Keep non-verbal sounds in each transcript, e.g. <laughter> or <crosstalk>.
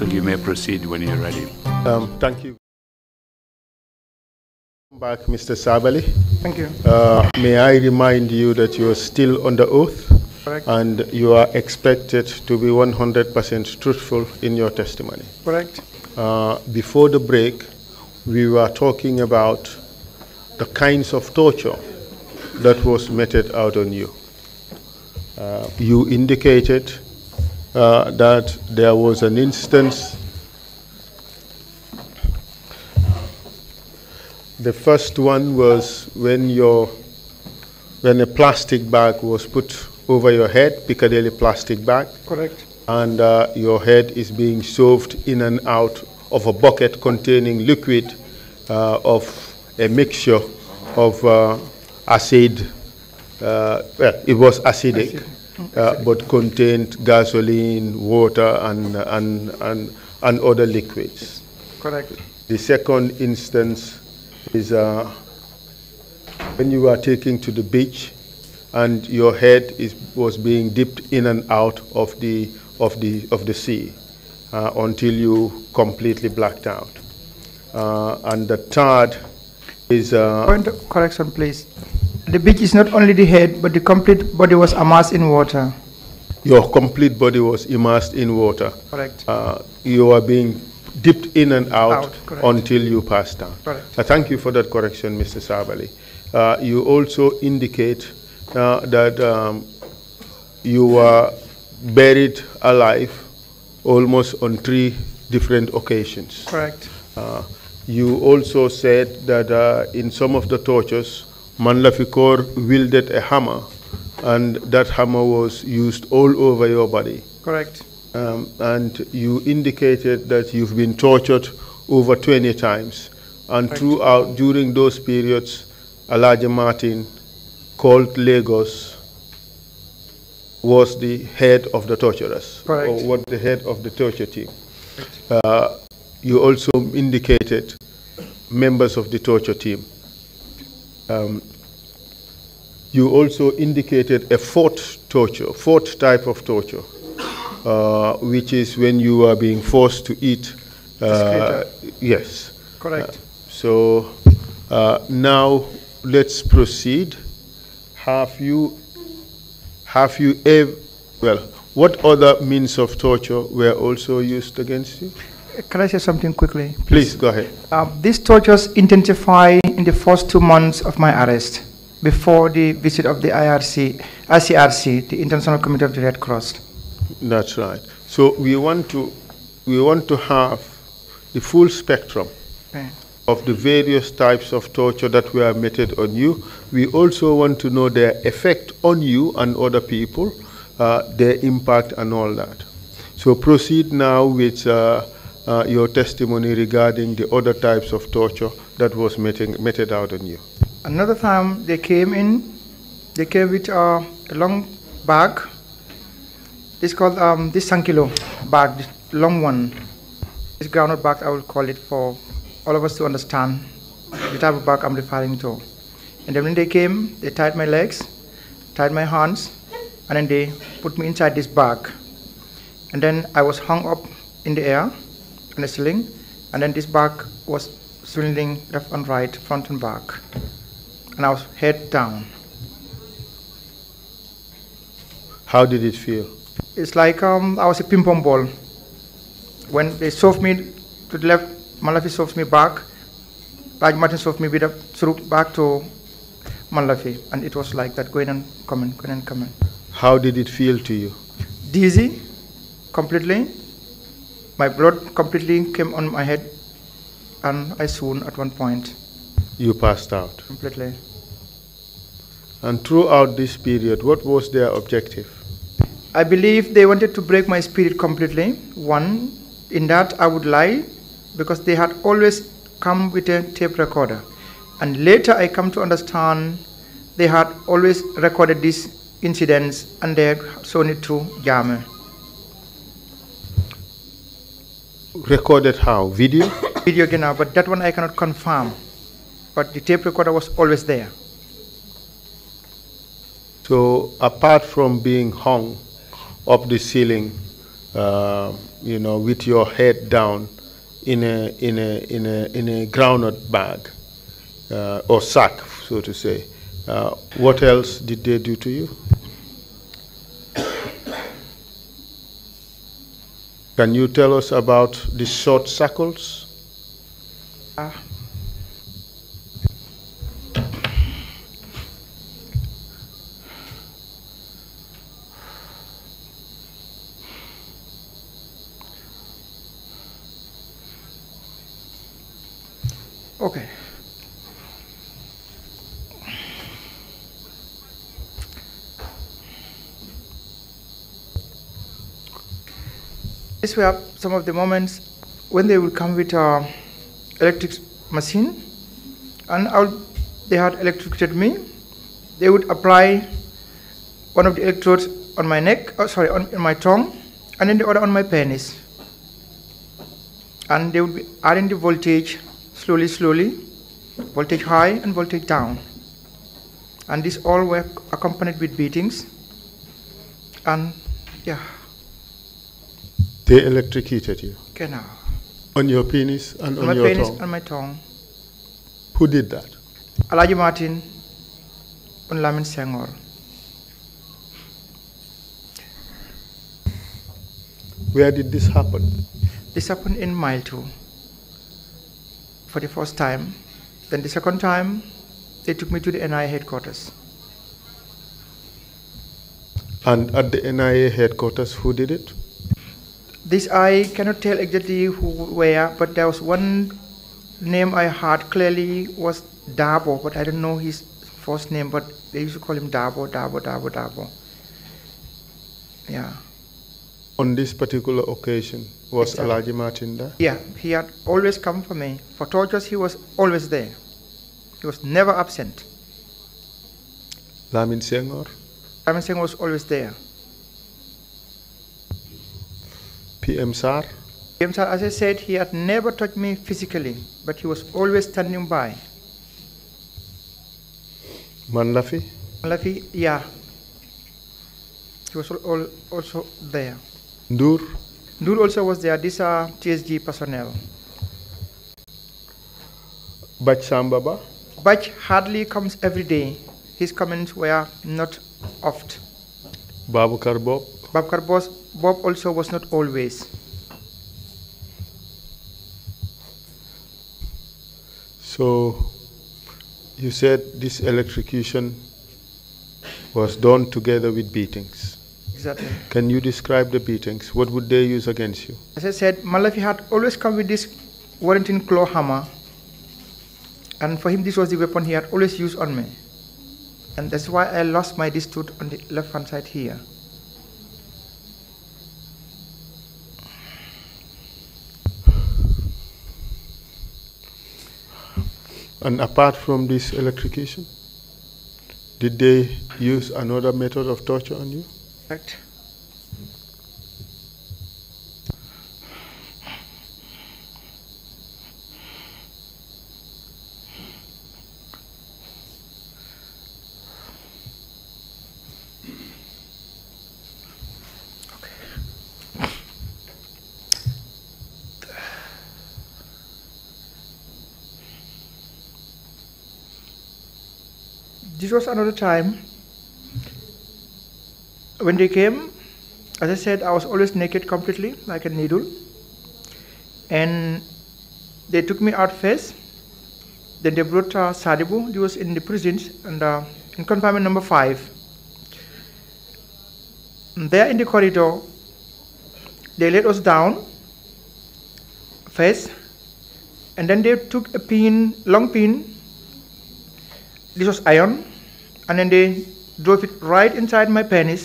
Council, you may proceed when you're ready. Um, thank you. Back, Mr. Sabali. Thank you. Uh, may I remind you that you are still under oath Correct. and you are expected to be 100% truthful in your testimony. Correct. Uh, before the break, we were talking about the kinds of torture that was meted out on you. Uh, you indicated uh, that there was an instance, the first one was when your, when a plastic bag was put over your head, Piccadilly plastic bag. Correct. And uh, your head is being shoved in and out of a bucket containing liquid uh, of a mixture of uh, acid. Uh, well, it was acidic. Uh, but contained gasoline, water, and, and, and, and other liquids. Correct. The second instance is uh, when you are taking to the beach and your head is, was being dipped in and out of the, of the, of the sea uh, until you completely blacked out. Uh, and the third is... Uh, Point correction, please. The beach is not only the head, but the complete body was immersed in water. Your complete body was immersed in water. Correct. Uh, you were being dipped in and out, out until you passed down. Correct. Uh, thank you for that correction, Mr. Sabali. Uh, you also indicate uh, that um, you were buried alive almost on three different occasions. Correct. Uh, you also said that uh, in some of the tortures, Manlafikor wielded a hammer, and that hammer was used all over your body. Correct. Um, and you indicated that you've been tortured over 20 times. And throughout, during those periods, Elijah Martin called Lagos was the head of the torturers, or what the head of the torture team. Uh, you also indicated members of the torture team. Um, you also indicated a fourth torture, fourth type of torture, uh, which is when you are being forced to eat. Uh, yes. Correct. Uh, so uh, now let's proceed. Have you, have you ever, well, what other means of torture were also used against you? Can I say something quickly? Please, go ahead. Uh, these tortures intensified in the first two months of my arrest before the visit of the IRC, ICRC, the International Committee of the Red Cross. That's right. So we want to, we want to have the full spectrum okay. of the various types of torture that were meted on you. We also want to know their effect on you and other people, uh, their impact and all that. So proceed now with uh, uh, your testimony regarding the other types of torture that was meting, meted out on you? Another time they came in, they came with uh, a long bag. It's called um, this Sankilo bag, this long one. It's groundnut bag, I will call it for all of us to understand the type of bag I'm referring to. And then when they came, they tied my legs, tied my hands, and then they put me inside this bag. And then I was hung up in the air and ceiling, and then this back was swindling left and right, front and back. And I was head down. How did it feel? It's like um, I was a ping pong ball. When they shoved me to the left, Malafi shoved me back. Raj Martin shoved me with a, through back to Malafi. And it was like that, going and coming, going and coming. How did it feel to you? Dizzy, completely. My blood completely came on my head, and I swooned at one point, you passed out completely. And throughout this period, what was their objective? I believe they wanted to break my spirit completely. One, in that I would lie because they had always come with a tape recorder. And later I come to understand they had always recorded these incidents and they had shown it to Jame. Recorded how? Video? <coughs> Video, you know, but that one I cannot confirm. But the tape recorder was always there. So apart from being hung up the ceiling, uh, you know, with your head down in a, in a, in a, in a groundnut bag uh, or sack, so to say, uh, what else did they do to you? Can you tell us about the short circles? Ah. This were some of the moments when they would come with a electric machine and they had electrocuted me. They would apply one of the electrodes on my neck, oh, sorry, on, on my tongue, and then the other on my penis. And they would be adding the voltage slowly, slowly, voltage high and voltage down. And this all were accompanied with beatings. And yeah. They electrocuted you. Genau. On your penis and on, on my your penis tongue. my tongue. Who did that? Alaji Martin and Lamin Senghor. Where did this happen? This happened in mile two for the first time. Then the second time, they took me to the NIA headquarters. And at the NIA headquarters, who did it? this I cannot tell exactly who where, but there was one name I heard clearly was Dabo, but I don't know his first name, but they used to call him Dabo, Dabo, Dabo, Dabo. Yeah. On this particular occasion, was exactly. Alaji Martin there? Yeah, he had always come for me. For tortures, he was always there. He was never absent. Lamin Senghor? Lamin Senghor was always there. PM Sar? as I said, he had never touched me physically, but he was always standing by. Manlafi? Manlafi, yeah. He was all, also there. Ndur? Ndur also was there. These are TSG personnel. Bach Sambaba? Bach hardly comes every day. His comments were not oft. Babu Karbob? Babkar Bob also was not always. So you said this electrocution was done together with beatings. Exactly. Can you describe the beatings? What would they use against you? As I said, Malafi had always come with this Warrington claw hammer, and for him this was the weapon he had always used on me. And that's why I lost my dispute on the left hand side here. And apart from this electrocution, did they use another method of torture on you? Correct. this was another time when they came as I said I was always naked completely like a needle and they took me out first then they brought uh, Sadibu he was in the prisons and uh, in confinement number 5 and there in the corridor they let us down first and then they took a pin long pin this was iron and then they drove it right inside my penis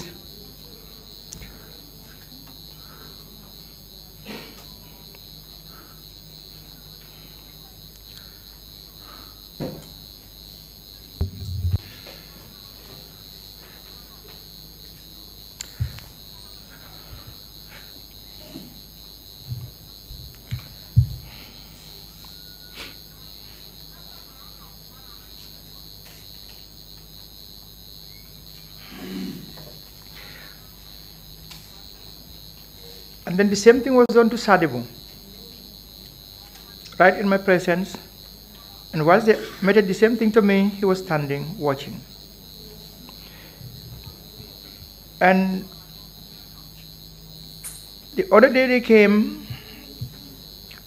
And then the same thing was done to Sadibu, right in my presence. And whilst they made the same thing to me, he was standing watching. And the other day they came,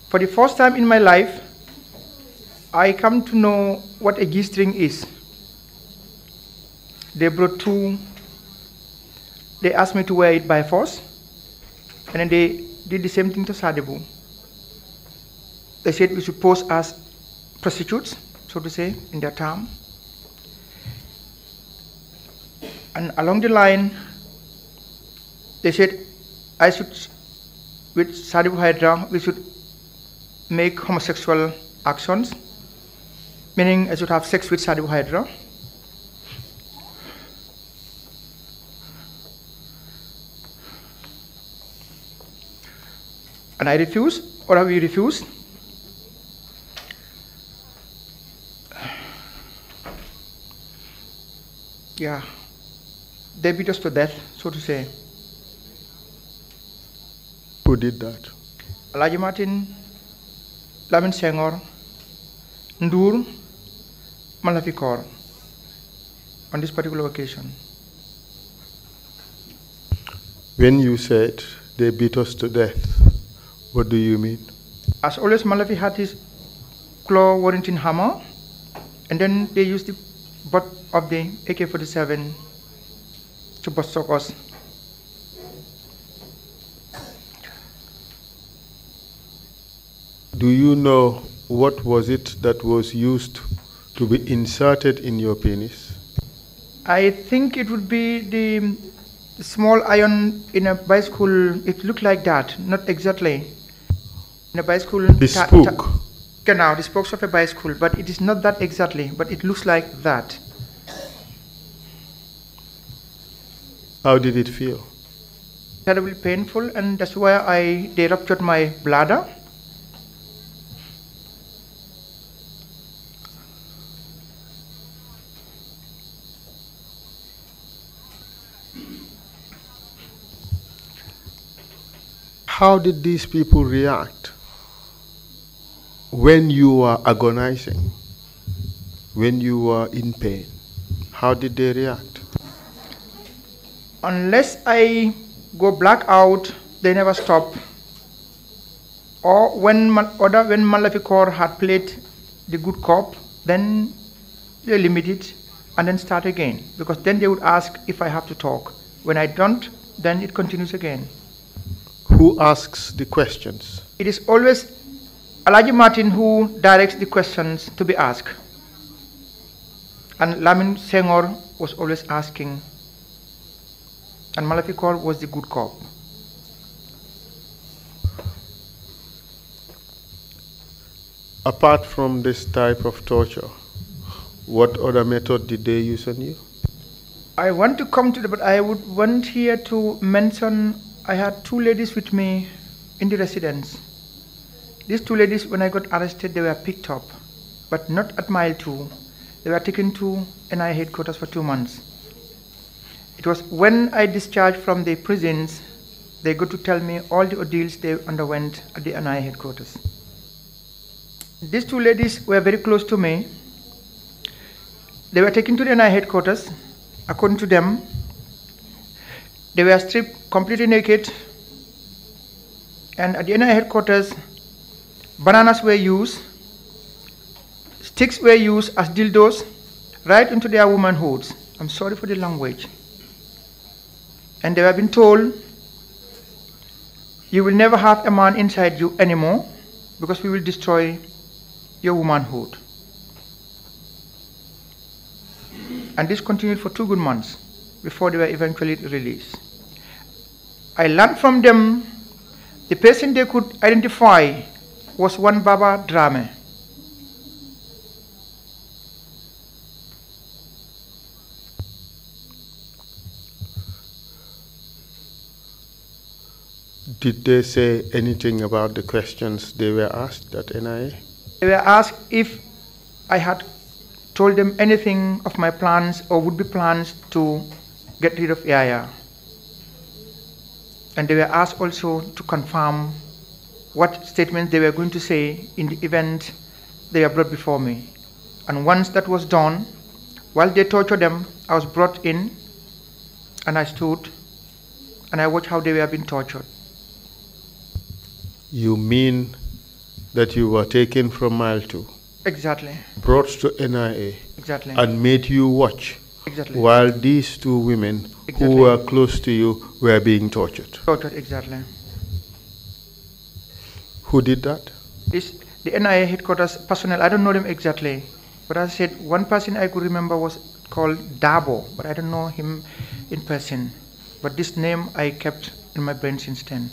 for the first time in my life, I come to know what a G string is. They brought two, they asked me to wear it by force. And then they did the same thing to Sadibu. They said we should pose as prostitutes, so to say, in their town. And along the line, they said, I should, with Sadibu Hydra, we should make homosexual actions, meaning I should have sex with Sadibu Hydra. And I refuse, or have you refused? Yeah, they beat us to death, so to say. Who did that? Elijah Martin, Lamin Senghor, Ndur, Malafikor, on this particular occasion. When you said they beat us to death, what do you mean? As always, Malawi had his claw warranting hammer, and then they used the butt of the AK 47 to bust us. Do you know what was it that was used to be inserted in your penis? I think it would be the small iron in a bicycle. It looked like that, not exactly in a bicycle. The spoke. Genau, the spokes of a bicycle, but it is not that exactly, but it looks like that. How did it feel? Terribly painful, and that's why I they ruptured my bladder. How did these people react? when you were agonizing, when you were in pain, how did they react? Unless I go black out, they never stop. Or when other when Malafikor had played the good cop, then they limit it and then start again because then they would ask if I have to talk. When I don't, then it continues again. Who asks the questions? It is always Alaji Martin, who directs the questions to be asked. And Lamin Senghor was always asking. And Malafi was the good cop. Apart from this type of torture, what other method did they use on you? I want to come to the, but I would want here to mention I had two ladies with me in the residence. These two ladies, when I got arrested, they were picked up, but not at mile two. They were taken to NI headquarters for two months. It was when I discharged from the prisons, they got to tell me all the ordeals they underwent at the NI headquarters. These two ladies were very close to me. They were taken to the NI headquarters. According to them, they were stripped completely naked. And at the NI headquarters, Bananas were used. Sticks were used as dildos right into their womanhoods. I'm sorry for the language. And they were being told, you will never have a man inside you anymore because we will destroy your womanhood. And this continued for two good months before they were eventually released. I learned from them the person they could identify was one Baba Drame. Did they say anything about the questions they were asked at NIA? They were asked if I had told them anything of my plans or would be plans to get rid of Yaya. And they were asked also to confirm what statements they were going to say in the event they were brought before me. And once that was done, while they tortured them, I was brought in and I stood and I watched how they were being tortured. You mean that you were taken from mile two? Exactly. Brought to NIA? Exactly. And made you watch? Exactly. While these two women exactly. who were close to you were being tortured? Tortured, exactly. Who did that? This, the NIA headquarters personnel. I don't know them exactly. But I said one person I could remember was called Dabo, but I don't know him in person. But this name I kept in my brain since then.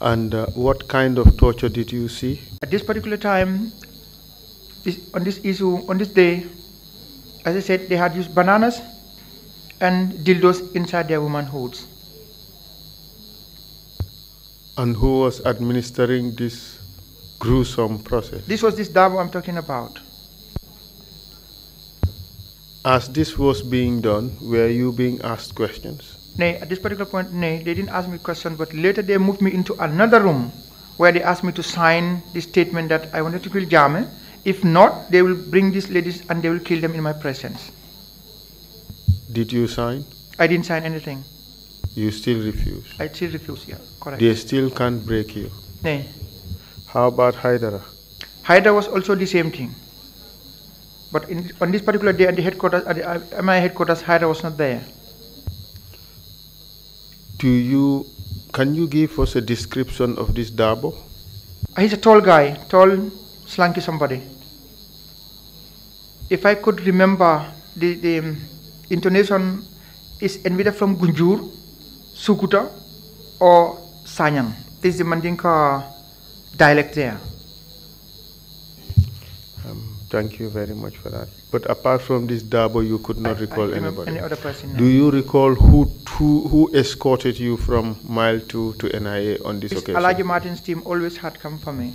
And uh, what kind of torture did you see? At this particular time, this, on this issue, on this day, as I said, they had used bananas and dildos inside their womanhoods. And who was administering this gruesome process? This was this Dabo I'm talking about. As this was being done, were you being asked questions? Nay, at this particular point, nay, they didn't ask me questions, but later they moved me into another room where they asked me to sign this statement that I wanted to kill Jame. If not, they will bring these ladies and they will kill them in my presence. Did you sign? I didn't sign anything. You still refuse? I still refuse, yeah, correct. They still can't break you? No. How about Hydra? Hydra was also the same thing. But in, on this particular day at the headquarters, at, the, uh, my headquarters, Hydra was not there. Do you, can you give us a description of this Dabo? He's a tall guy, tall, slanky somebody. If I could remember, the, the um, intonation is either from Gunjur Sukuta or Sanyang. This is the Mandinka dialect there. Um, thank you very much for that. But apart from this Dabo, you could not I, recall I anybody. Any other person? No. Do you recall who, who who escorted you from mile two to NIA on this it's occasion? Alaji Martin's team always had come for me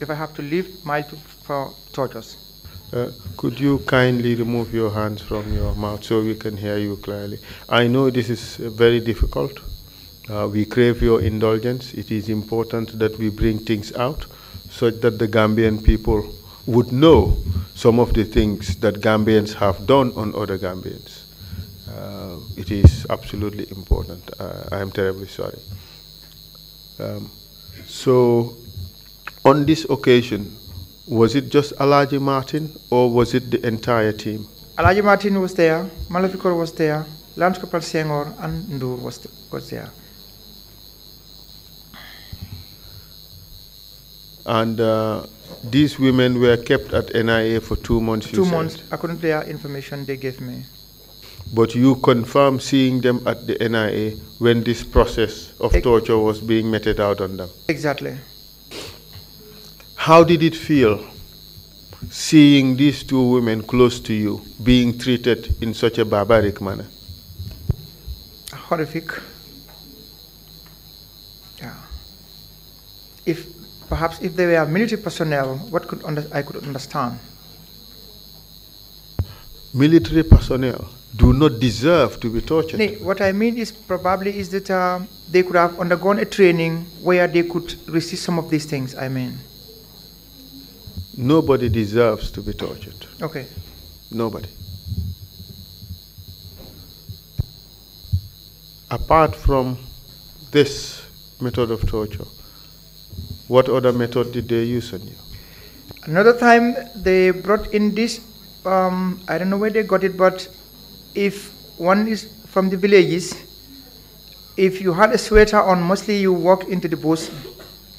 if I have to leave mile two for Tortoise. Uh, could you kindly remove your hands from your mouth so we can hear you clearly? I know this is very difficult. Uh, we crave your indulgence. It is important that we bring things out so that the Gambian people would know some of the things that Gambians have done on other Gambians. Uh, it is absolutely important. Uh, I am terribly sorry. Um, so, on this occasion, was it just Alaji Martin or was it the entire team? Alaji Martin was there, Malavikor was there, Lance Corporal and Ndur was, was there. And uh, these women were kept at NIA for two months. Two months, said. according to their information they gave me. But you confirmed seeing them at the NIA when this process of e torture was being meted out on them. Exactly. How did it feel seeing these two women close to you being treated in such a barbaric manner? Horrific. Yeah. If perhaps if they were military personnel, what could I could understand? Military personnel do not deserve to be tortured. what I mean is probably is that uh, they could have undergone a training where they could resist some of these things. I mean nobody deserves to be tortured. Okay. Nobody. Apart from this method of torture, what other method did they use on you? Another time they brought in this, um, I don't know where they got it, but if one is from the villages, if you had a sweater on, mostly you walk into the bush,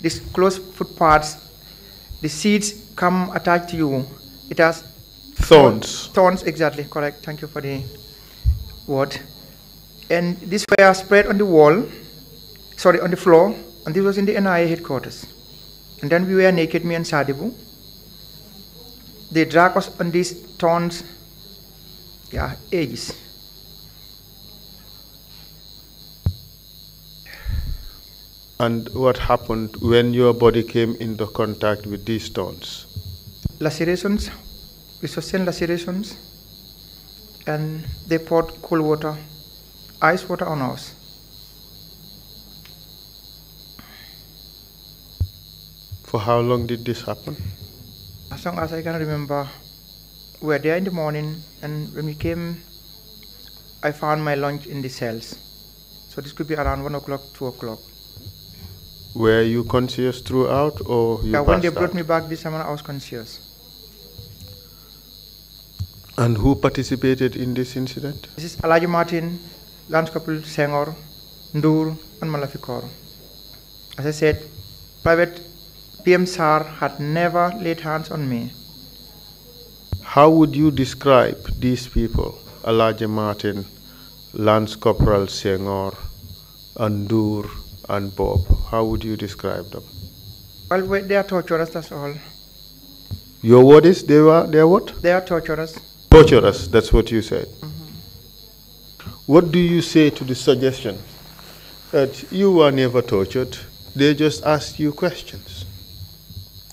these closed footpaths, the seeds come attached to you. It has thorns. Thorns, exactly, correct. Thank you for the word. And these were spread on the wall, sorry, on the floor, and this was in the NIA headquarters. And then we were naked, me and Sadibu. They dragged us on these thorns, yeah, ages. And what happened when your body came into contact with these stones? lacerations, we sustained lacerations, and they poured cold water, ice water on us. For how long did this happen? As long as I can remember, we were there in the morning, and when we came, I found my lunch in the cells. So this could be around 1 o'clock, 2 o'clock. Were you conscious throughout or you yeah, when they brought out? me back this summer, I was conscious. And who participated in this incident? This is Alaji Martin, Lance Corporal Senghor, Ndur, and Malafikor. As I said, Private PMSAR had never laid hands on me. How would you describe these people, Alaji Martin, Lance Corporal Senghor, Andur, and Bob? How would you describe them? Well, they are torturers, that's all. Your word is they were they are what? They are torturers torture us. That's what you said. Mm -hmm. What do you say to the suggestion that you were never tortured? They just asked you questions.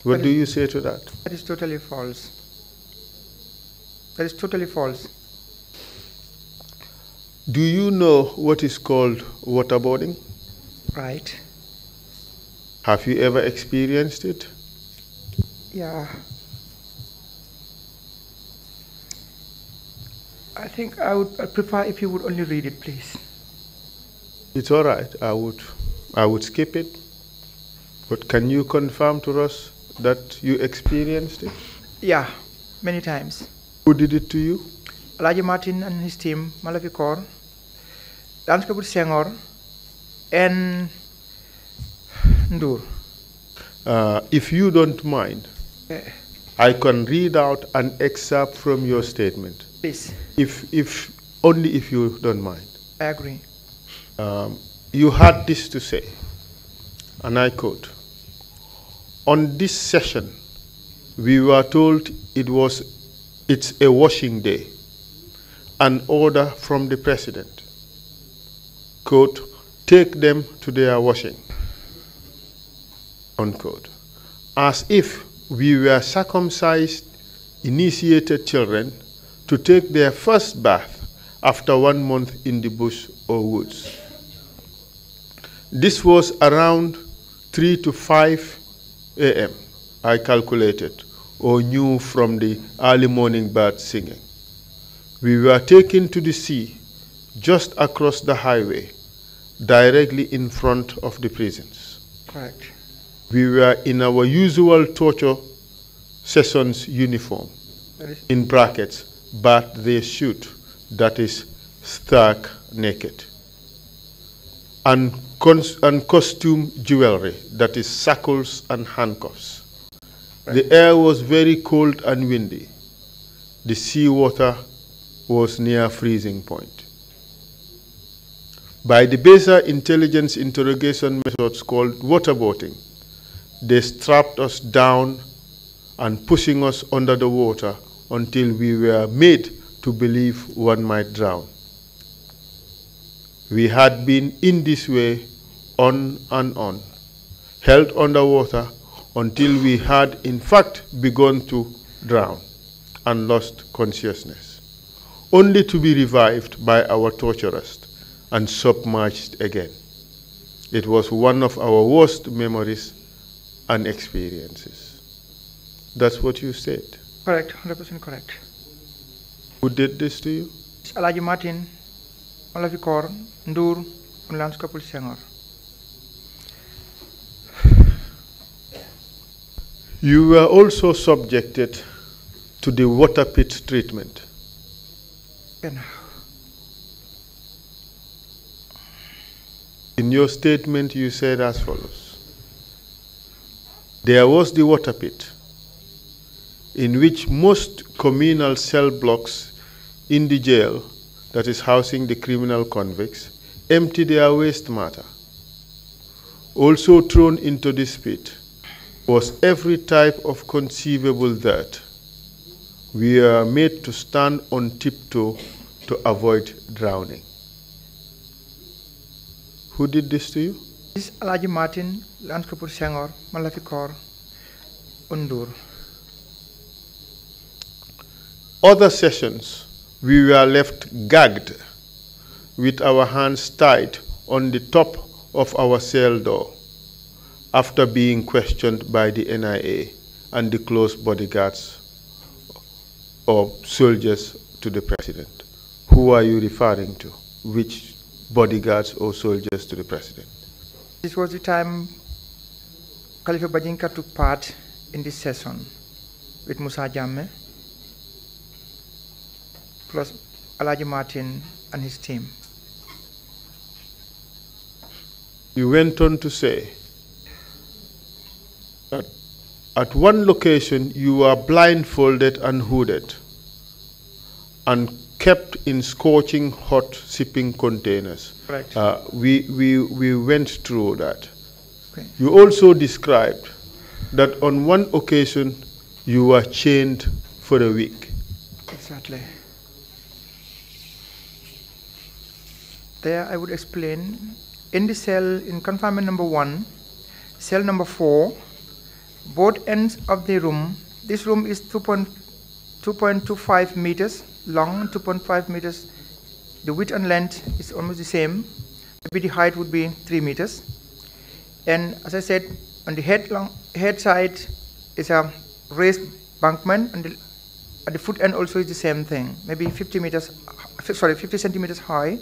What do you say to that? That is totally false. That is totally false. Do you know what is called waterboarding? Right. Have you ever experienced it? Yeah. I think I would I prefer if you would only read it, please. It's all right. I would, I would skip it. But can you confirm to us that you experienced it? Yeah, many times. Who did it to you? Elijah Martin and his team, Malafi Kor, Lanskabut Senghor, and Ndur. Uh, if you don't mind, uh, I can read out an excerpt from your statement. Please if, if only if you don't mind. I agree. Um, you had this to say, and I quote On this session, we were told it was it's a washing day, an order from the president. Quote, take them to their washing. Unquote. As if we were circumcised, initiated children to take their first bath after one month in the bush or woods. This was around 3 to 5 a.m., I calculated, or knew from the early morning bird singing. We were taken to the sea just across the highway, directly in front of the prisons. Correct. We were in our usual torture sessions uniform, in brackets, but they shoot, that is, stark naked. And, and costume jewelry, that is, shackles and handcuffs. Right. The air was very cold and windy. The seawater was near freezing point. By the baser intelligence interrogation methods called waterboarding, they strapped us down and pushing us under the water until we were made to believe one might drown. We had been in this way on and on, held underwater until we had in fact begun to drown and lost consciousness, only to be revived by our torturers and submerged again. It was one of our worst memories and experiences. That's what you said. Correct, 100% correct. Who did this to you? It's Alaji Martin, Olavikor, Ndur, and Kapul Senghor. You were also subjected to the water pit treatment. Yeah. In your statement, you said as follows There was the water pit in which most communal cell blocks in the jail that is housing the criminal convicts empty their waste matter. Also thrown into this pit was every type of conceivable dirt. We are made to stand on tiptoe to avoid drowning. Who did this to you? This is Alaji Martin, Lanskapur Sengor, Malafikor, Undur other sessions, we were left gagged with our hands tied on the top of our cell door after being questioned by the NIA and the close bodyguards or soldiers to the president. Who are you referring to? Which bodyguards or soldiers to the president? This was the time Khalifa Bajinka took part in this session with Musa Jammeh plus Alaji Martin and his team. You went on to say that at one location you were blindfolded and hooded and kept in scorching hot shipping containers. Correct. Uh, we, we, we went through that. Okay. You also described that on one occasion you were chained for a week. Exactly. there I would explain in the cell in confinement number one cell number four both ends of the room this room is 2.25 meters long 2.5 meters the width and length is almost the same maybe the height would be 3 meters and as I said on the head long head side is a raised bankment and the, at the foot end also is the same thing maybe 50 meters sorry 50 centimeters high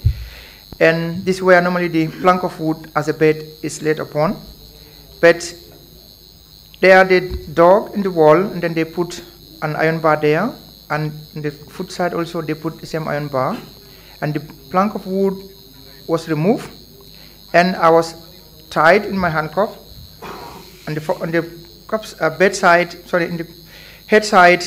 and this where normally the plank of wood as a bed is laid upon. But there they dog in the wall and then they put an iron bar there and the foot side also they put the same iron bar and the plank of wood was removed and I was tied in my handcuff on the, on the cups, uh, bedside, sorry, in the head side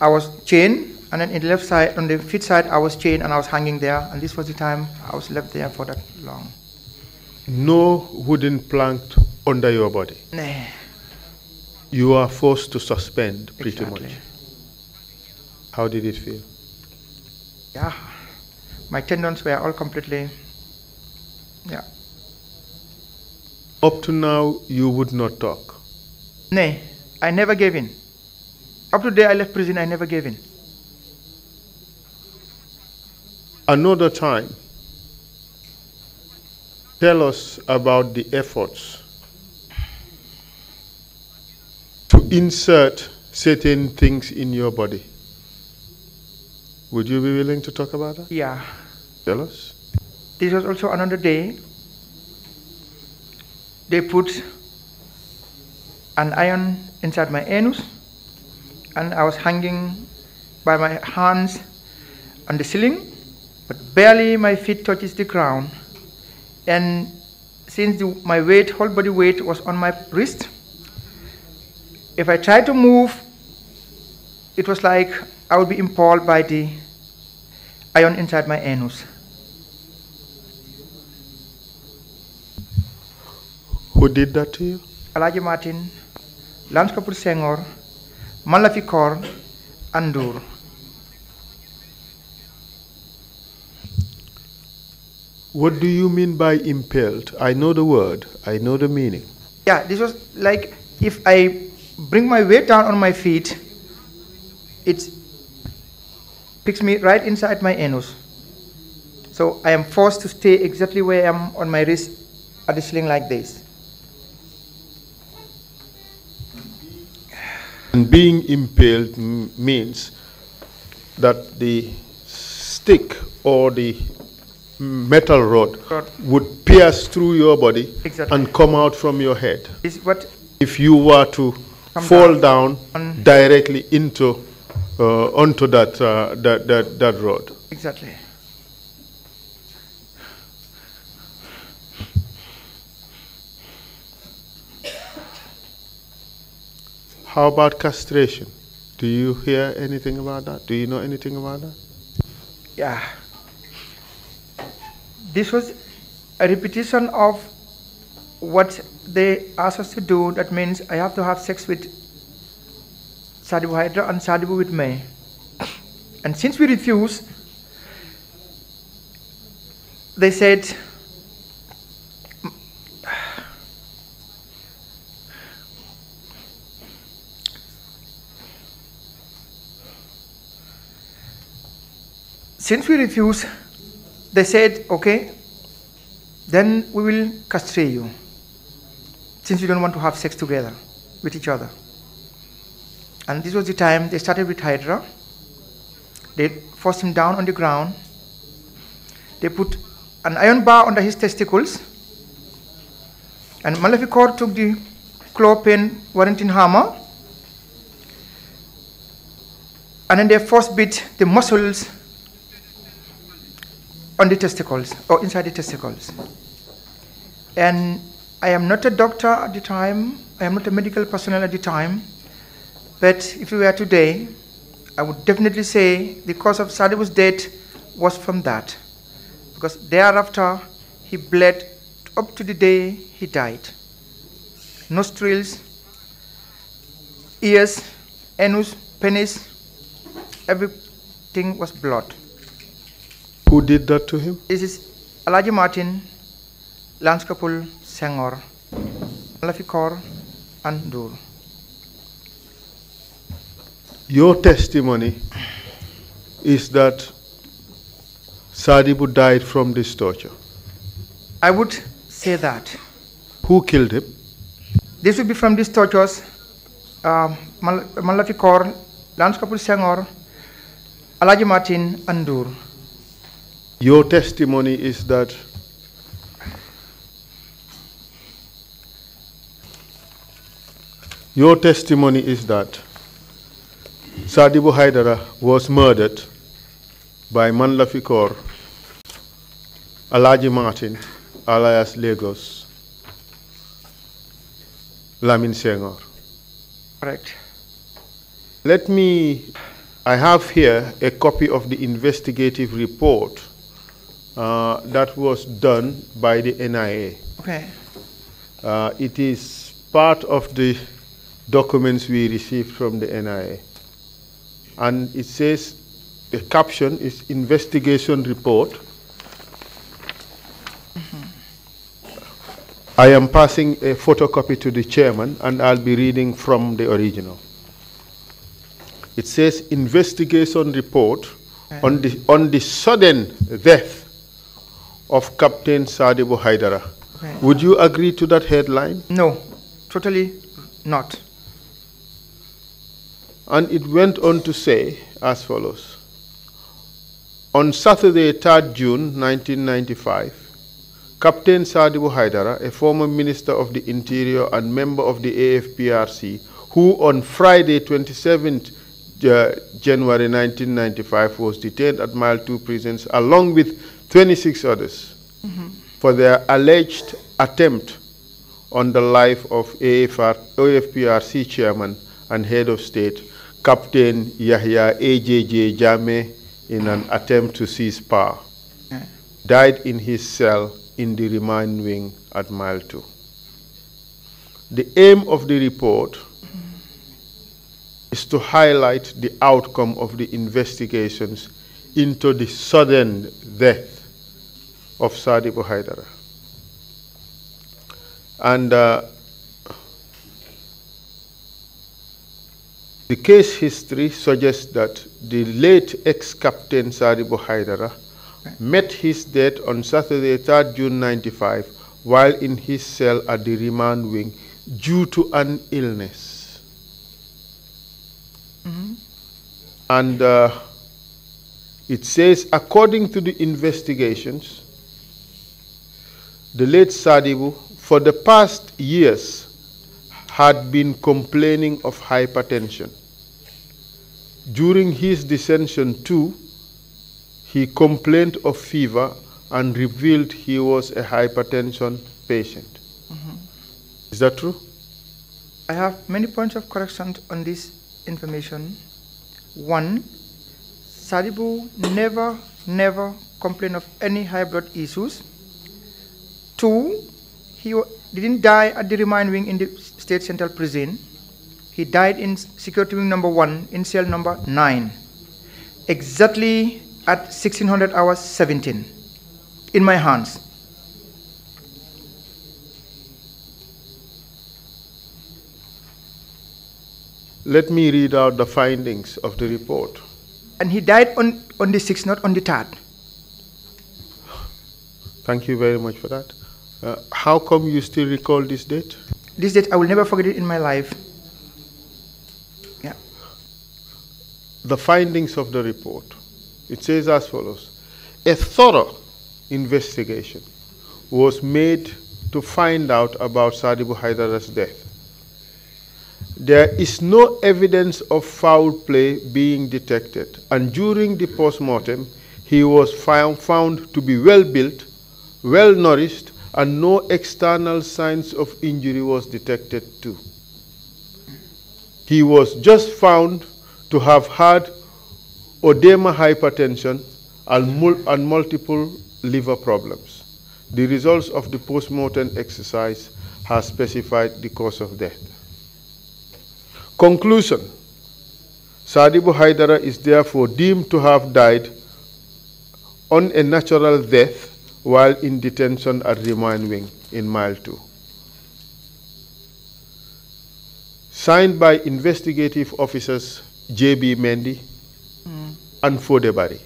I was chained and then in the left side, on the feet side, I was chained and I was hanging there. And this was the time I was left there for that long. No wooden plank under your body. Nah. You are forced to suspend pretty exactly. much. How did it feel? Yeah. My tendons were all completely. Yeah. Up to now, you would not talk. Nay, I never gave in. Up to the day I left prison, I never gave in. another time, tell us about the efforts to insert certain things in your body. Would you be willing to talk about that? Yeah. Tell us. This was also another day. They put an iron inside my anus, and I was hanging by my hands on the ceiling but barely my feet touches the ground. And since the, my weight, whole body weight was on my wrist, if I tried to move, it was like I would be impaled by the iron inside my anus. Who did that to you? Alaji Martin, Lance Sengor, Malafikor, Andur. What do you mean by impelled? I know the word, I know the meaning. Yeah, this was like if I bring my weight down on my feet, it picks me right inside my anus. So I am forced to stay exactly where I am on my wrist at the sling like this. And being impaled means that the stick or the metal rod, rod, would pierce through your body exactly. and come out from your head. Is what if you were to fall down, down directly into uh, onto that, uh, that that that rod. Exactly. How about castration? Do you hear anything about that? Do you know anything about that? Yeah this was a repetition of what they asked us to do. That means I have to have sex with Sadhu Hydra and Sadhu with me. <coughs> And since we refused, they said, <sighs> since we refuse they said, okay, then we will castrate you since we don't want to have sex together with each other. And this was the time they started with Hydra. They forced him down on the ground. They put an iron bar under his testicles. And Maleficor took the claw pen warranting hammer. And then they force bit the muscles on the testicles or inside the testicles. And I am not a doctor at the time, I am not a medical personnel at the time, but if we were today, I would definitely say the cause of Sadibou's death was from that. Because thereafter, he bled up to the day he died. Nostrils, ears, anus, penis, everything was blood. Who did that to him? This is Alaji Martin, Lanskapul Sengor, Lafikor, and Dur. Your testimony is that Sadibu died from this torture. I would say that. Who killed him? This would be from these tortures. Uh, Lanskapul Sengor, Alaji Martin, and Dur. Your testimony is that your testimony is that Sadibu Haidara was murdered by Manlafikor, Alaji Martin, alias Lagos, Lamin Senghor. Correct. Let me, I have here a copy of the investigative report uh, that was done by the NIA. Okay. Uh, it is part of the documents we received from the NIA. And it says, the caption is investigation report. I am passing a photocopy to the chairman and I'll be reading from the original. It says investigation report okay. on the on the sudden death of Captain Sadibu Haidara. Right. Would you agree to that headline? No, totally not. And it went on to say as follows On Saturday, 3rd June 1995, Captain Sadibu Haidara, a former Minister of the Interior and member of the AFPRC, who on Friday, 27th uh, January 1995 was detained at Mile 2 prisons along with 26 others mm -hmm. for their alleged attempt on the life of AFR, AFPRC chairman and head of state, Captain Yahya AJJ Jame, in an attempt to seize power. Died in his cell in the remand wing at Mile 2. The aim of the report is to highlight the outcome of the investigations into the sudden death of Saad Abu Haidara. And uh, the case history suggests that the late ex-captain Saad Abu Haidara met his death on Saturday, 3rd June 95, while in his cell at the remand wing due to an illness. Mm -hmm. And uh, it says, according to the investigations, the late Sadibu, for the past years had been complaining of hypertension. During his dissension too, he complained of fever and revealed he was a hypertension patient. Mm -hmm. Is that true? I have many points of correction on this information. One, Sadibu never, never complained of any high blood issues Two, he didn't die at the remand wing in the state central prison. He died in security wing number one in cell number nine, exactly at 1600 hours 17, in my hands. Let me read out the findings of the report. And he died on, on the 6th, not on the 3rd. Thank you very much for that. Uh, how come you still recall this date? This date, I will never forget it in my life. Yeah. The findings of the report. It says as follows. A thorough investigation was made to find out about Sadibu Haidara's death. There is no evidence of foul play being detected, and during the post mortem, he was found, found to be well built, well nourished, and no external signs of injury was detected too. He was just found to have had oedema, hypertension and, mul and multiple liver problems. The results of the post-mortem exercise has specified the cause of death. Conclusion. Sadibu Haidara is therefore deemed to have died on a natural death while in detention at remand wing in mile 2. Signed by investigative officers J.B. Mendy mm. and Fodebari.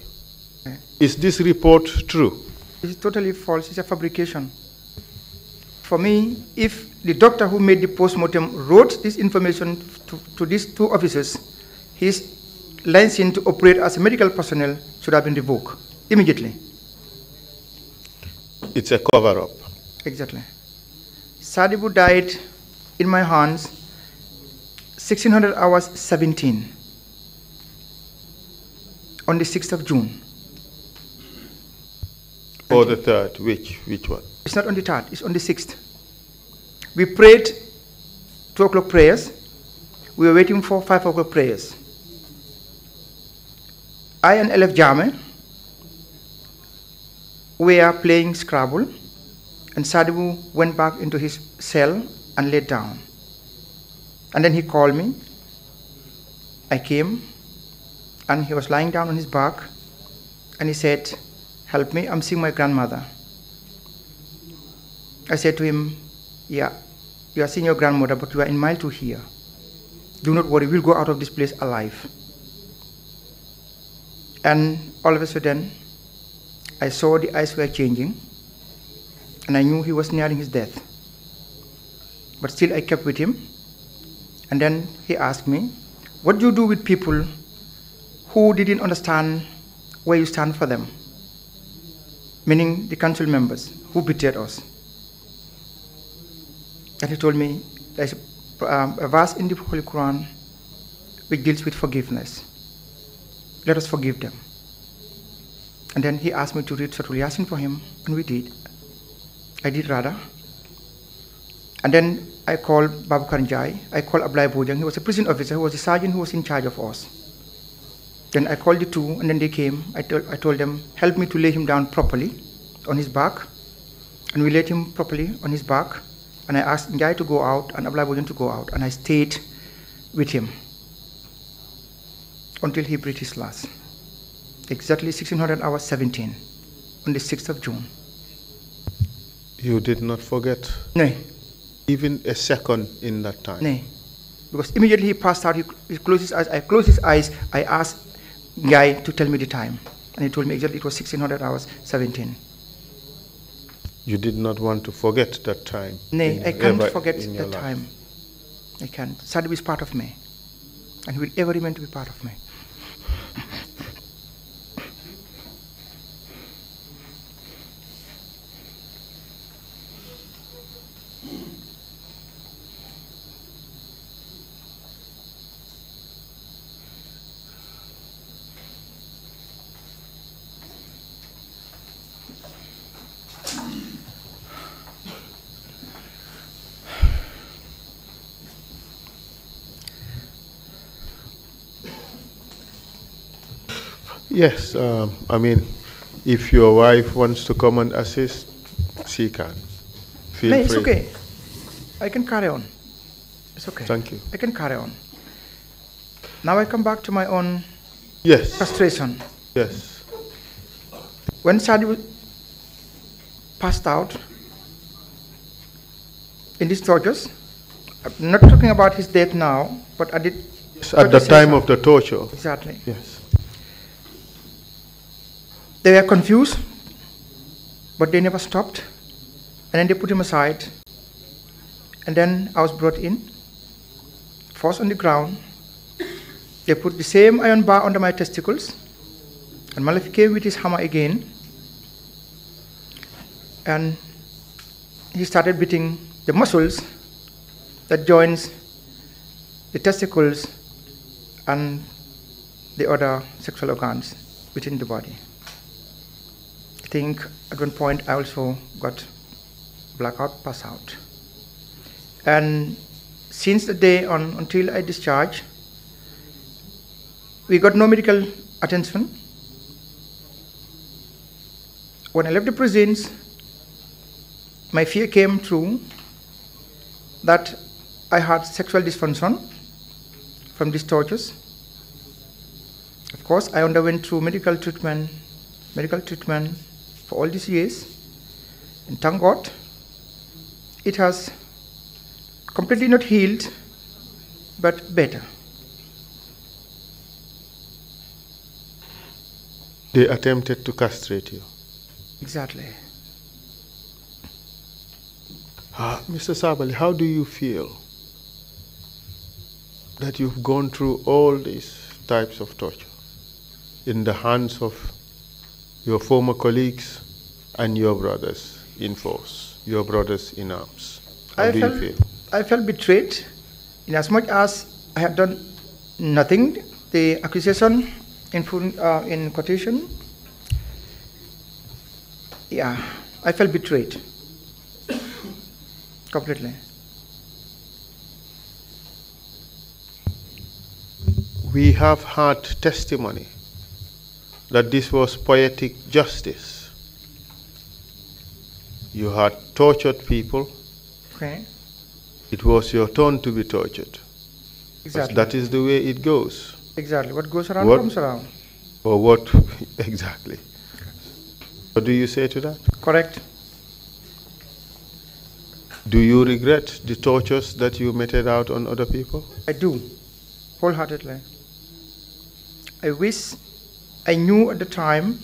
Okay. Is this report true? It's totally false. It's a fabrication. For me, if the doctor who made the postmortem wrote this information to, to these two officers, his license to operate as medical personnel should have been revoked immediately. It's a cover up. Exactly. Sadibu died in my hands 1600 hours 17 on the 6th of June. Or the 3rd, which, which one? It's not on the 3rd, it's on the 6th. We prayed 2 o'clock prayers. We were waiting for 5 o'clock prayers. I and LF Jame, we are playing Scrabble, and Sadhu went back into his cell and lay down. And then he called me. I came, and he was lying down on his back, and he said, Help me, I'm seeing my grandmother. I said to him, Yeah, you are seeing your grandmother, but you are in mile two here. Do not worry, we'll go out of this place alive. And all of a sudden, I saw the eyes were changing, and I knew he was nearing his death. But still, I kept with him. And then he asked me, What do you do with people who didn't understand where you stand for them? Meaning the council members who betrayed us. And he told me, There's a um, verse in the Holy Quran which deals with forgiveness. Let us forgive them. And then he asked me to read Suratul Yasin for him, and we did. I did Radha. And then I called Babu Karanjai, I called Ablai Bojang, he was a prison officer, He was the sergeant who was in charge of us. Then I called the two, and then they came. I, told, I told them, help me to lay him down properly on his back. And we laid him properly on his back. And I asked Njai to go out and Ablai Bojang to go out. And I stayed with him until he breathed his last exactly 1600 hours 17 on the 6th of June. You did not forget? No. Even a second in that time? No. Because immediately he passed out, he, he closed his eyes. I closed his eyes. I asked Guy to tell me the time. And he told me exactly it was 1600 hours 17. You did not want to forget that time? No, I can't ever, forget that life. time. I can't. Sadhu is part of me. And he will ever remain to be part of me. Yes, um, I mean, if your wife wants to come and assist, she can. Feel no, it's free. okay. I can carry on. It's okay. Thank you. I can carry on. Now I come back to my own yes. frustration. Yes. When Sadu passed out in these tortures, I'm not talking about his death now, but I did. at the time of the torture. Exactly. Yes. They were confused, but they never stopped. And then they put him aside. And then I was brought in, forced on the ground. They put the same iron bar under my testicles. And Malef came with his hammer again. And he started beating the muscles that joins the testicles and the other sexual organs within the body think at one point I also got blackout, pass out. And since the day on until I discharged, we got no medical attention. When I left the prisons, my fear came true that I had sexual dysfunction from these tortures. Of course, I underwent through medical treatment, medical treatment, for all these years. And thank God, it has completely not healed, but better. They attempted to castrate you. Exactly. Uh, ah, Mr. Sabali, how do you feel that you've gone through all these types of torture in the hands of your former colleagues, and your brothers in force, your brothers in arms? How I do felt, you feel? I felt betrayed in as much as I have done nothing. The accusation in, uh, in quotation, yeah, I felt betrayed <coughs> completely. We have had testimony that this was poetic justice. You had tortured people. Okay. It was your turn to be tortured. Exactly. That is the way it goes. Exactly. What goes around what, comes around. Or what <laughs> exactly. What do you say to that? Correct. Do you regret the tortures that you meted out on other people? I do, wholeheartedly. I wish I knew at the time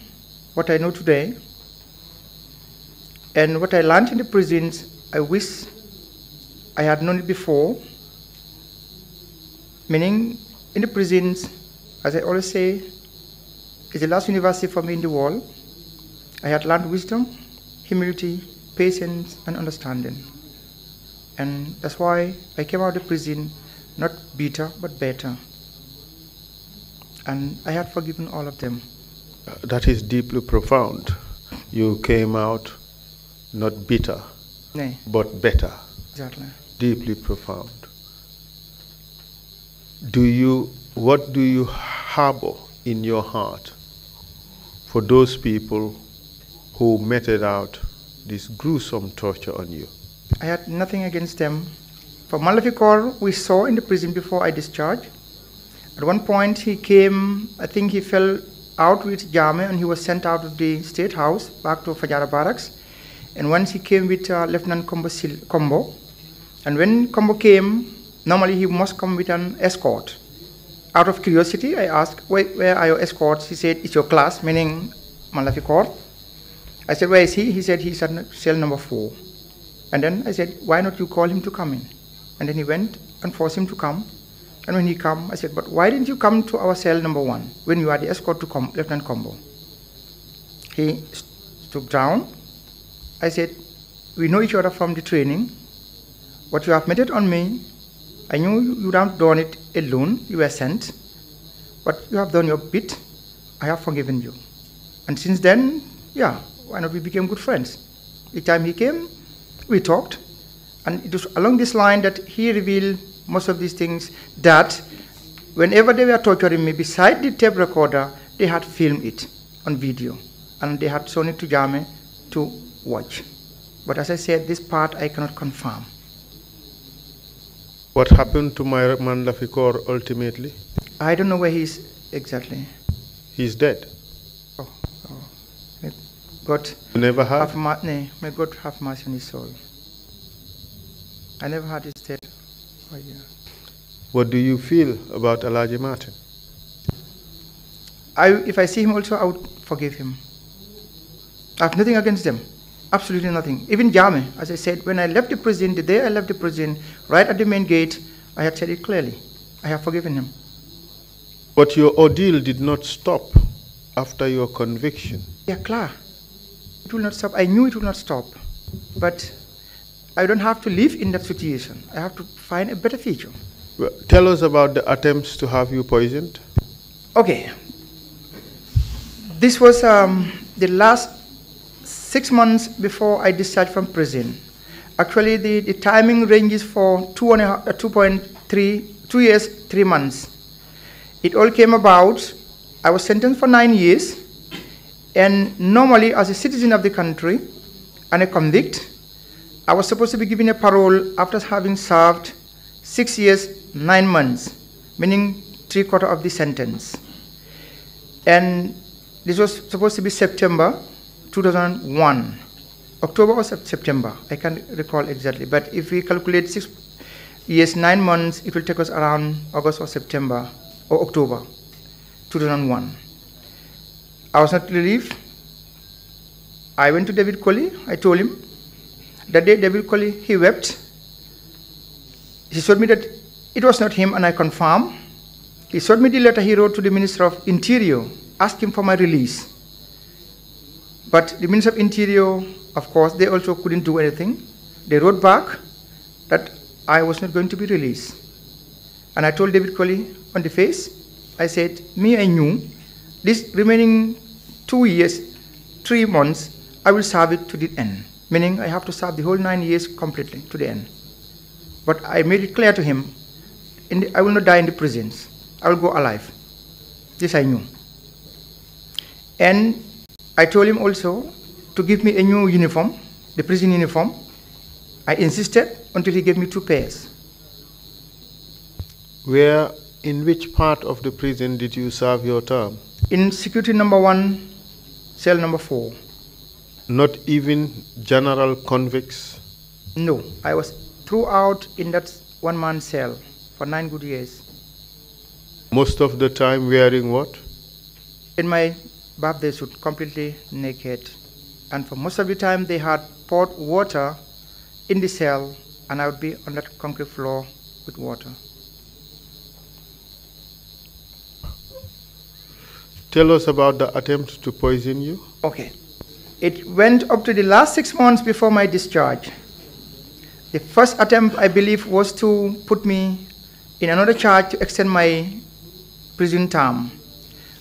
what I know today. And what I learned in the prisons, I wish I had known it before. Meaning, in the prisons, as I always say, is the last university for me in the world. I had learned wisdom, humility, patience, and understanding. And that's why I came out of the prison not bitter, but better and I had forgiven all of them. Uh, that is deeply profound. You came out not bitter, nee. but better. Exactly. Deeply profound. Do you, what do you harbor in your heart for those people who meted out this gruesome torture on you? I had nothing against them. For Malafikor, we saw in the prison before I discharged, at one point, he came, I think he fell out with Jame and he was sent out of the state house back to Fajara barracks. And once he came with uh, Lieutenant Combo, Combo. And when Combo came, normally he must come with an escort. Out of curiosity, I asked, where are your escorts? He said, it's your class, meaning Malafi Court. I said, where is he? He said, he's at cell number four. And then I said, why not you call him to come in? And then he went and forced him to come and when he come, I said, but why didn't you come to our cell number one when you are the escort to Com Lieutenant Combo? He stooped down. I said, we know each other from the training. What you have meted on me, I knew you, you have done it alone. You were sent. But you have done your bit. I have forgiven you. And since then, yeah, why not we became good friends? Each time he came, we talked. And it was along this line that he revealed most of these things, that whenever they were torturing me, beside the tape recorder, they had filmed it on video and they had shown it to Jame to watch. But as I said, this part I cannot confirm. What happened to my man Lafikor ultimately? I don't know where he is exactly. He's dead. Oh, oh. May God you never have? have no, may God have mercy on his soul. I never had his death. What do you feel about Elijah Martin? I, if I see him also, I would forgive him. I have nothing against them. Absolutely nothing. Even Jame, as I said, when I left the prison, the day I left the prison, right at the main gate, I had said it clearly. I have forgiven him. But your ordeal did not stop after your conviction. Yeah, klar. It will not stop. I knew it would not stop. But I don't have to live in that situation. I have to find a better future. Well, tell us about the attempts to have you poisoned. Okay. This was um, the last six months before I discharged from prison. Actually, the, the timing ranges for two and uh, two years, three months. It all came about. I was sentenced for nine years. And normally, as a citizen of the country and a convict, I was supposed to be given a parole after having served six years, nine months, meaning three quarter of the sentence. And this was supposed to be September 2001. October or September, I can't recall exactly, but if we calculate six years, nine months, it will take us around August or September or October 2001. I was not relieved. I went to David Coley, I told him, that day David Colley, he wept. He showed me that it was not him, and I confirm. He showed me the letter he wrote to the Minister of Interior, asking for my release. But the Minister of Interior, of course, they also couldn't do anything. They wrote back that I was not going to be released. And I told David Colley on the face, I said, me and you, this remaining two years, three months, I will serve it to the end meaning I have to serve the whole nine years completely to the end. But I made it clear to him, the, I will not die in the prisons. I will go alive. This I knew. And I told him also to give me a new uniform, the prison uniform. I insisted until he gave me two pairs. Where, in which part of the prison did you serve your term? In security number one, cell number four. Not even general convicts? No, I was throughout in that one man cell for nine good years. Most of the time wearing what? In my birthday suit, completely naked. And for most of the time, they had poured water in the cell, and I would be on that concrete floor with water. Tell us about the attempt to poison you. Okay. It went up to the last six months before my discharge. The first attempt, I believe, was to put me in another charge to extend my prison term.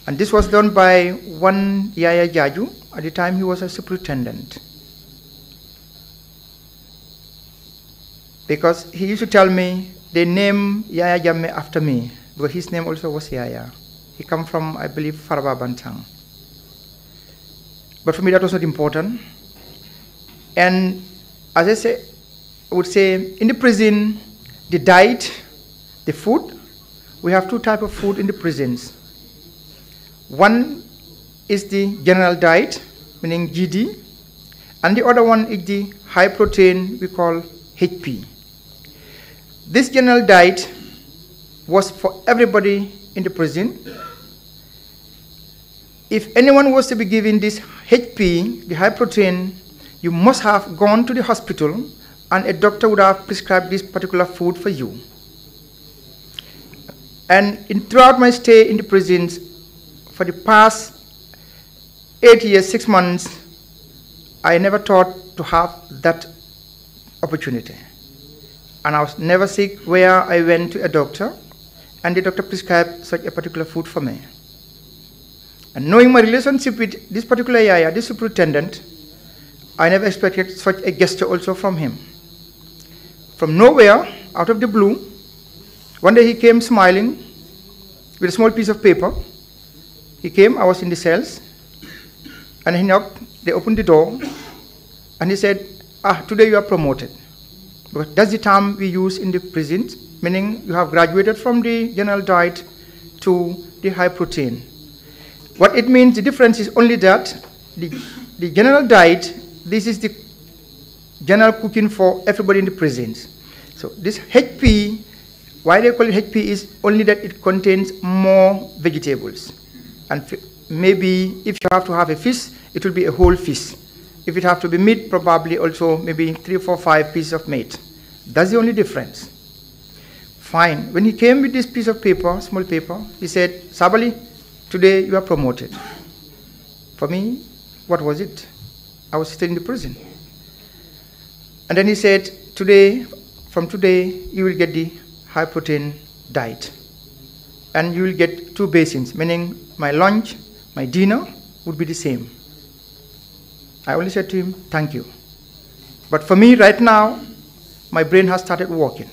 And this was done by one Yaya Jaju. At the time, he was a superintendent. Because he used to tell me they name Yaya Jamme after me, because his name also was Yaya. He came from, I believe, Faraba Bantang. But for me, that was not important. And as I say, I would say in the prison, the diet, the food, we have two type of food in the prisons. One is the general diet, meaning GD, and the other one is the high protein we call HP. This general diet was for everybody in the prison, if anyone was to be given this HP, the high protein, you must have gone to the hospital and a doctor would have prescribed this particular food for you. And in, throughout my stay in the prisons, for the past eight years, six months, I never thought to have that opportunity. And I was never sick where I went to a doctor and the doctor prescribed such a particular food for me. And knowing my relationship with this particular Yaya, this superintendent, I never expected such a gesture also from him. From nowhere, out of the blue, one day he came smiling with a small piece of paper. He came, I was in the cells, and he knocked, they opened the door, and he said, Ah, today you are promoted. But that's the term we use in the prisons, meaning you have graduated from the general diet to the high protein. What it means, the difference is only that the, the general diet, this is the general cooking for everybody in the prisons. So this HP, why they call it HP is only that it contains more vegetables. And maybe if you have to have a fish, it will be a whole fish. If it have to be meat, probably also maybe three, four, five pieces of meat. That's the only difference. Fine. When he came with this piece of paper, small paper, he said, Sabali, Today you are promoted. For me, what was it? I was still in the prison. And then he said, Today, from today, you will get the high protein diet. And you will get two basins, meaning my lunch, my dinner would be the same. I only said to him, Thank you. But for me, right now, my brain has started working.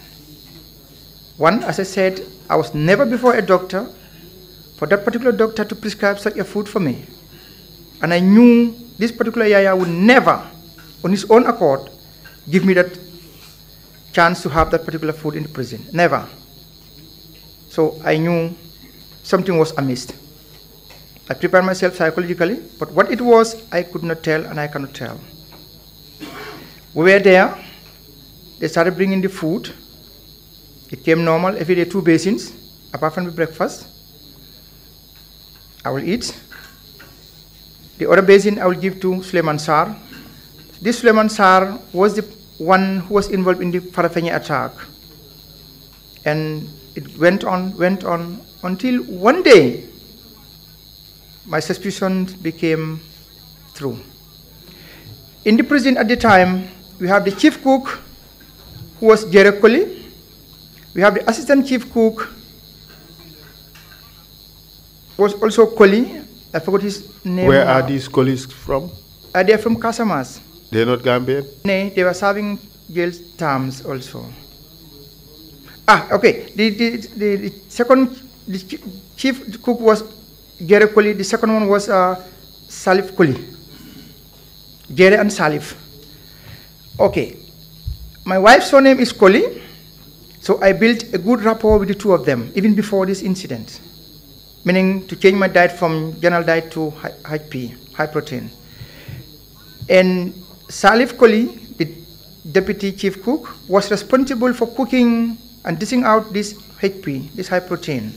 One, as I said, I was never before a doctor, for that particular doctor to prescribe such a food for me. And I knew this particular Yaya would never, on his own accord, give me that chance to have that particular food in the prison. Never. So I knew something was amiss. I prepared myself psychologically, but what it was, I could not tell and I cannot tell. We were there. They started bringing the food. It came normal every day, two basins, apart from the breakfast. I will eat. The other basin I will give to Suleiman Sar. This Suleiman Sar was the one who was involved in the Farafenni attack. And it went on, went on, until one day my suspicions became true. In the prison at the time, we have the chief cook, who was Jerry Colley. We have the assistant chief cook, was also Koli. I forgot his name. Where are these colleagues from? Uh, they're from Casamas. They're not Gambian? No, they were serving jail terms also. Ah, okay. The, the, the, the second the chief cook was Gere Koli. The second one was uh, Salif Koli. Gere and Salif. Okay. My wife's surname is Koli, so I built a good rapport with the two of them, even before this incident meaning to change my diet from general diet to high, high P, high protein. And Salif Koli, the deputy chief cook, was responsible for cooking and dishing out this this high protein.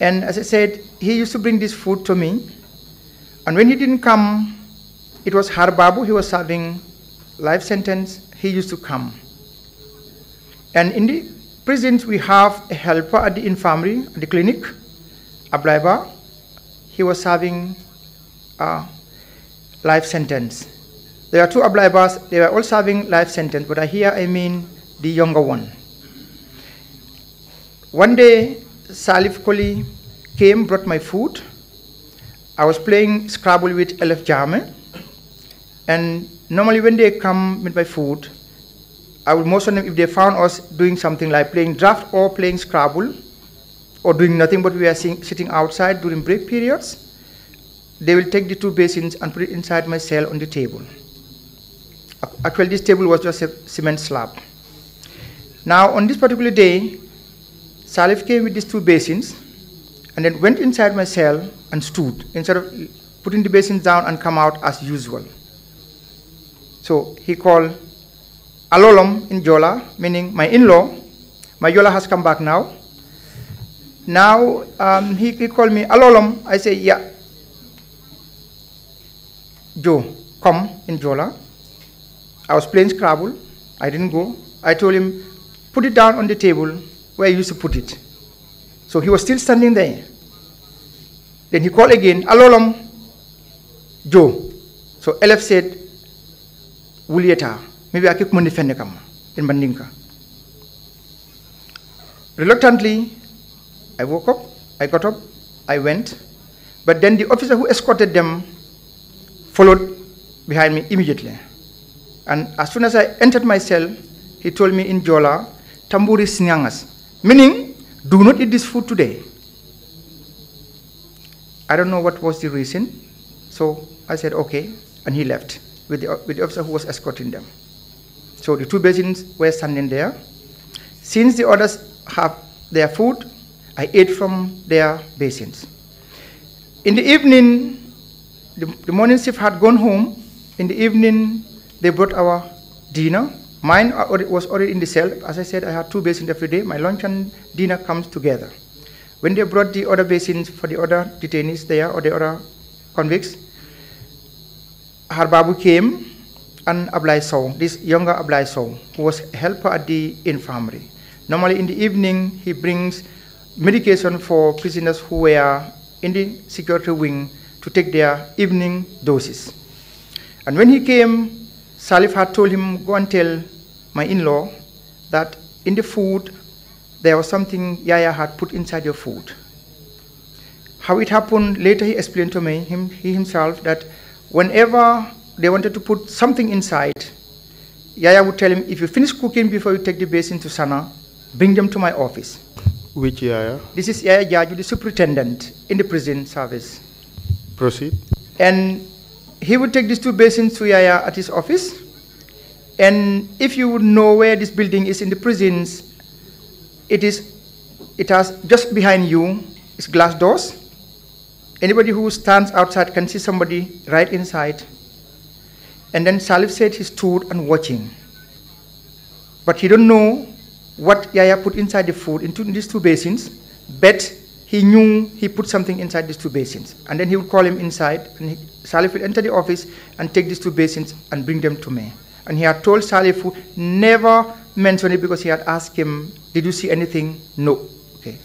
And as I said, he used to bring this food to me. And when he didn't come, it was Harbabu, he was serving life sentence, he used to come. And in the prisons, we have a helper at the infirmary, at the clinic, a he was serving a uh, life sentence. There are two Ablibas, they were all serving life sentence, but here I mean the younger one. One day, Salif Koli came, brought my food. I was playing Scrabble with LF Jame, and normally when they come with my food, I would most of them, if they found us doing something like playing draft or playing Scrabble, or doing nothing but we are sitting outside during break periods, they will take the two basins and put it inside my cell on the table. Actually, this table was just a cement slab. Now, on this particular day, Salif came with these two basins and then went inside my cell and stood instead of putting the basins down and come out as usual. So he called Alolom in Jola, meaning my in-law. My Jola has come back now now um, he, he called me Alolom. I say, yeah. Joe, come in Jola. I was playing Scrabble. I didn't go. I told him, put it down on the table where you used to put it. So he was still standing there. Then he called again, Alolom, Joe. So LF said, Wulieta, maybe I keep money fendekam in Mandinka. Reluctantly, I woke up, I got up, I went. But then the officer who escorted them followed behind me immediately. And as soon as I entered my cell, he told me in Jola, Tamburi Sinyangas, meaning, do not eat this food today. I don't know what was the reason. So I said, okay. And he left with the, with the officer who was escorting them. So the two basins were standing there. Since the others have their food, I ate from their basins. In the evening, the, the morning shift had gone home. In the evening, they brought our dinner. Mine was already in the cell. As I said, I had two basins every day. My lunch and dinner comes together. When they brought the other basins for the other detainees there or the other convicts, Harbabu came and Ablai Sow, this younger Ablai Sow, who was helper at the infirmary. Normally in the evening, he brings medication for prisoners who were in the security wing to take their evening doses. And when he came, Salif had told him, go and tell my in-law that in the food there was something Yaya had put inside your food. How it happened, later he explained to me, him, he himself, that whenever they wanted to put something inside, Yaya would tell him, if you finish cooking before you take the basin to Sana, bring them to my office. Which Yaya? This is Yaya Jaju, the superintendent in the prison service. Proceed. And he would take these two basins to Yaya at his office. And if you would know where this building is in the prisons, it is, it has just behind you, it's glass doors. Anybody who stands outside can see somebody right inside. And then Salif said he stood and watching. But he don't know what Yaya put inside the food into these two basins, but he knew he put something inside these two basins. And then he would call him inside, and he, Salif would enter the office and take these two basins and bring them to me. And he had told Salif, never mention it because he had asked him, Did you see anything? No. Okay.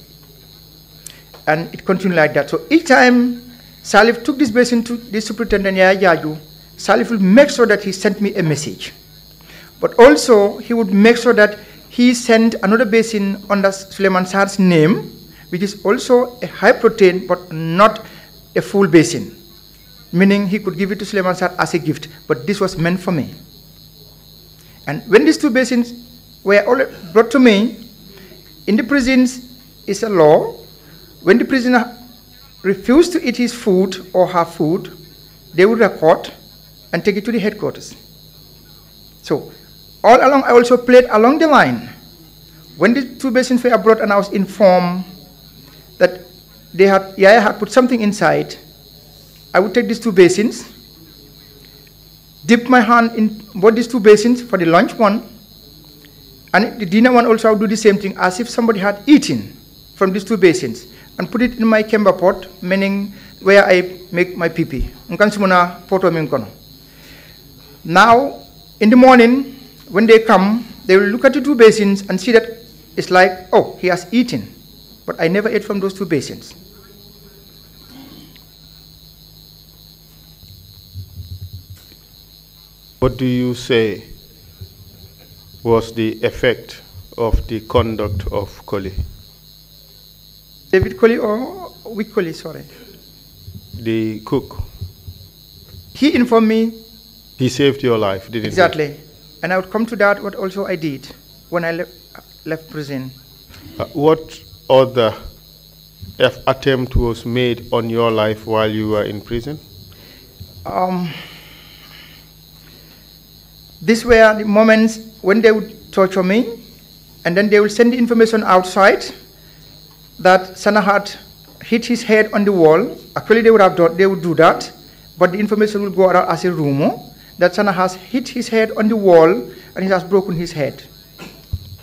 And it continued like that. So each time Salif took this basin to the superintendent Yaya Yaju, Salif would make sure that he sent me a message. But also, he would make sure that he sent another basin under Suleiman Sar's name, which is also a high protein but not a full basin, meaning he could give it to Suleiman Sar as a gift, but this was meant for me. And when these two basins were all brought to me, in the prisons is a law. When the prisoner refused to eat his food or her food, they would record and take it to the headquarters. So all along, I also played along the line. When the two basins were brought, and I was informed that they had, Yaya had put something inside, I would take these two basins, dip my hand in both these two basins for the lunch one, and the dinner one also I would do the same thing as if somebody had eaten from these two basins and put it in my camber pot, meaning where I make my pee pee. Now, in the morning, when they come, they will look at the two basins and see that it's like, oh, he has eaten, but I never ate from those two basins. What do you say was the effect of the conduct of Colley? David Colley or Wick sorry? The cook. He informed me. He saved your life, didn't exactly. he? Exactly. And I would come to that what also I did when I le left prison. Uh, what other attempt was made on your life while you were in prison? Um, these were the moments when they would torture me, and then they would send the information outside that Sana had hit his head on the wall. Actually, they would have done, they would do that, but the information would go out as a rumor that Sana has hit his head on the wall and he has broken his head.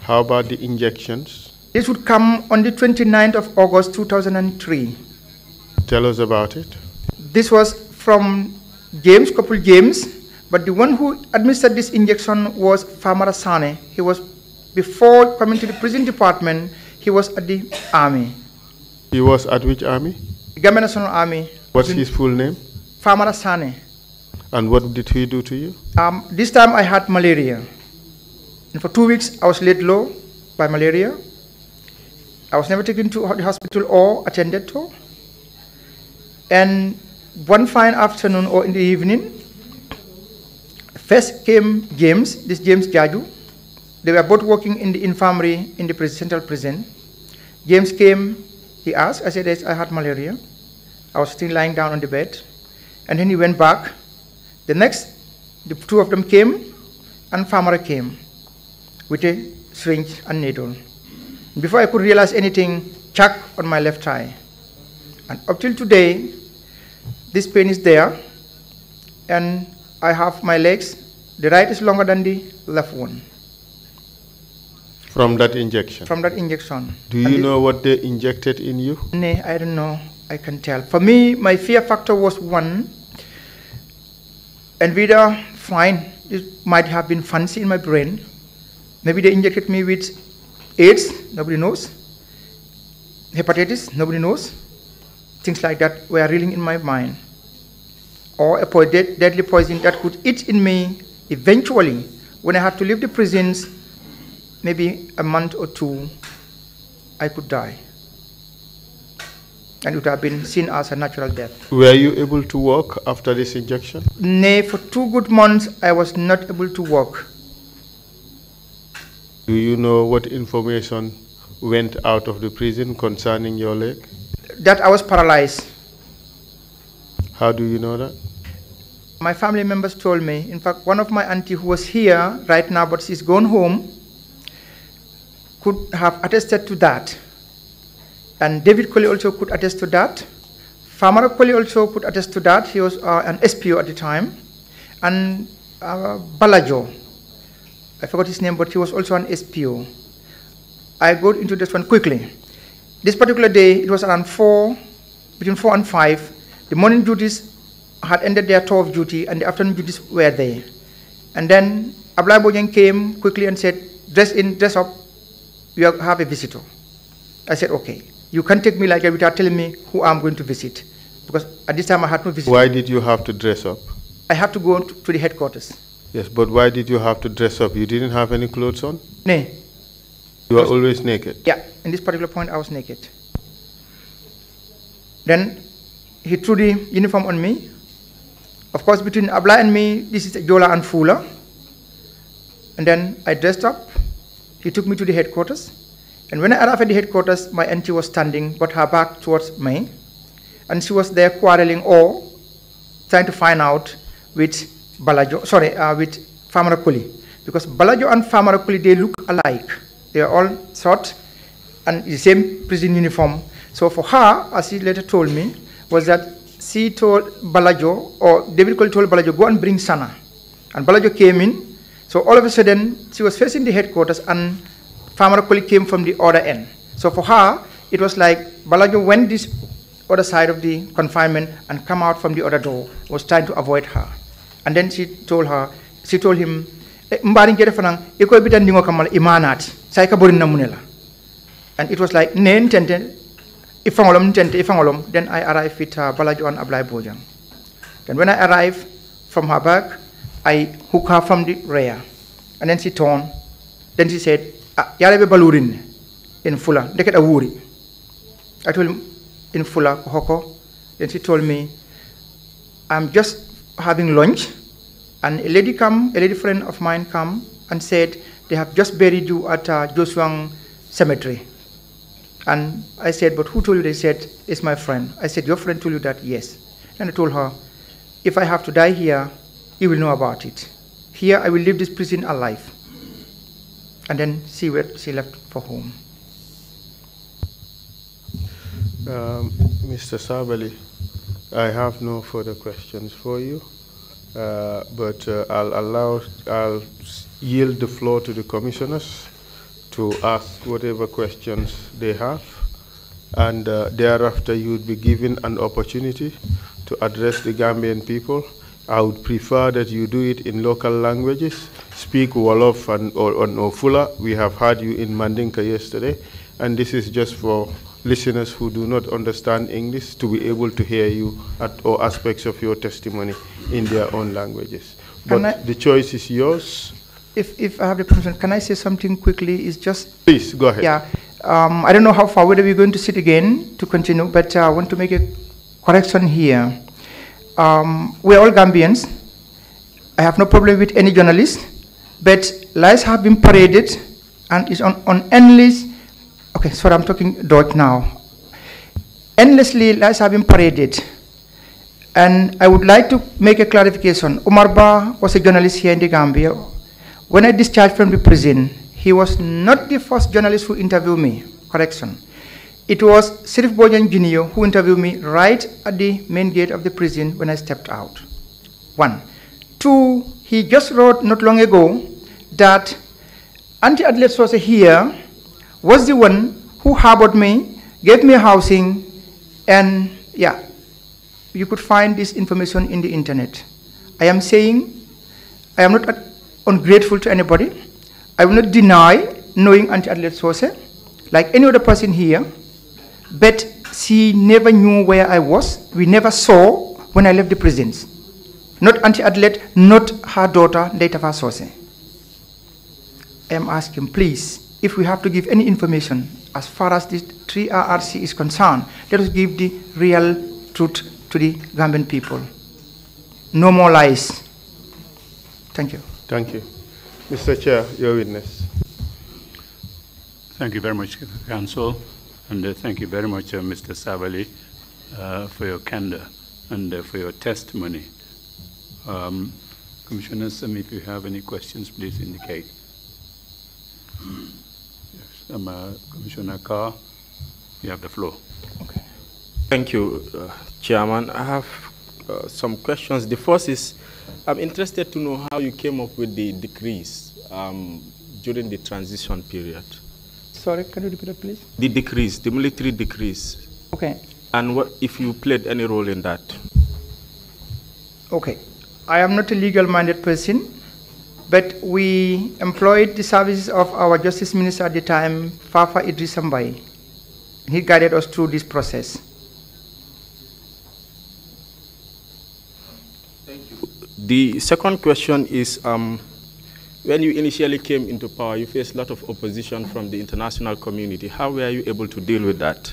How about the injections? This would come on the 29th of August 2003. Tell us about it. This was from James, couple James, but the one who administered this injection was Farmer Sane. He was, before coming to the prison department, he was at the army. He was at which army? The Gambia National Army. What's his full name? Farmer Sane. And what did he do to you? Um, this time I had malaria. And for two weeks I was laid low by malaria. I was never taken to the hospital or attended to. And one fine afternoon or in the evening, first came James, this James Jaju. They were both working in the infirmary in the central prison. James came, he asked, I said, yes, I had malaria. I was still lying down on the bed. And then he went back the next, the two of them came, and farmer came with a syringe and needle. Before I could realize anything, chuck on my left eye. And up till today, this pain is there, and I have my legs. The right is longer than the left one. From that injection? From that injection. Do you know what they injected in you? No, I don't know. I can tell. For me, my fear factor was one and NVIDIA fine, it might have been fancy in my brain. Maybe they injected me with AIDS, nobody knows. Hepatitis, nobody knows. Things like that were reeling in my mind. Or a po deadly poison that could eat in me eventually when I had to leave the prisons, maybe a month or two, I could die and it would have been seen as a natural death. Were you able to walk after this injection? Nay, for two good months I was not able to walk. Do you know what information went out of the prison concerning your leg? That I was paralyzed. How do you know that? My family members told me. In fact, one of my auntie who was here right now but she's gone home could have attested to that and David Koli also could attest to that. Farmer Koli also could attest to that. He was uh, an SPO at the time. And uh, Balajo, I forgot his name, but he was also an SPO. I go into this one quickly. This particular day, it was around 4, between 4 and 5. The morning duties had ended their tour of duty, and the afternoon duties were there. And then Ablai Bojang came quickly and said, dress in, dress up, you have a visitor. I said, okay. You can take me like that without telling me who I'm going to visit. Because at this time I had no visit. Why did you have to dress up? I had to go to the headquarters. Yes, but why did you have to dress up? You didn't have any clothes on? No. You were always naked? Yeah, in this particular point I was naked. Then he threw the uniform on me. Of course, between Abla and me, this is Jola and Fula. And then I dressed up. He took me to the headquarters. And when I arrived at the headquarters, my auntie was standing, but her back towards me, and she was there quarreling or trying to find out with Balajo, sorry, uh, with Farmer Kuli, because Balajo and Farmer Kuli they look alike. They are all short and the same prison uniform. So for her, as she later told me, was that she told Balajo or David Kuli told Balajo go and bring Sana, and Balajo came in. So all of a sudden, she was facing the headquarters and Farmarakoli came from the other end. So for her, it was like Balajo went this other side of the confinement and come out from the other door, was trying to avoid her. And then she told her, she told him, eh, Mbari kerefanang fanang, iko ibita ndingo imanat, Saika ikaburin na munela. And it was like, nen tente, ifangolom tente, ifangolom. Then I arrived with uh, Balajo and Ablai Bojang. Then when I arrived from her back, I hook her from the rear. And then she turned. Then she said, a ah, yaala ɓe In en fula ndeket a told him, "In fula ko hokko she told me i'm just having lunch and a lady come a lady friend of mine come and said they have just buried you at uh, Josuang cemetery and i said but who told you they said it's my friend i said your friend told you that yes and i told her if i have to die here you will know about it here i will leave this prison alive and then she, went, she left for home. Um, Mr. Sabali, I have no further questions for you, uh, but uh, I'll allow, I'll yield the floor to the commissioners to ask whatever questions they have, and uh, thereafter you would be given an opportunity to address the Gambian people. I would prefer that you do it in local languages speak Wolof and, or, or We have had you in Mandinka yesterday, and this is just for listeners who do not understand English to be able to hear you at all aspects of your testimony in their own languages. But I, the choice is yours. If, if I have the permission, can I say something quickly? It's just. Please, go ahead. Yeah. Um, I don't know how far, whether we're going to sit again to continue, but uh, I want to make a correction here. Um, we're all Gambians. I have no problem with any journalist but lies have been paraded and it's on, on endless, okay, sorry, I'm talking Dutch now. Endlessly lies have been paraded. And I would like to make a clarification. Omar Ba was a journalist here in the Gambia. When I discharged from the prison, he was not the first journalist who interviewed me. Correction. It was Sirif Bojan Jr. who interviewed me right at the main gate of the prison when I stepped out. One. Two, he just wrote not long ago that anti-athlete Sose here was the one who harbored me, gave me housing, and yeah, you could find this information in the internet. I am saying I am not ungrateful to anybody. I will not deny knowing anti-athlete Sose, like any other person here, but she never knew where I was. We never saw when I left the prisons not Auntie Adelaide, not her daughter, Leta Vasose. I am asking, please, if we have to give any information as far as this 3RRC is concerned, let us give the real truth to the Gambian people. No more lies. Thank you. Thank you. Mr. Chair, your witness. Thank you very much, Council, and uh, thank you very much, uh, Mr. Savali, uh, for your candor and uh, for your testimony. Um, Commissioner Sim, if you have any questions, please indicate. Yes, um, uh, Commissioner Carr, you have the floor. Okay. Thank you, uh, Chairman. I have uh, some questions. The first is, I'm interested to know how you came up with the decrease um, during the transition period. Sorry, can you repeat it, please? The decrease, the military decrease. Okay. And what if you played any role in that? Okay. I am not a legal minded person, but we employed the services of our justice minister at the time, Fafa Idris He guided us through this process. Thank you. The second question is um, when you initially came into power, you faced a lot of opposition from the international community. How were you able to deal with that?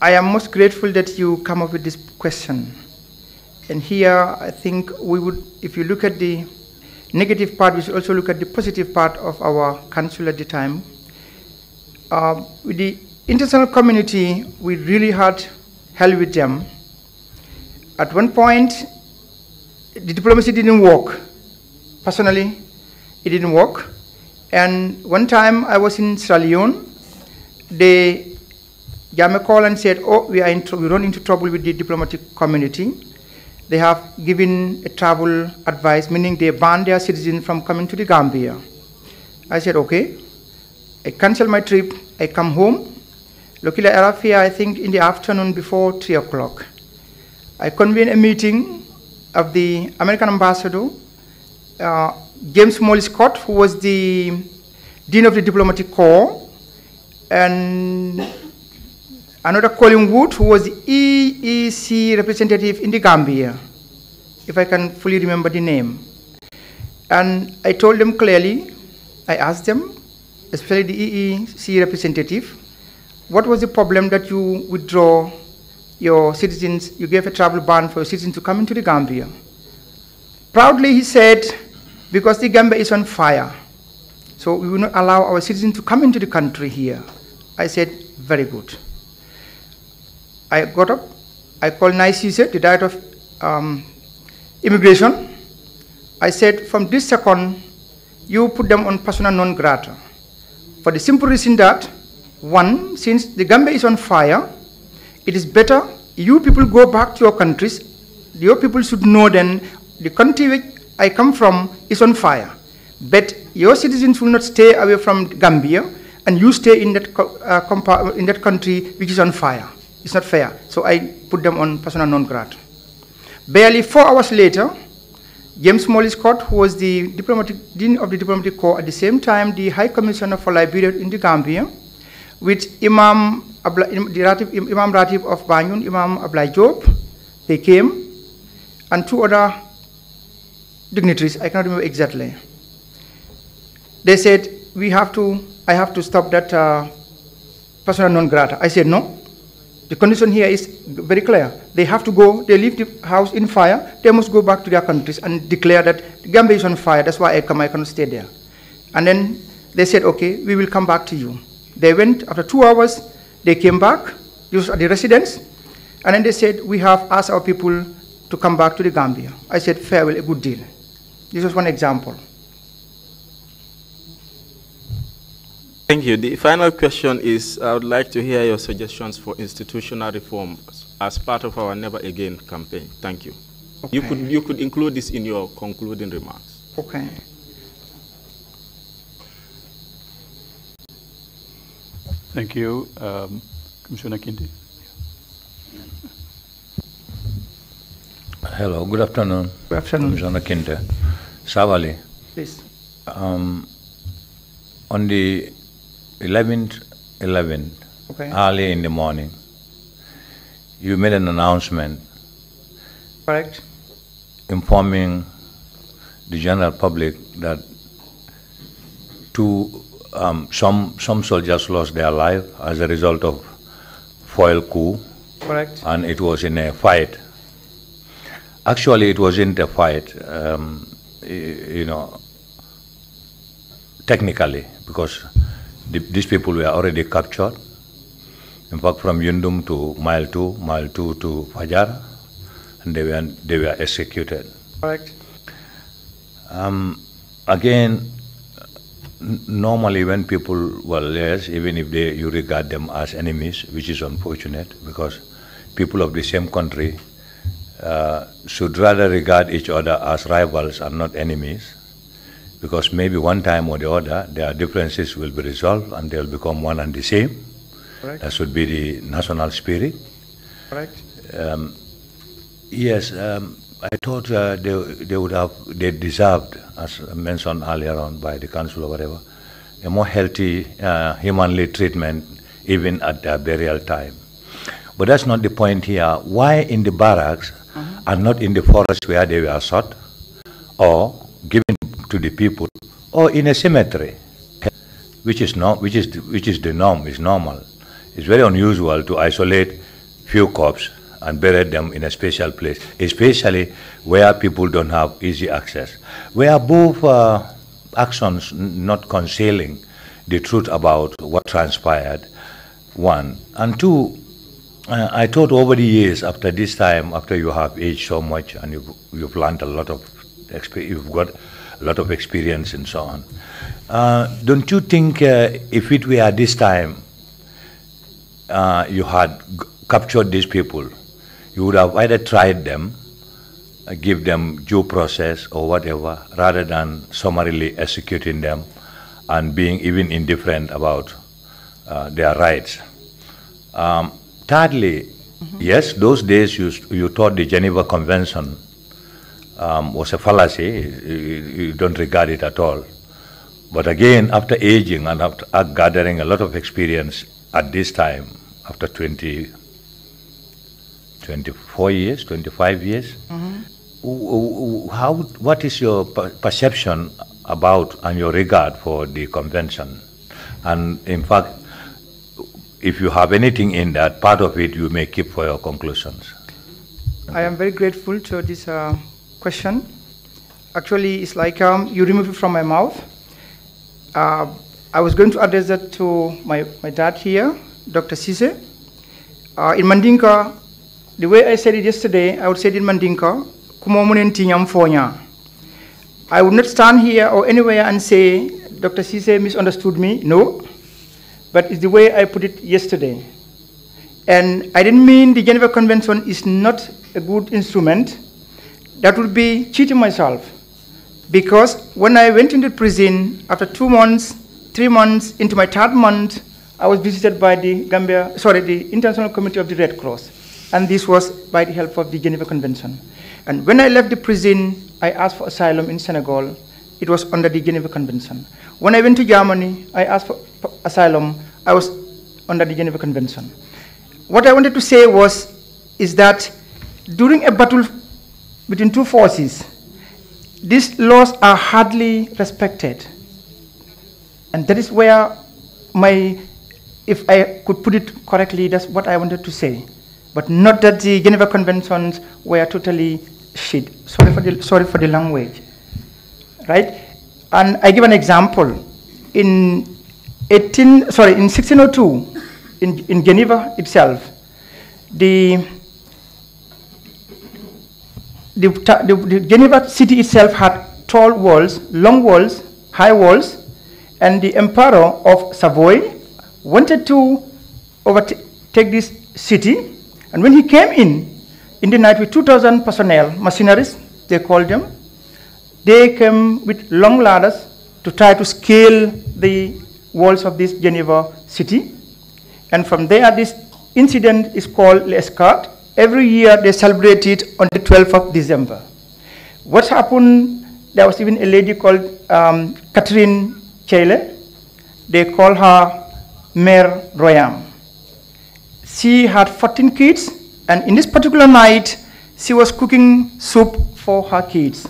I am most grateful that you come up with this question and here, I think we would, if you look at the negative part, we should also look at the positive part of our council at the time. Uh, with the international community, we really had hell with them. At one point, the diplomacy didn't work. Personally, it didn't work. And one time I was in Sierra Leone, they gave me a call and said, oh, we, are in we run into trouble with the diplomatic community they have given a travel advice, meaning they ban their citizens from coming to the Gambia. I said, okay. I cancel my trip. I come home. Luckily, I arrived here, I think, in the afternoon before 3 o'clock. I convened a meeting of the American ambassador, uh, James Molly Scott, who was the Dean of the Diplomatic Corps, and Another Colin Wood, who was EEC representative in the Gambia, if I can fully remember the name. And I told them clearly, I asked them, especially the EEC representative, what was the problem that you withdraw your citizens, you gave a travel ban for your citizens to come into the Gambia? Proudly he said, because the Gambia is on fire, so we will not allow our citizens to come into the country here. I said, very good. I got up, I called NICEZ, the director of um, Immigration. I said, from this second, you put them on persona non grata. For the simple reason that, one, since the Gambia is on fire, it is better you people go back to your countries. Your people should know then the country which I come from is on fire. But your citizens will not stay away from Gambia and you stay in that, uh, in that country which is on fire. It's not fair. So I put them on personal non grata. Barely four hours later, James Molly Scott, who was the diplomatic Dean of the Diplomatic Corps at the same time, the High Commissioner for Liberia in the Gambia, with Imam, Abla, Ratib, Imam Ratib of Banyun, Imam Ablai Job, they came, and two other dignitaries, I cannot remember exactly. They said, we have to, I have to stop that uh, persona non grata. I said, no, the condition here is very clear. They have to go, they leave the house in fire, they must go back to their countries and declare that Gambia is on fire, that's why I, come, I cannot stay there. And then they said, okay, we will come back to you. They went, after two hours, they came back, these are the residents, and then they said, we have asked our people to come back to the Gambia. I said, farewell, a good deal. This was one example. Thank you. The final question is, I would like to hear your suggestions for institutional reform as part of our Never Again campaign. Thank you. Okay. You, could, you could include this in your concluding remarks. Okay. Thank you, um, Commissioner Kindi. Hello, good afternoon. Good afternoon. Commissioner Kinte. Savali. Please. Um, on the 11, 11 okay. early in the morning, you made an announcement. Correct. Informing the general public that two, um, some, some soldiers lost their life as a result of foil coup. Correct. And it was in a fight. Actually, it wasn't a fight, um, you know, technically, because the, these people were already captured. In fact, from Yundum to Mile 2, Mile 2 to Fajar, and they were, they were executed. Correct. Um, again, normally when people were less, even if they, you regard them as enemies, which is unfortunate because people of the same country uh, should rather regard each other as rivals and not enemies because maybe one time or the other their differences will be resolved and they'll become one and the same. Correct. That should be the national spirit. Correct. Um, yes, um, I thought uh, they, they would have, they deserved, as mentioned earlier on by the council or whatever, a more healthy, uh, humanly treatment even at their burial time. But that's not the point here. Why in the barracks uh -huh. and not in the forest where they were shot or given to the people or in a cemetery, which is, not, which is, the, which is the norm, is normal. It's very unusual to isolate few corpses and bury them in a special place, especially where people don't have easy access. Where both uh, actions not concealing the truth about what transpired, one. And two, uh, I thought over the years, after this time, after you have aged so much and you've, you've learned a lot of you've got a lot of experience and so on. Uh, don't you think uh, if it were this time uh, you had captured these people, you would have either tried them, uh, give them due process or whatever, rather than summarily executing them and being even indifferent about uh, their rights. Um, thirdly, mm -hmm. yes, those days you, you taught the Geneva Convention um, was a fallacy. You, you, don't regard it at all. But again, after aging and after gathering a lot of experience at this time, after 20, 24 years, 25 years, mm -hmm. how, what is your perception about and your regard for the convention? And in fact, if you have anything in that, part of it you may keep for your conclusions. I am very grateful to this uh, question. Actually, it's like um, you remove it from my mouth. Uh, I was going to address that to my, my dad here, Dr. Sise. Uh, in Mandinka, the way I said it yesterday, I would say it in Mandinka, I would not stand here or anywhere and say, Dr. Sise misunderstood me. No. But it's the way I put it yesterday. And I didn't mean the Geneva Convention is not a good instrument that would be cheating myself. Because when I went into prison, after two months, three months, into my third month, I was visited by the Gambia, sorry, the International Committee of the Red Cross. And this was by the help of the Geneva Convention. And when I left the prison, I asked for asylum in Senegal. It was under the Geneva Convention. When I went to Germany, I asked for asylum. I was under the Geneva Convention. What I wanted to say was, is that during a battle between two forces. These laws are hardly respected. And that is where my, if I could put it correctly, that's what I wanted to say. But not that the Geneva Conventions were totally shit. Sorry for the, sorry for the language. Right? And I give an example. In 18, sorry, in 1602, in, in Geneva itself, the the, the, the Geneva city itself had tall walls, long walls, high walls, and the emperor of Savoy wanted to overtake this city. And when he came in, in the night with 2,000 personnel, mercenaries, they called them, they came with long ladders to try to scale the walls of this Geneva city. And from there, this incident is called Les Cartes. Every year they celebrate it on the 12th of December. What happened, there was even a lady called um, Catherine Chele. They call her Mère Royam. She had 14 kids, and in this particular night, she was cooking soup for her kids.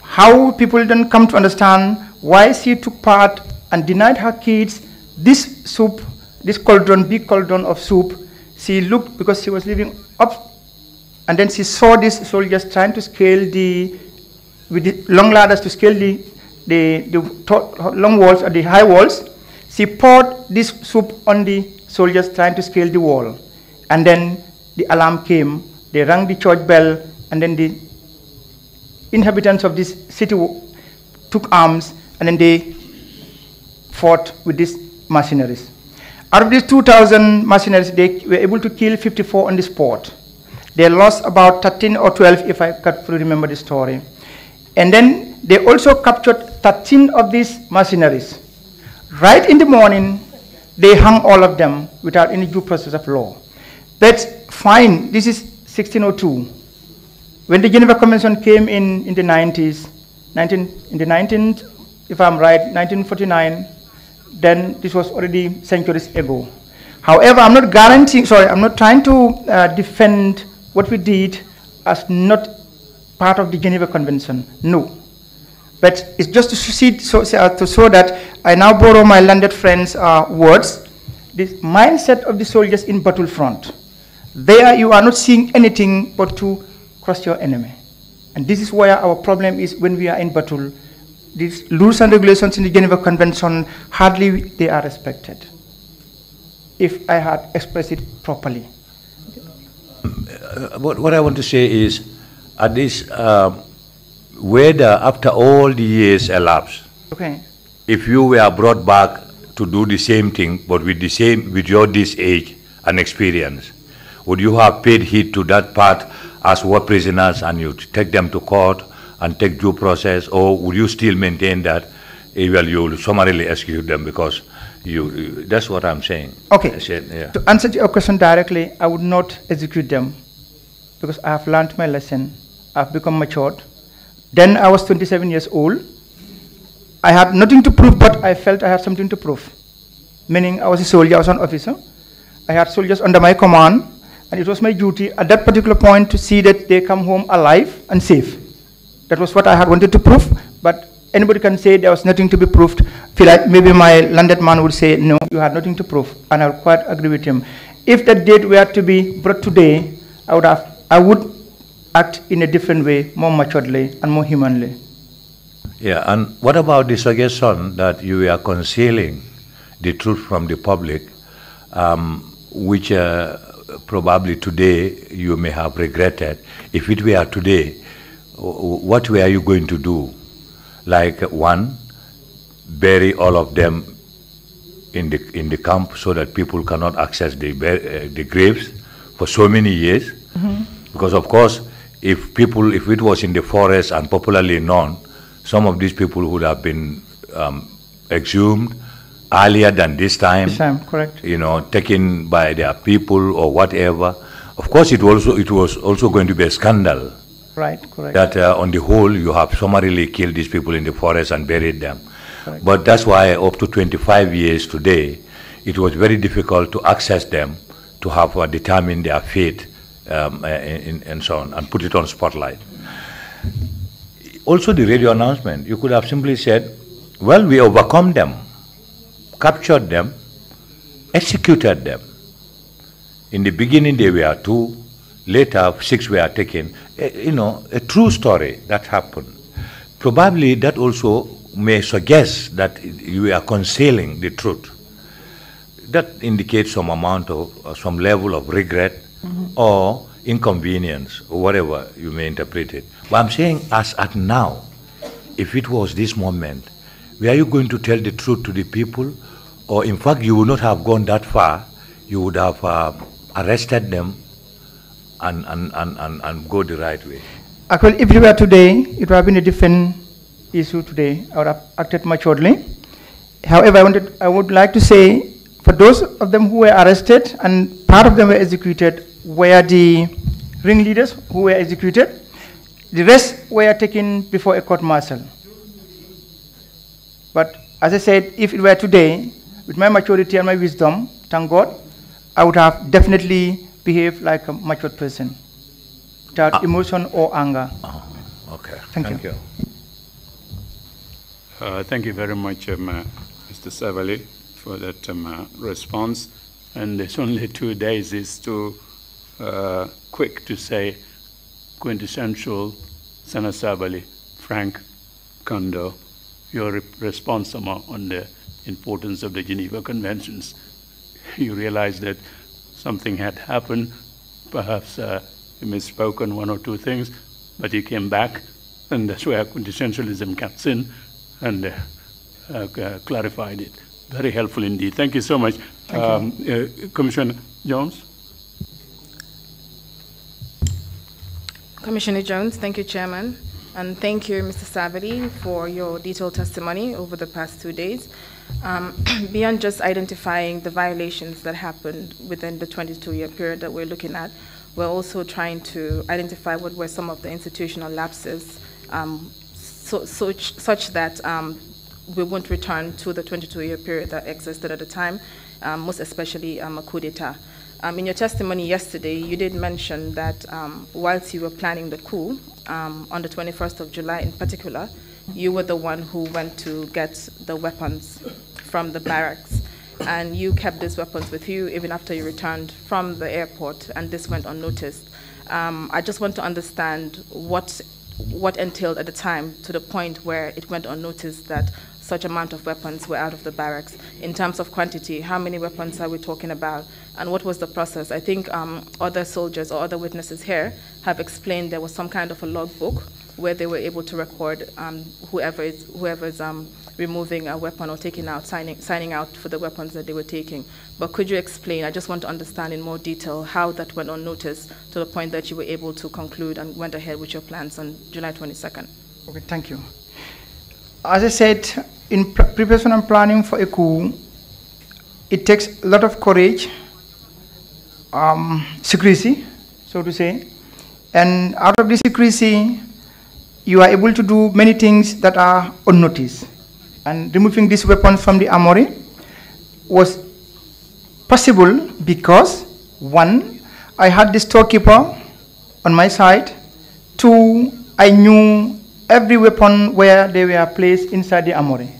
How people did not come to understand why she took part and denied her kids this soup, this cauldron, big cauldron of soup. She looked, because she was living up and then she saw these soldiers trying to scale the, with the long ladders to scale the, the, the long walls or uh, the high walls. She poured this soup on the soldiers trying to scale the wall. And then the alarm came, they rang the church bell, and then the inhabitants of this city took arms, and then they fought with these mercenaries. Out of these 2,000 mercenaries, they were able to kill 54 on the spot. They lost about 13 or 12, if I can remember the story. And then they also captured 13 of these mercenaries. Right in the morning, they hung all of them without any due process of law. That's fine. This is 1602. When the Geneva Convention came in in the 90s, 19, in the 19th, if I'm right, 1949, then this was already centuries ago. However, I'm not guaranteeing, sorry, I'm not trying to uh, defend what we did as not part of the Geneva Convention. No. But it's just to, see, so, uh, to show that I now borrow my landed friend's uh, words. The mindset of the soldiers in battlefront. There you are not seeing anything but to cross your enemy. And this is where our problem is when we are in battle these rules and regulations in the Geneva Convention, hardly they are respected, if I had expressed it properly. Um, uh, what, what I want to say is, at this, um, whether after all the years elapsed, okay. if you were brought back to do the same thing, but with the same, with your this age and experience, would you have paid heed to that part as war prisoners and you take them to court and take due process, or would you still maintain that eh, well, you will summarily execute them because you, you that's what I'm saying. Okay. Said, yeah. To answer your question directly, I would not execute them because I have learned my lesson. I've become matured. Then I was 27 years old. I had nothing to prove, but I felt I had something to prove. Meaning, I was a soldier, I was an officer. I had soldiers under my command, and it was my duty at that particular point to see that they come home alive and safe. That was what I had wanted to prove, but anybody can say there was nothing to be proved. Feel like maybe my landed man would say, no, you had nothing to prove, and I would quite agree with him. If that date were to be brought today, I would have, I would act in a different way, more maturely and more humanly. Yeah, and what about the suggestion that you are concealing the truth from the public, um, which uh, probably today you may have regretted? If it were today, what were you going to do? Like one, bury all of them in the in the camp so that people cannot access the uh, the graves for so many years. Mm -hmm. Because of course, if people if it was in the forest and popularly known, some of these people would have been um, exhumed earlier than this time. This time, correct. You know, taken by their people or whatever. Of course, it also it was also going to be a scandal Right, correct. That uh, on the whole, you have summarily killed these people in the forest and buried them. Correct. But that's why up to 25 years today, it was very difficult to access them to have uh, determined their fate um, uh, and so on and put it on spotlight. Also, the radio announcement, you could have simply said, well, we overcome them, captured them, executed them. In the beginning, they were two, Later, six were taken. you know, a true story that happened. Probably that also may suggest that you are concealing the truth. That indicates some amount of, uh, some level of regret mm -hmm. or inconvenience, or whatever you may interpret it. But I'm saying, as at now, if it was this moment, were you going to tell the truth to the people? Or, in fact, you would not have gone that far. You would have uh, arrested them and, and, and, and, and go the right way? Actually, if it were today, it would have been a different issue today. I would have acted maturely. However, I, wanted, I would like to say for those of them who were arrested and part of them were executed were the ringleaders who were executed. The rest were taken before a court martial. But as I said, if it were today, with my maturity and my wisdom, thank God, I would have definitely behave like a mature person without ah. emotion or anger. Ah, okay. Thank, thank you. you. Uh, thank you very much, um, uh, Mr. Savali, for that um, uh, response. And it's <laughs> only two days it's too uh, quick to say quintessential Sana Savali, Frank Kondo, your re response on the importance of the Geneva Conventions. <laughs> You realize that something had happened. Perhaps uh, he misspoke on one or two things, but he came back, and that's where quintessentialism comes in and uh, uh clarified it. Very helpful indeed. Thank you so much. You. Um, uh, Commissioner Jones? Commissioner Jones, thank you, Chairman. And thank you, Mr. Savity, for your detailed testimony over the past two days um, <clears throat> beyond just identifying the violations that happened within the 22-year period that we're looking at, we're also trying to identify what were some of the institutional lapses um, so, such, such, that um, we won't return to the 22-year period that existed at the time, um, most especially um, a coup d'etat. Um, in your testimony yesterday, you did mention that um, whilst you were planning the coup, on the 21st of July in particular, you were the one who went to get the weapons from the barracks and you kept these weapons with you even after you returned from the airport and this went unnoticed. Um, I just want to understand what what entailed at the time to the point where it went unnoticed that such amount of weapons were out of the barracks. In terms of quantity, how many weapons are we talking about? And what was the process? I think um, other soldiers or other witnesses here have explained there was some kind of a logbook where they were able to record um, whoever is whoever's um, removing a weapon or taking out signing signing out for the weapons that they were taking. But could you explain? I just want to understand in more detail how that went unnoticed to the point that you were able to conclude and went ahead with your plans on July 22nd. Okay, thank you. As I said, in preparation and planning for a coup, it takes a lot of courage, um, secrecy, so to say, and out of this secrecy, you are able to do many things that are unnoticed. And removing this weapon from the armory was possible because, one, I had the storekeeper on my side, two, I knew every weapon where they were placed inside the armory.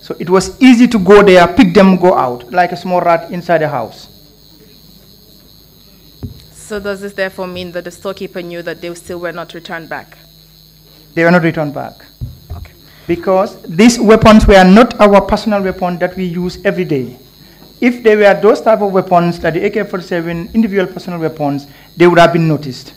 So it was easy to go there, pick them, go out, like a small rat inside a house. So does this therefore mean that the storekeeper knew that they still were not returned back? They were not returned back. Okay. Because these weapons were not our personal weapon that we use every day. If they were those type of weapons, like the AK-47 individual personal weapons, they would have been noticed.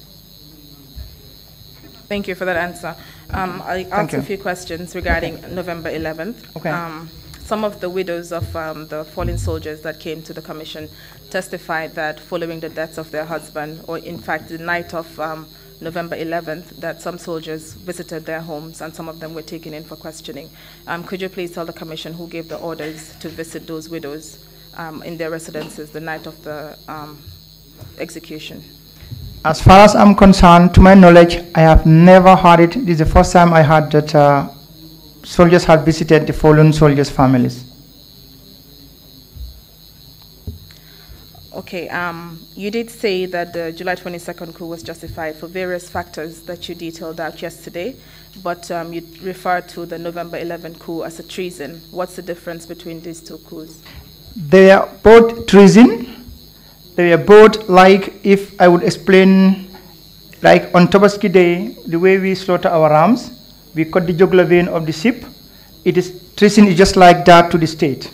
Thank you for that answer. Um, I asked a few questions regarding okay. November 11th. Okay. Um, some of the widows of um, the fallen soldiers that came to the commission testified that following the deaths of their husband, or in fact the night of um, November 11th that some soldiers visited their homes and some of them were taken in for questioning. Um, could you please tell the Commission who gave the orders to visit those widows um, in their residences the night of the um, execution? As far as I'm concerned, to my knowledge, I have never heard it. This is the first time I heard that uh, soldiers had visited the fallen soldiers' families. Okay, um, you did say that the July 22nd coup was justified for various factors that you detailed out yesterday, but um, you referred to the November 11 coup as a treason. What's the difference between these two coups? They are both treason. They are both like, if I would explain, like on Tobaski Day, the way we slaughter our rams, we cut the jugular vein of the sheep. It is treason is just like that to the state.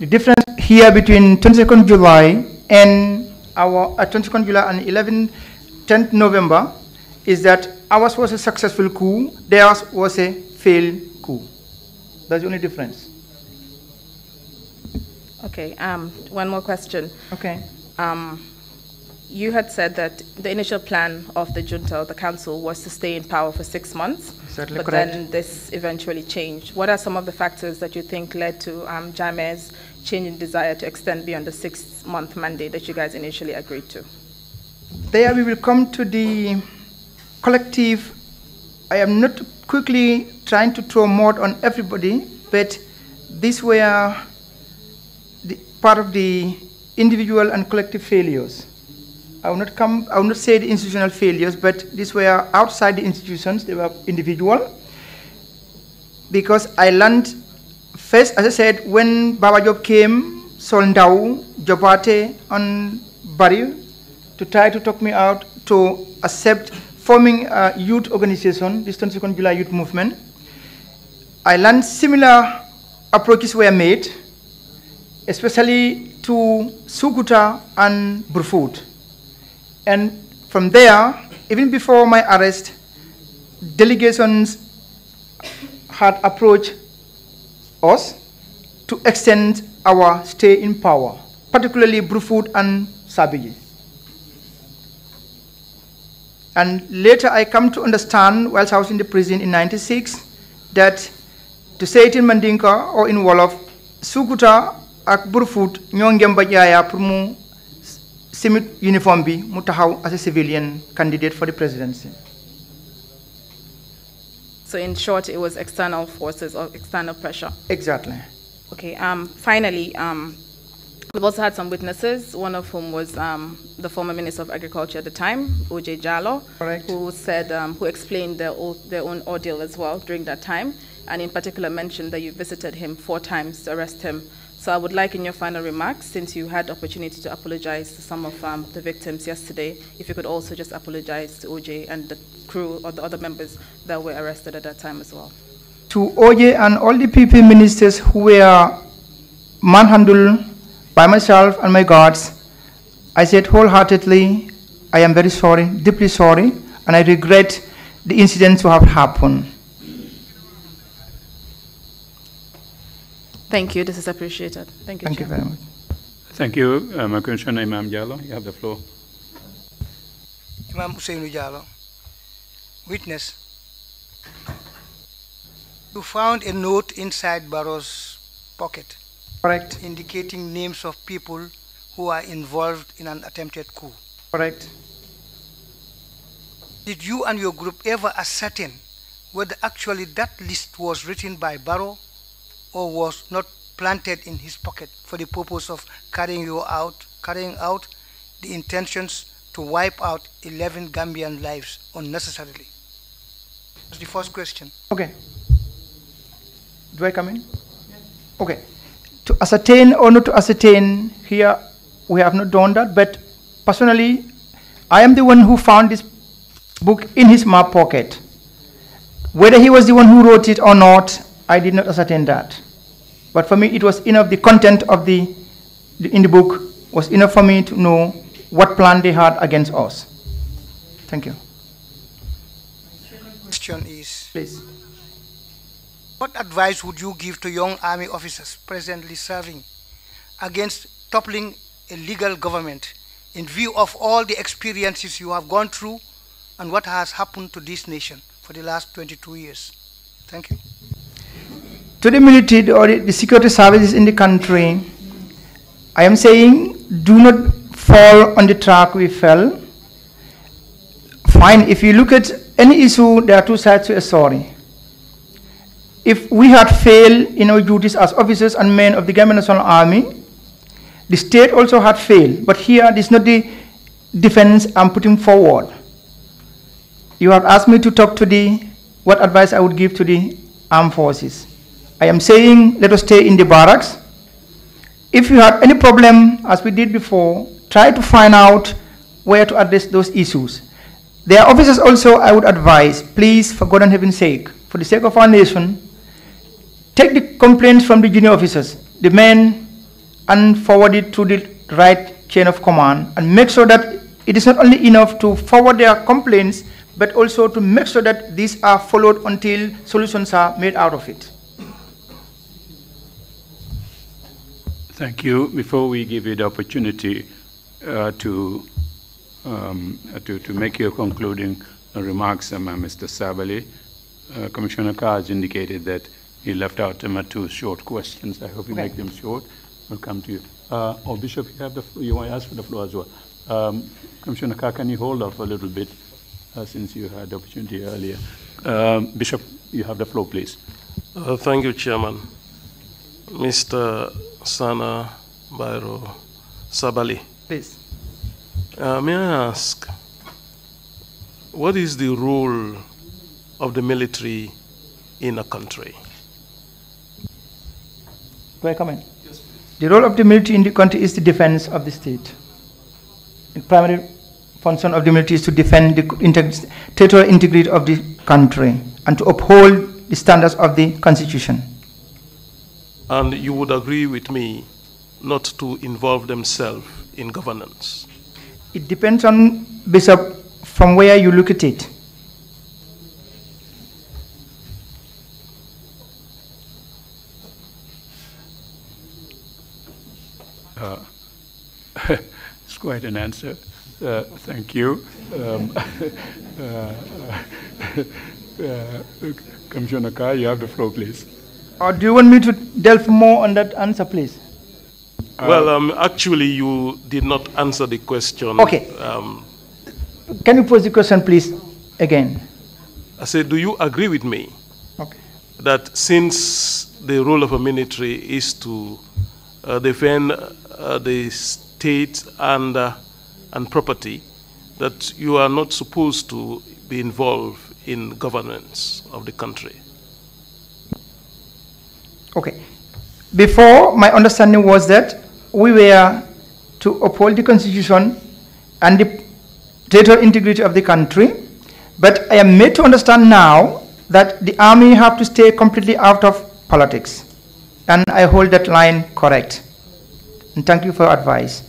The difference here between 22nd July and our uh, 22nd July and 11th, 10th November is that ours was a successful coup, theirs was a failed coup. That's the only difference. Okay, um, one more question. Okay. Um, you had said that the initial plan of the junta, the council, was to stay in power for six months. Certainly but correct. then this eventually changed. What are some of the factors that you think led to um, James change in desire to extend beyond the six-month mandate that you guys initially agreed to. There we will come to the collective. I am not quickly trying to throw mud on everybody, but these were the, part of the individual and collective failures. I will not come. I will not say the institutional failures, but these were outside the institutions. They were individual. Because I learned First, as I said, when Baba Job came, Soldau, Jobate, and Baril to try to talk me out to accept forming a youth organization, this 22nd July Youth Movement. I learned similar approaches were made, especially to Sukuta and Burfoot. And from there, even before my arrest, delegations had approached us to extend our stay in power, particularly Bruford and Sabiji. And later I come to understand, whilst I was in the prison in 96, that to say it in Mandinka or in Wolof, Sukuta ak Burfoot ñoo ngemba jaaya pour simit uniform bi as a civilian candidate for the presidency. So in short, it was external forces or external pressure. Exactly. Okay. Um, finally, um, we've also had some witnesses, one of whom was um, the former Minister of Agriculture at the time, Oj Jalo, Correct. who said, um, who explained their, their own ordeal as well during that time, and in particular mentioned that you visited him four times to arrest him so I would like in your final remarks, since you had the opportunity to apologize to some of um, the victims yesterday, if you could also just apologize to OJ and the crew or the other members that were arrested at that time as well. To OJ and all the PP ministers who were manhandled by myself and my guards, I said wholeheartedly, I am very sorry, deeply sorry, and I regret the incidents that have happened. Thank you. This is appreciated. Thank you. Thank Chair. you very much. Thank you, uh, my Commissioner Imam Jallo. You have the floor. Imam Hussein Jallo, witness, you found a note inside Barrow's pocket. Correct. Indicating names of people who are involved in an attempted coup. Correct. Did you and your group ever ascertain whether actually that list was written by Barrow or was not planted in his pocket for the purpose of carrying you out, carrying out the intentions to wipe out 11 Gambian lives unnecessarily? That's the first question. Okay. Do I come in? Okay. To ascertain or not to ascertain, here we have not done that, but personally, I am the one who found this book in his map pocket. Whether he was the one who wrote it or not, I did not ascertain that. But for me, it was enough. The content of the, in the book was enough for me to know what plan they had against us. Thank you. Question is, please, what advice would you give to young army officers presently serving against toppling a legal government in view of all the experiences you have gone through and what has happened to this nation for the last 22 years? Thank you to the military or the security services in the country, I am saying do not fall on the track we fell. Fine, if you look at any issue, there are two sides to a story. If we had failed in our duties as officers and men of the Gambia National Army, the state also had failed. But here, this is not the defense I'm putting forward. You have asked me to talk to the, what advice I would give to the armed forces. I am saying let us stay in the barracks. If you have any problem, as we did before, try to find out where to address those issues. are officers also, I would advise, please, for God and heaven's sake, for the sake of our nation, take the complaints from the junior officers, the men, and forward it to the right chain of command, and make sure that it is not only enough to forward their complaints, but also to make sure that these are followed until solutions are made out of it. Thank you. Before we give you the opportunity uh, to, um, uh, to, to make your concluding remarks, um, uh, Mr. Savali, uh, Commissioner Kaj indicated that he left out um, two short questions. I hope you okay. make them short. We'll come to you. Uh, oh, Bishop, you have the floor. You want to ask for the floor as well. Um, Commissioner Kaj, can you hold off a little bit uh, since you had the opportunity earlier? Um, Bishop, you have the floor, please. thank you, Chairman. Mr. Sana Bairo Sabali. Please. Uh, may I ask, what is the role of the military in a country? Do I Yes, please. The role of the military in the country is the defense of the state. The primary function of the military is to defend the integ territorial integrity of the country and to uphold the standards of the constitution. And you would agree with me not to involve themselves in governance. It depends on, Bishop, from where you look at it. Uh, <laughs> it's quite an answer. Uh, thank you. Um, <laughs> uh, uh, <laughs> uh Commissioner Kai, you have the floor, please. Or do you want me to delve more on that answer, please? Uh, well, um, actually, you did not answer the question. Okay. Um, Can you pose the question, please, again? I said, do you agree with me okay. that since the role of a military is to uh, defend uh, the state and, uh, and property, that you are not supposed to be involved in governance of the country? Okay. Before, my understanding was that we were to uphold the constitution and the territorial integrity of the country, but I am made to understand now that the army have to stay completely out of politics. And I hold that line correct. And thank you for your advice.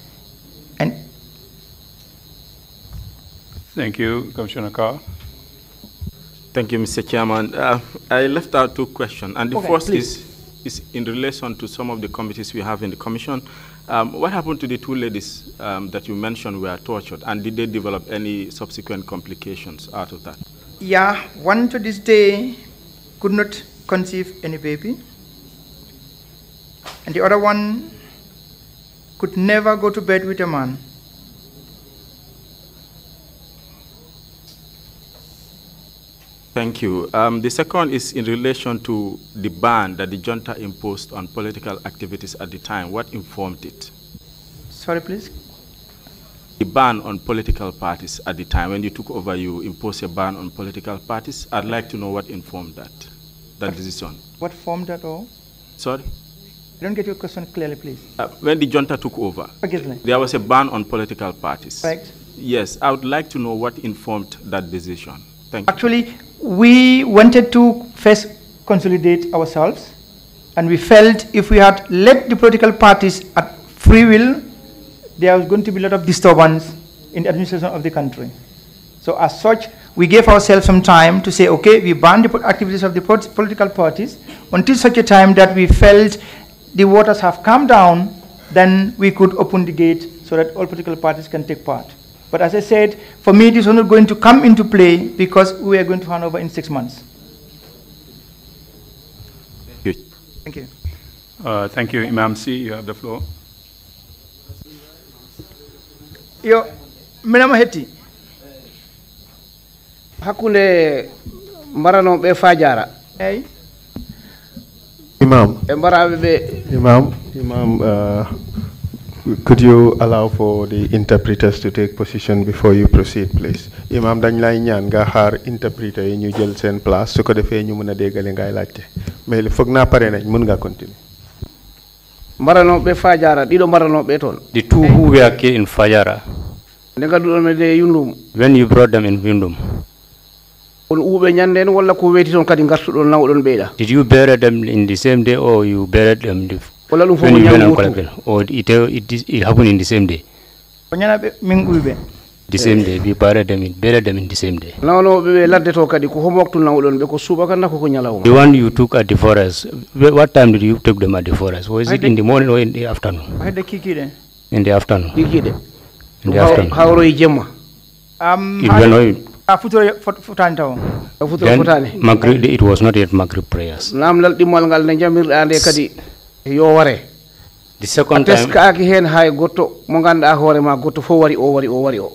And thank you, Commissioner Carr. Thank you, Mr. Chairman. Uh, I left out two questions, and the okay, first please. is is in relation to some of the committees we have in the commission. Um, what happened to the two ladies um, that you mentioned were tortured, and did they develop any subsequent complications out of that? Yeah, one to this day could not conceive any baby, and the other one could never go to bed with a man. Thank you. Um, the second is in relation to the ban that the junta imposed on political activities at the time. What informed it? Sorry, please. The ban on political parties at the time. When you took over, you imposed a ban on political parties. I'd like to know what informed that, that what, decision. What formed that all? Sorry? I don't get your question clearly, please. Uh, when the junta took over, Forgive there was a ban on political parties. Right. Yes, I would like to know what informed that decision. Thank Actually, you we wanted to first consolidate ourselves and we felt if we had let the political parties at free will, there was going to be a lot of disturbance in the administration of the country. So as such, we gave ourselves some time to say, okay, we ban the activities of the political parties until such a time that we felt the waters have calmed down, then we could open the gate so that all political parties can take part. But as I said, for me, this is not going to come into play because we are going to hand over in six months. Thank you. Thank you, uh, thank you Imam C. You have the floor. Yo, Minama Heti. Hakule maranoɓe fajara Hey. imam Imam. imam imam uh, could you allow for the interpreters to take position before you proceed, please? Imam dañ lay ñaan nga xaar interpreter yi ñu jël seen place su ko defee ñu mën a déggale ngay laajte mais foog naa pare nañ mën ngaa continuer. fajara the two who were killed in fajara yundum when you brought them in yundum on ko kadi did you bury them in the same day or you buried them the wala lum fo mo ñaw o ite it happen in the same day o ñana be min guybe the same day bi bare damin bere damin the same day lawno be ladde to kadi ko homo waktu nawlon be ko suba kan nako ko ñalawma the one you took at the forest what time did you take them at the forest was it in the morning or in the afternoon hayde kikide in the afternoon kikide in the afternoon hawro e jemma am it went a futuro futani taw a futuro futani magrib it was not yet magrib prayers nam lal dimal ngal ne jamirɗa nde kadi yo ware the second time teskaaki hen hay goto mo ganda hore ma goto fo wari o wari o wari o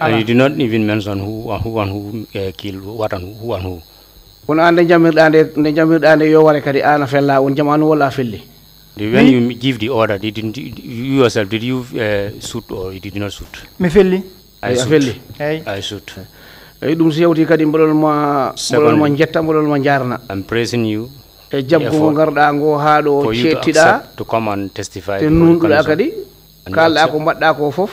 and you do not even mention who uh, who and who uh, kill what and who and who. on ande jamirda ande ne jamirda ande yo ware kadi ana fella on jamanu wala felli when you give the order did you yourself did you uh, shoot or you did not shoot me felli ay ya, felli ay i shoot eyi eh, dum so yawti kadi mbolol ma mbolol ma jetta mbolol ma jarna i'm praising you e eh, jaggo ngo garɗa ngo ha ɗo cettiɗa te nunɗuɗa kadi kalɗa ko mbaɗɗa ko foof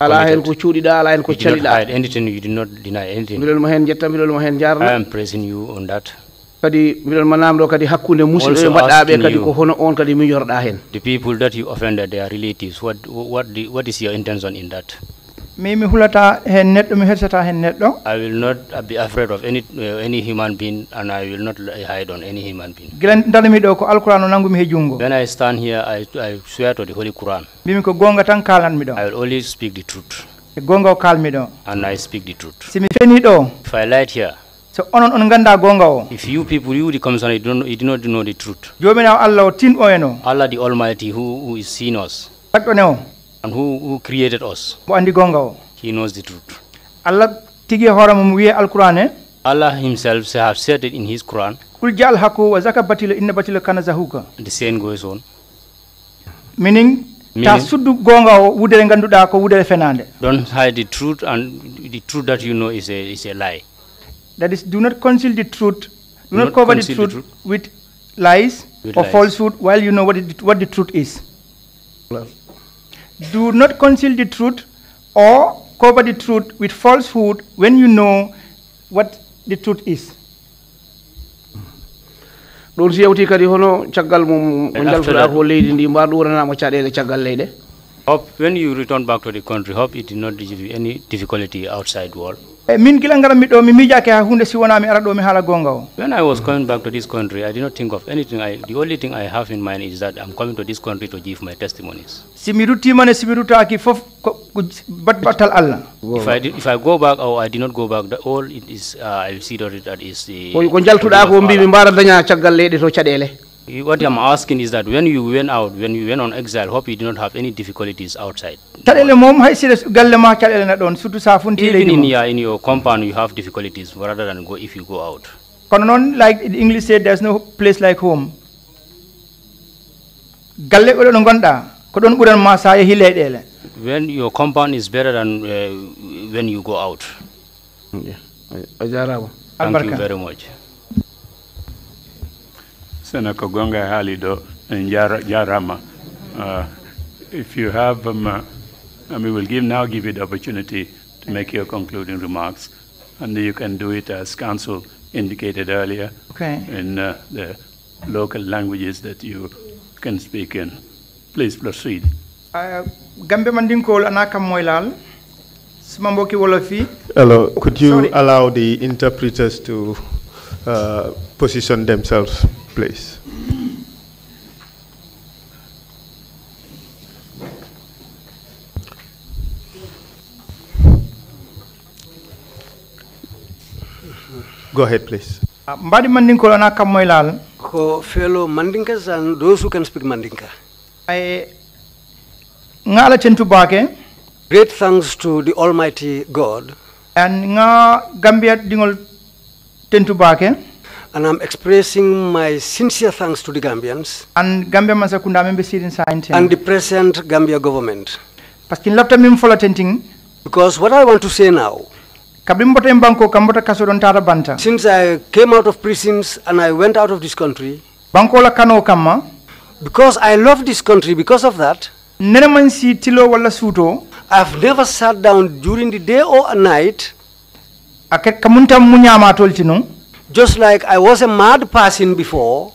ala hen ko cuuɗiɗa ala hen ko caliɗa mbiɗonma hen jetta mbiɗonma hen jarna kadi mbiɗon ma namɗo kadi hakkude musidɓe mbaɗɗaɓe kadi ko hono on kadi miñorɗa hen the people that you offended their relatives what, what, what is your intention in that mimi hulata hen neɗɗo mi hersata hen neɗɗo i will not be afraid of any uh, any human being and i will not hide on any human being gila darmi ɗo ko alquran o nangumi he jungo when i stand here i, I swear to the holy quran mbimi ko gonga tan kalanmi ɗo i will only speak the truth e gonga o kalmi ɗo and i speak the truth si mi feni ɗo if i light here so onon on ganda gonga o if you people you the commissioner you, don't, you do not know the truth jomina allah o tin o en o allah the almighty who, who is seen us ɗaɗɗone o and who, created us mo gonga he knows the truth allah tigi hoore mum wiye alquran e eh? allah himself have said it in his quran kul jal hakku wa zaka batila inna batila kana zahuka the same goes on meaning ta suddu gonga o wudere ganduɗa ko wudere fenande don't hide the truth and the truth that you know is a, is a lie that is do not conceal the truth do not, cover the truth, with lies or falsehood while you know what, what the truth is Do not conceal the truth or cover the truth with falsehood when you know what the truth is. ɗum si yewti kadi hono caggal mum mo jaltuɗa ko leydi ndi mba ɗuranama caɗele caggal leyɗe Hope when you return back to the country, hope it did not give you any difficulty outside world. Eh, min gila ngaram miɗo mi miijaki ha hunde si wona mi ara ɗo mi haala gonga o when i was coming back to this country i did not think of anything I, the only thing i have in mind is that i'm coming to this country to give my testimonies si mi ruttimane si mi ruttaki fof ko battal allah if I, did, if I go back or i did not go back that all it is uh, i will see that it that is the ko jaltuɗa ko mbimi mbara daña caggal leyɗe to caɗele What I'm asking is that when you went out, when you went on exile, hope you did not have any difficulties outside. mom hay galle na surtout Even in your, in your compound you have difficulties rather than go if you go out. Kono noon like the English said there's no place like home. Galle ko When your compound is better than uh, when you go out. Yeah. Thank you very much. Senator Kogonga Halido in Yarama. Uh, if you have, um, uh, and we will give now give you the opportunity to make your concluding remarks, and you can do it as Council indicated earlier okay. in uh, the local languages that you can speak in. Please proceed. Uh, Gambe Mandinkol Anaka Moilal. Hello, could you Sorry. allow the interpreters to uh, position themselves? place. Go ahead, please. Ah, mbadi Mandinka lona kamoilal. Ko fellow Mandinkas and those who can speak Mandinka. I ngala chentu bake. Great thanks to the Almighty God. And nga Gambia dingol tentu bake. and I'm expressing my sincere thanks to the Gambians an gambia man sakunda amembe sirin and the present Gambia government. parce que lafta mim fola tenting Because what I want to say now, kabimbote mbanko kambota kasoron tara banta since I came out of prisons and I went out of this country, banko la kano kama because I love this country, because of that, nene man si tilo wala suto I've never sat down during the day or a night kamunta munyama just like I was a mad person before.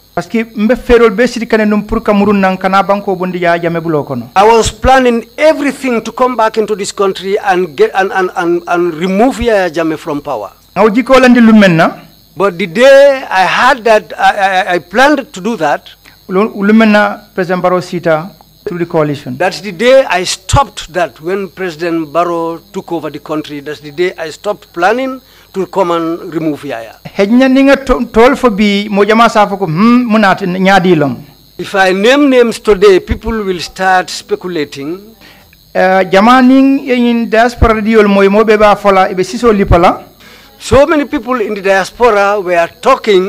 mbe ferol kane banko bondi ya I was planning everything to come back into this country and get and and and, and remove Yaya Jame from power. you call landi lumena. But the day I had that I, I, I planned to do that. Lumenna President Barrow Sita through the coalition. That's the day I stopped that when President Barrow took over the country. That's the day I stopped planning to come and remove yaya hejna ninga tol fo bi mo jama safo ko hmm munat nyaadi lom if i name names today people will start speculating uh, eh, jamaning in diaspora diol moy mo be fola e be siso lipala so many people in the diaspora were talking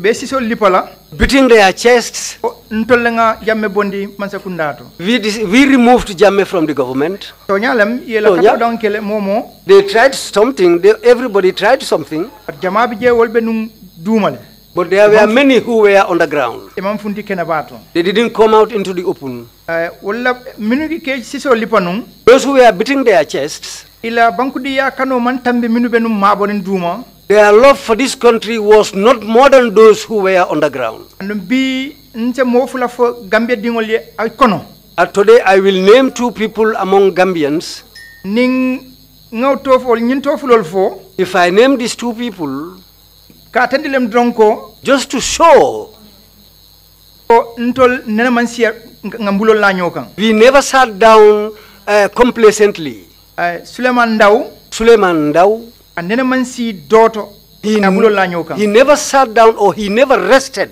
be siso lipola between their chests ntolenga jamme bondi mansa kundato we, we removed jamme from the government to nyalam yela ka don kele momo they tried something they, everybody tried something jama bi je wolbe num dumale But there were many who were on the ground. They didn't come out into the open. Eh, Those who were beating their chests, Their love for this country was not more than those who were on the ground. And uh, today I will name two people among Gambians. If I name these two people, just to show we never sat down uh, complacently. Suleiman Ndau. Suleiman Ndau And a man daughter. He, he never sat down or he never rested.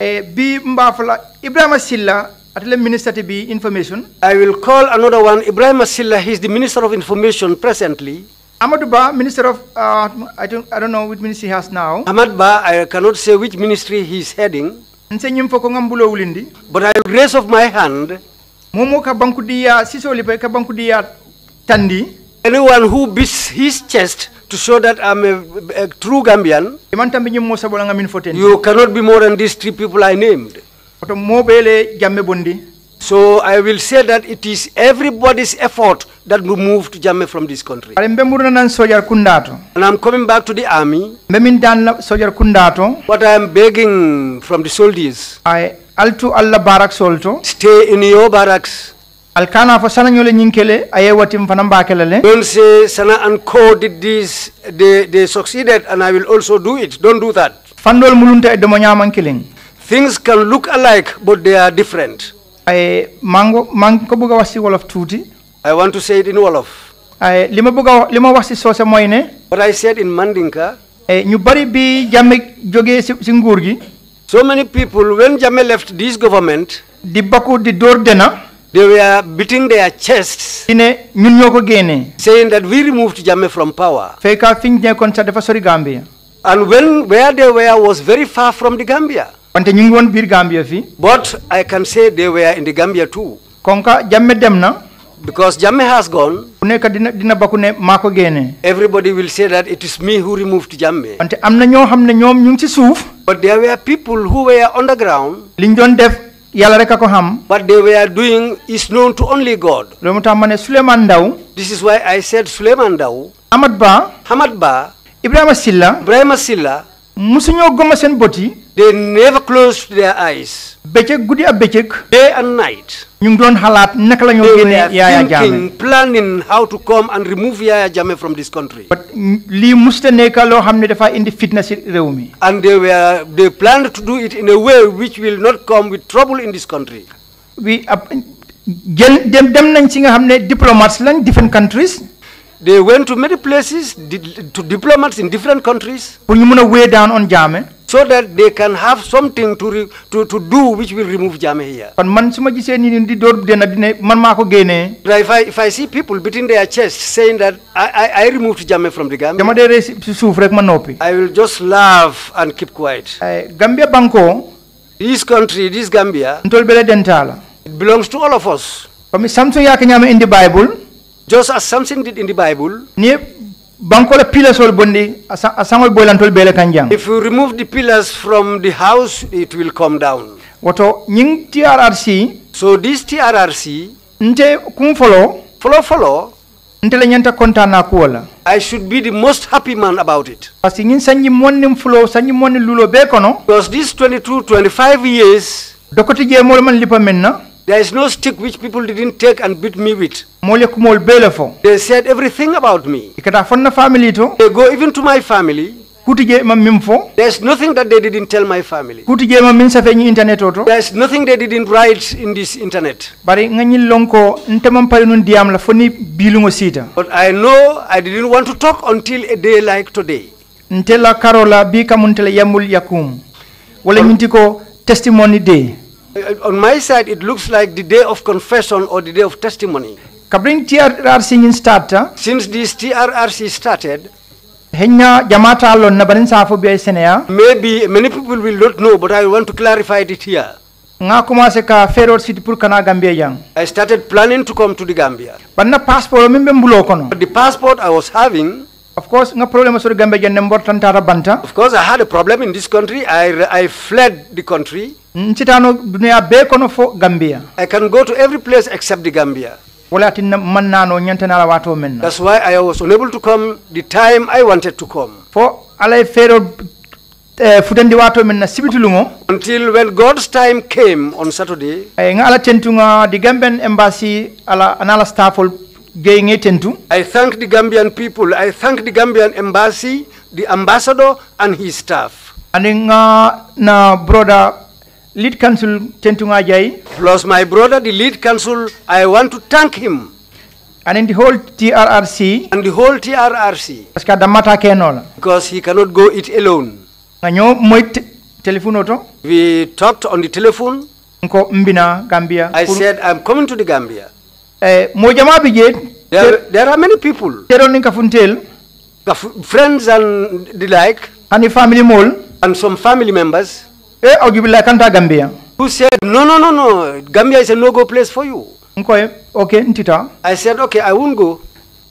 Eh, bi mbafala Ibrahima Silla atele minister information. I will call another one Ibrahim Silla he is the minister of information presently. Ahmad Ba, Minister of, uh, I, don't, I don't know which ministry he has now. Ahmad Ba, I cannot say which ministry he is heading. But I raise of my hand. Momo ka bankudia, siso tandi. anyone who beats his chest to show that I'm a, a true Gambian, you cannot be more than these three people I named. So I will say that it is everybody's effort that to Jamme from this country. And I'm coming back to the army. What I am begging from the soldiers. Stay in your barracks. alkana fa sana nyole nyinkele aye watim fana mbakele le don't say sana an ko did this they they succeeded and i will also do it don't do that fandol mulunta de monyaman killing things can look alike but they are different ay mango bëgg wax wasi wolof tuti i want to say it in wolof ay lima buga lima wasi sose moy ne what i said in mandinka ay ñu bari bi jamme joge ci nguur gi so many people when jamme left this government di bakku di dor dena de were beating their chests. ne ñun ñoo ko génnee. saying that we removed Jammeh from power. fekka fi ñu nekkoon sax dafa sori Gambia. and when where they were was very ñu ngi woon biir Gambia fi but I can say they were in the dem na. because Jammeh has gone. ku nekk dina dina bakku ne maa ko génnee. everybody will say that it is me who removed Jammeh. wante am na ñoo xam ne ñoom ñu ngi ci suuf. but there were people who were underground. liñ doon def. yàlla rek a ko xam. what they were doing is known to only God. loolu moo tax ma ne Souleymane Ndaw. this is why I said Souleymane Ndaw. Amad Ba. Amad Ba. Ibrahima Silla. Ibrahima musuñoo goma seen bot yi. they never closed their eyes. bëccëg guddi ak bëccëg. day and night. ñu ngi doon xalaat naka la ñoo génnee. Yaya Jammeh thinking planning how to come and remove Yaya Jammeh from this lii musta nekk loo xam ne dafa indi fitna si réew mi. and they were they planned to do it in a way which will not come with trouble in this country. we dem dem nañ ci nga xam ne diplomats lañ different countries. They went to many places, to diplomats in different countries. Pour ñu mëna wé down on Jammeh. So that they can have something to re, to to do which will remove Jammeh here. Kon If I if I see people beating their chest saying that I I, I removed Jammeh from the Gambia. I will just laugh and keep quiet. Eh, Gambia banko. This country, this Gambia. It belongs to all of us. Comme Samson yaa ko ñaama indi Bible. Just as something did in the Bible. If you remove the pillars from the house, it will come down. Woto nying TRRC. So this TRRC. Nte folo Follow follow. Nte le nyanta kontana kuola. I should be the most happy man about it. Pasi ngin monni monni lulo kono. Because this 22 25 years. Dokoti man lipa There is no stick which people didn't take and beat me with. Mole kumol bele fo. They said everything about me. Ikata na family to. They go even to my family. Kutije ma mimfo. is nothing that they didn't tell my family. Kutije ma minsa fe internet oto. There's nothing they didn't write in this internet. Bari ngani lonko ntemam pay nun diam la foni bilungo sita. But I know I didn't want to talk until a day like today. Ntela karola bi kamuntela yamul yakum. Wala ko testimony day. Uh, on my side, it looks like the day of confession or the day of testimony. Kabrin TRRC nyin start ah? Since this TRRC started, Henya jamata alon na banin safo bi senea. Ah? Maybe many people will not know, but I want to clarify it here. Nga commencé ka faire aussi pour kana Gambia yang. I started planning to come to the Gambia. Banna passport mimbe mbulo kono. The passport I was having Of course, nga problem sori Gambia jenne mbortantata banta. Of course, I had a problem in this country. I, I fled the country. dunia be kono fo Gambia. I can go to every place except the Gambia. wato menna. That's why I was unable to come the time I wanted to come. Fo alay fero eh, futendi wato men na sibitulungo until when god's time came on saturday eh, nga ala tentunga the gambian embassy ala anala staffol geengeten tu i thank the gambian people i thank the gambian embassy the ambassador and his staff aning uh, na brother lead council tentunga jai plus my brother the lead council i want to thank him and in the whole trrc and the whole trrc parce que damata because he cannot go it alone ngaño moy telephone auto. we talked on the telephone mbina gambia i said i'm coming to the gambia Eh, mo jama bi je there are many people teron ni kafuntel friends and the like and the family mol and some family members e eh, ogibila kanta gambia who said no no no no gambia is a no go place for you nkoy okay ntita i said okay i won't go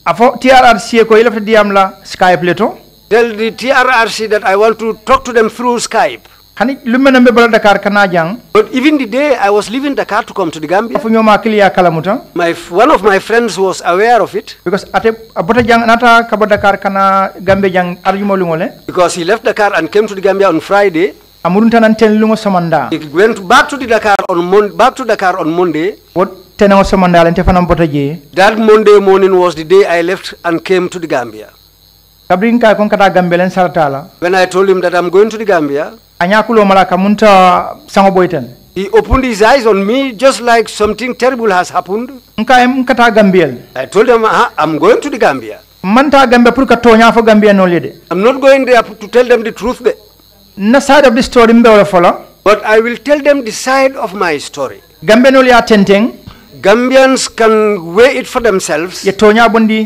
afo trrc ko ilafta diam skype leto tell the trrc that i want to talk to them through skype hani lumena mbe bala dakar kana jang but even the day i was leaving dakar to come to the gambia fu nyoma akili ya muta my one of my friends was aware of it because ate abota jang nata kaba dakar kana gambia jang mo lungole because he left dakar and came to the gambia on friday amurun tanan ten lungo samanda he went back to the dakar on mon back to dakar on monday what tenango samanda lente fanam bota je that monday morning was the day i left and came to the gambia Kabrin ka kon kata Gambelen saratala. When I told him that I'm going to the Gambia, anyakulo malaka munta sango boyten. He opened his eyes on me just like something terrible has happened. Nka em kata Gambiel. I told him ah, I'm going to the Gambia. Manta Gambia pour ka tonya fo Gambia no lede. I'm not going there to tell them the truth there. Na side of the story mbe wala fola. But I will tell them the side of my story. Gambian ya tenteng. Gambians can weigh it for themselves. Ya tonya bondi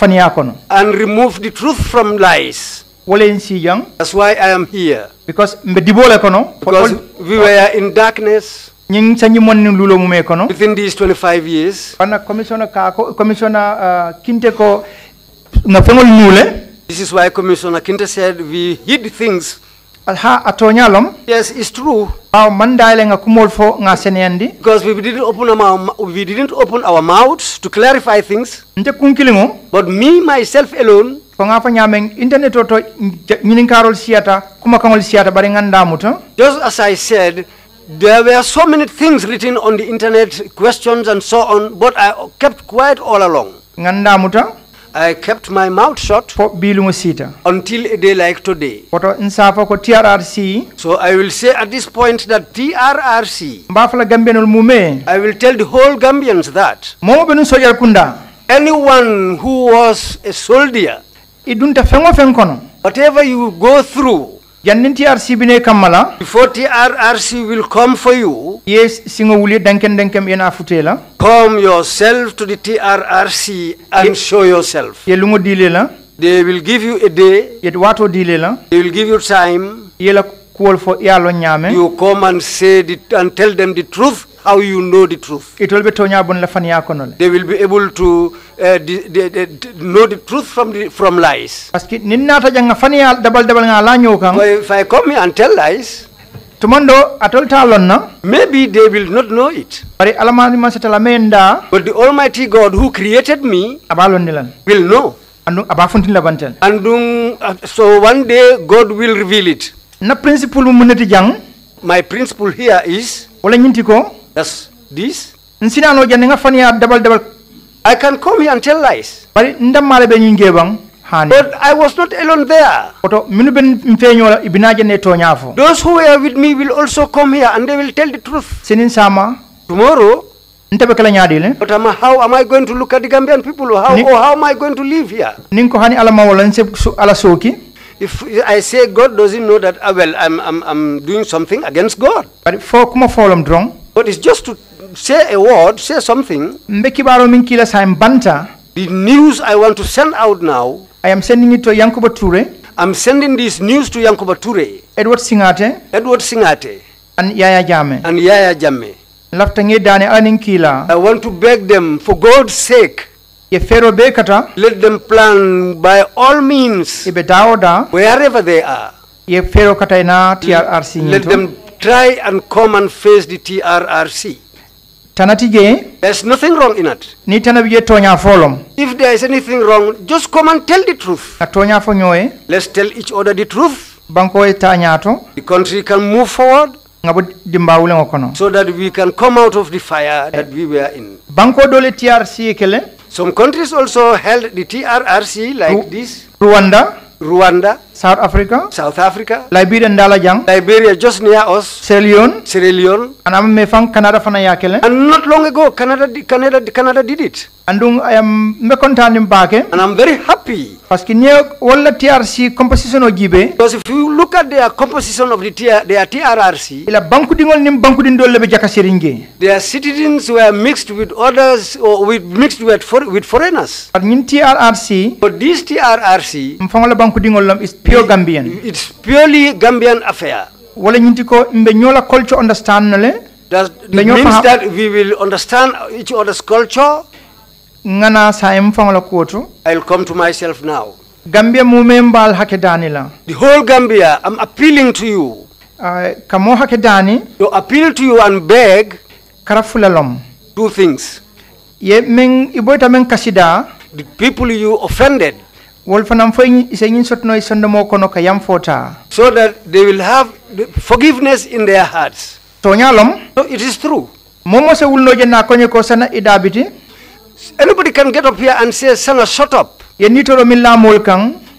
faniya kono and remove the truth from lies wolen sijang that's why i am here because mbe dibole kono because we were in darkness ñing sañi mon ni lulo mu me kono within these 25 years ana commissioner ka ko commissioner uh, kinte ko na fengol nule this is why commissioner kinte said we hid things alha lom yes it's true aw mandale nga kumol fo nga seneyandi because we didn't open our we didn't open our mouths to clarify things nte kunkilingo but me myself alone ko nga fa nyameng internet to ñinin karol siata kuma kangol siata bari nganda muta just as i said there were so many things written on the internet questions and so on but i kept quiet all along nganda muta I kept my mouth shut fo biilumo until a day like today. TRRC So I will say at this point that TRRC, I will tell the whole Gambians that anyone who was a soldier, i dunta whatever you go through, janninti arsibine kammala forty rrc will come for you yes singo wuli danken dankem yena futela come yourself to the trrc and show yourself ye lungo dilela they will give you a day yet wato dilela they will give you time yela kuwol fo yalo nyame you come and say the, and tell them the truth how you know the truth. They will be able to uh, eh, de, de, de know the truth from the from lies. But if I come here and tell lies, tumondo atolta lonna maybe they will not know it bari alamani masatala menda but the almighty god who created me will know andu abafuntin uh, so one day god will reveal it na principle mu jang my principle here is wala nyinti That's This? Nsina no jani ngafani ya double double. I can come here and tell lies. Bari ndamale be nyingebang. Hani. But I was not alone there. Oto minu ben mfenyo ibinaje ne tonyafo. Those who were with me will also come here and they will tell the truth. Sinin sama. Tomorrow ntebe kala ñaadile but am, how am i going to look at the gambian people how, Ni, or how am i going to live here nin hani ala mawola nse ala sooki if i say god doesn't know that uh, well I'm, I'm, i'm doing something against god But for kuma folom drong But it's just to say a word, say something. Mbekibaro minkila saimbanta. The news I want to send out now. I am sending it to Yankuba Ture. I'm sending this news to Yankuba Ture. Edward Singate. Edward Singate. And Yaya Jame. And Yaya Jame. Laftange dane aninkila. I want to beg them for God's sake. Ye fero be kata. Let them plan by all means. Ibe daoda. Wherever they are. Ye fero kata ina TRRC. Let them try and come and face the TRRC. tanatige there's nothing wrong in it ni tana tonya folom if there is anything wrong just come and tell the truth atonya fo let's tell each other the truth banko e the country can move forward ngabo dimbawule ngokono so that we can come out of the fire that we were in banko dole trc e kele some countries also held the trrc like this rwanda rwanda South Africa, South Africa, Liberia ndala jang, Liberia just near us, Sierra Leone, Sierra Leone, and I'm me fan Canada fana yakele. And not long ago, Canada, Canada, Canada did it. And um, I am me contentim baake. And I'm very happy. Paski ni wala TRC composition gibe. Because if you look at their composition of the TR, their TRRC, ila banku dingol nim banku din dolle jaka seringe. Their citizens were mixed with others or with mixed with for, with foreigners. But nin TRRC. But this TRRC, mfangola banku dingol lam is pure Gambian. It's purely Gambian affair. Wala nyinti ko mbe nyola culture understand le. That means that we will understand each other's culture. Ngana saem fangola kuoto. I'll come to myself now. Gambia mumembal la. The whole Gambia, I'm appealing to you. Uh, ah, kamo dani. To appeal to you and beg. Karafula lom. Two things. Ye meng iboita meng kasida. The people you offended. wol fanam fay sen sotno e sonde mo so that they will have forgiveness in their hearts so it is true momo se wulno jenna konye ko sana idabiti anybody can get up here and say sana shut up yeni to min lamol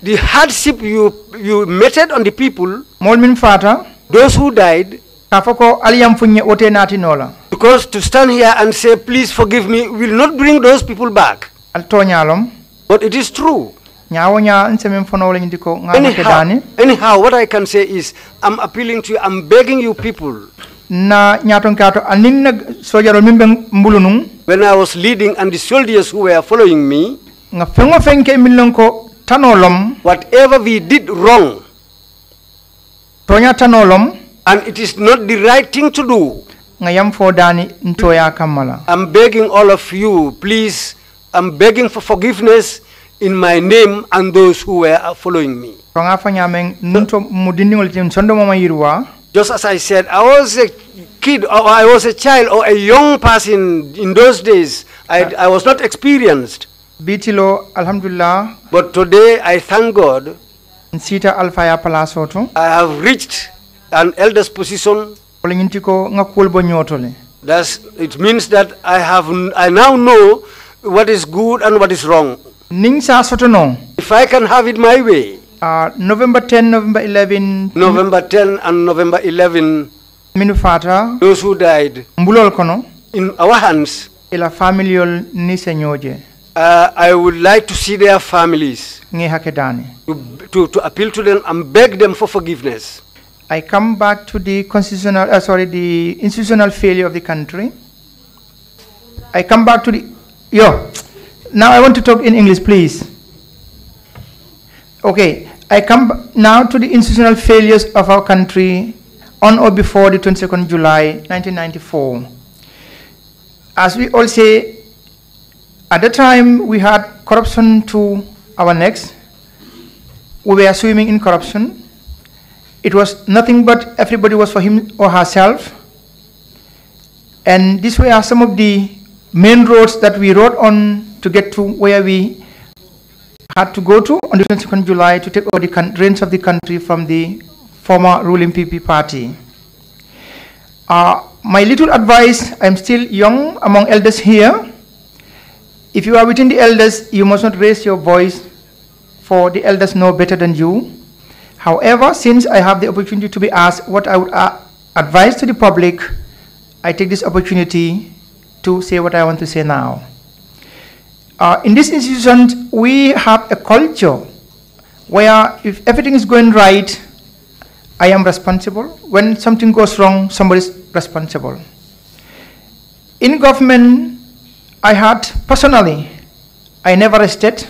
the hardship you you meted on the people mol min fata those who died kafako aliyam ote nati nola because to stand here and say please forgive me will not bring those people back al but it is true Anyhow, anyhow, what I can say is, I'm appealing to you, I'm begging you people. When I was leading and the soldiers who were following me, whatever we did wrong, and it is not the right thing to do, I'm begging all of you, please, I'm begging for forgiveness in my name and those who were following me. Just as I said, I was a kid, or I was a child, or a young person in those days. I, I was not experienced. Bitilo, alhamdulillah. But today, I thank God. Nsita alfaya palasoto. I have reached an elder's position. That's, it means that I have I now know what is good and what is wrong. Ning sa sotono. If I can have it my way. Uh, November 10, November 11. November 10 and November 11. Minu fata. Those who died. Mbulol kono. In our hands. Ila familiol ni senyoje. Uh, I would like to see their families. Nge hakedani. To, to, to appeal to them and beg them for forgiveness. I come back to the constitutional, uh, sorry, the institutional failure of the country. I come back to the, yo. Now I want to talk in English, please. Okay, I come now to the institutional failures of our country on or before the 22nd July 1994. As we all say, at the time we had corruption to our necks, we were swimming in corruption. It was nothing but everybody was for him or herself. And these were some of the main roads that we rode on to get to where we had to go to on the 22nd July to take over the reins of the country from the former ruling PP party. Uh, my little advice, I'm still young among elders here. If you are within the elders, you must not raise your voice, for the elders know better than you. However, since I have the opportunity to be asked what I would uh, advise to the public, I take this opportunity to say what I want to say now. Uh, in this institution, we have a culture where if everything is going right, I am responsible. When something goes wrong, somebody is responsible. In government, I had personally, I never rested.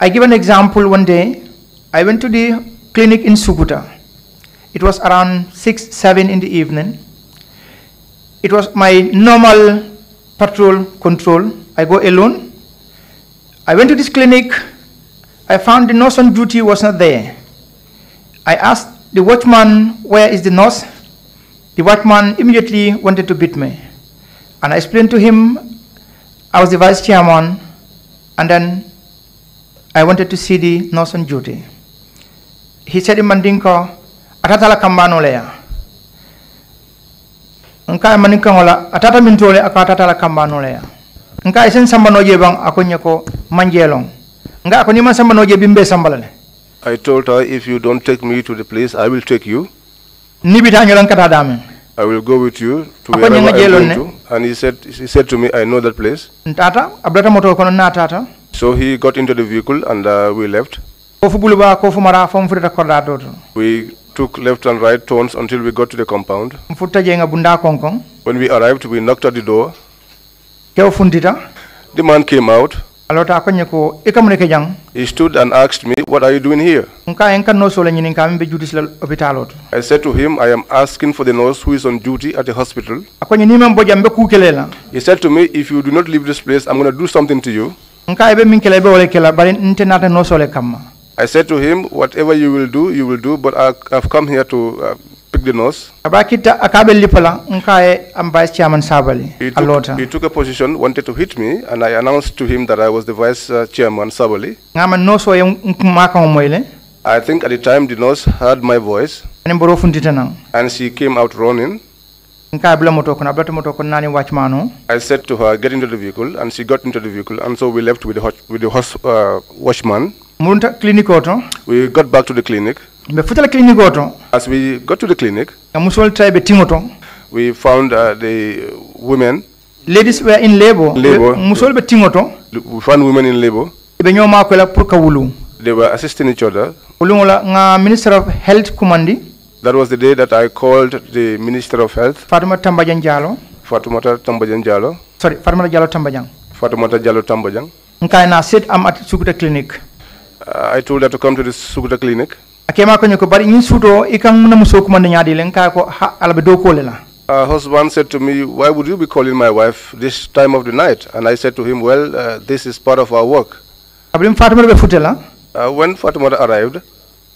I give an example one day. I went to the clinic in Sukuta. It was around 6, 7 in the evening. It was my normal patrol control. I go alone. I went to this clinic. I found the nurse on duty was not there. I asked the watchman, where is the nurse? The watchman immediately wanted to beat me. And I explained to him, I was the vice chairman, and then I wanted to see the nurse on duty. He said in Mandinka, Atatala kambano leya. Nka Mandinka atata mintole, akatatala kambano leya. nka isen noje bang akonya ko manjelong nga ako ni man bi bimbe sambalale I told her if you don't take me to the place I will take you nibita nyolan kata dame I will go with you to wherever I'm going to. And he said, he said to me, I know that place. So he got into the vehicle and uh, we left. fu We took left and right turns until we got to the compound. When we arrived, we knocked at the door kew the man came out alota ko nyeko ikamune ke jang he stood and asked me what are you doing here nka en kan no so la nyinin kam be judice la hopital i said to him i am asking for the nurse who is on duty at the hospital ako nyini mam bo jambe ku kelela he said to me if you do not leave this place i'm going to do something to you nka ebe min kele be wala kela bari nte nata no so le i said to him whatever you will do you will do but i have come here to uh, the nose. Abakita akabelipala nkae am vice chairman Sabali. Alota. He took a position, wanted to hit me, and I announced to him that I was the vice uh, chairman Sabali. Ngama I think at the time the nurse heard my voice. And she came out running. I said to her, get into the vehicle, and she got into the vehicle, and so we left with the, with the horse, uh, watchman. We got back to the clinic. As we got to the clinic, we found uh, the women. Ladies were in labor. labor. We found women in labor. They were assisting each other. Minister of Health Kumandi. That was the day that I called the Minister of Health. Fatuma Tambajan Jalo. Tambajan Jalo. Sorry, Fatumata Jalo Tambajang. Jalo said I'm at Sukuta Clinic. Uh, I told her to come to the Sukuta Clinic. akema ko nyoko bari nyin suto ikam na muso man nyaadi len ka ko albe do ko la uh, husband said to me, Why would you be calling my wife this time of the night? And I said to him, Well, uh, this is part of our work. Abrim Fatima be futela. Uh, when Fatima arrived,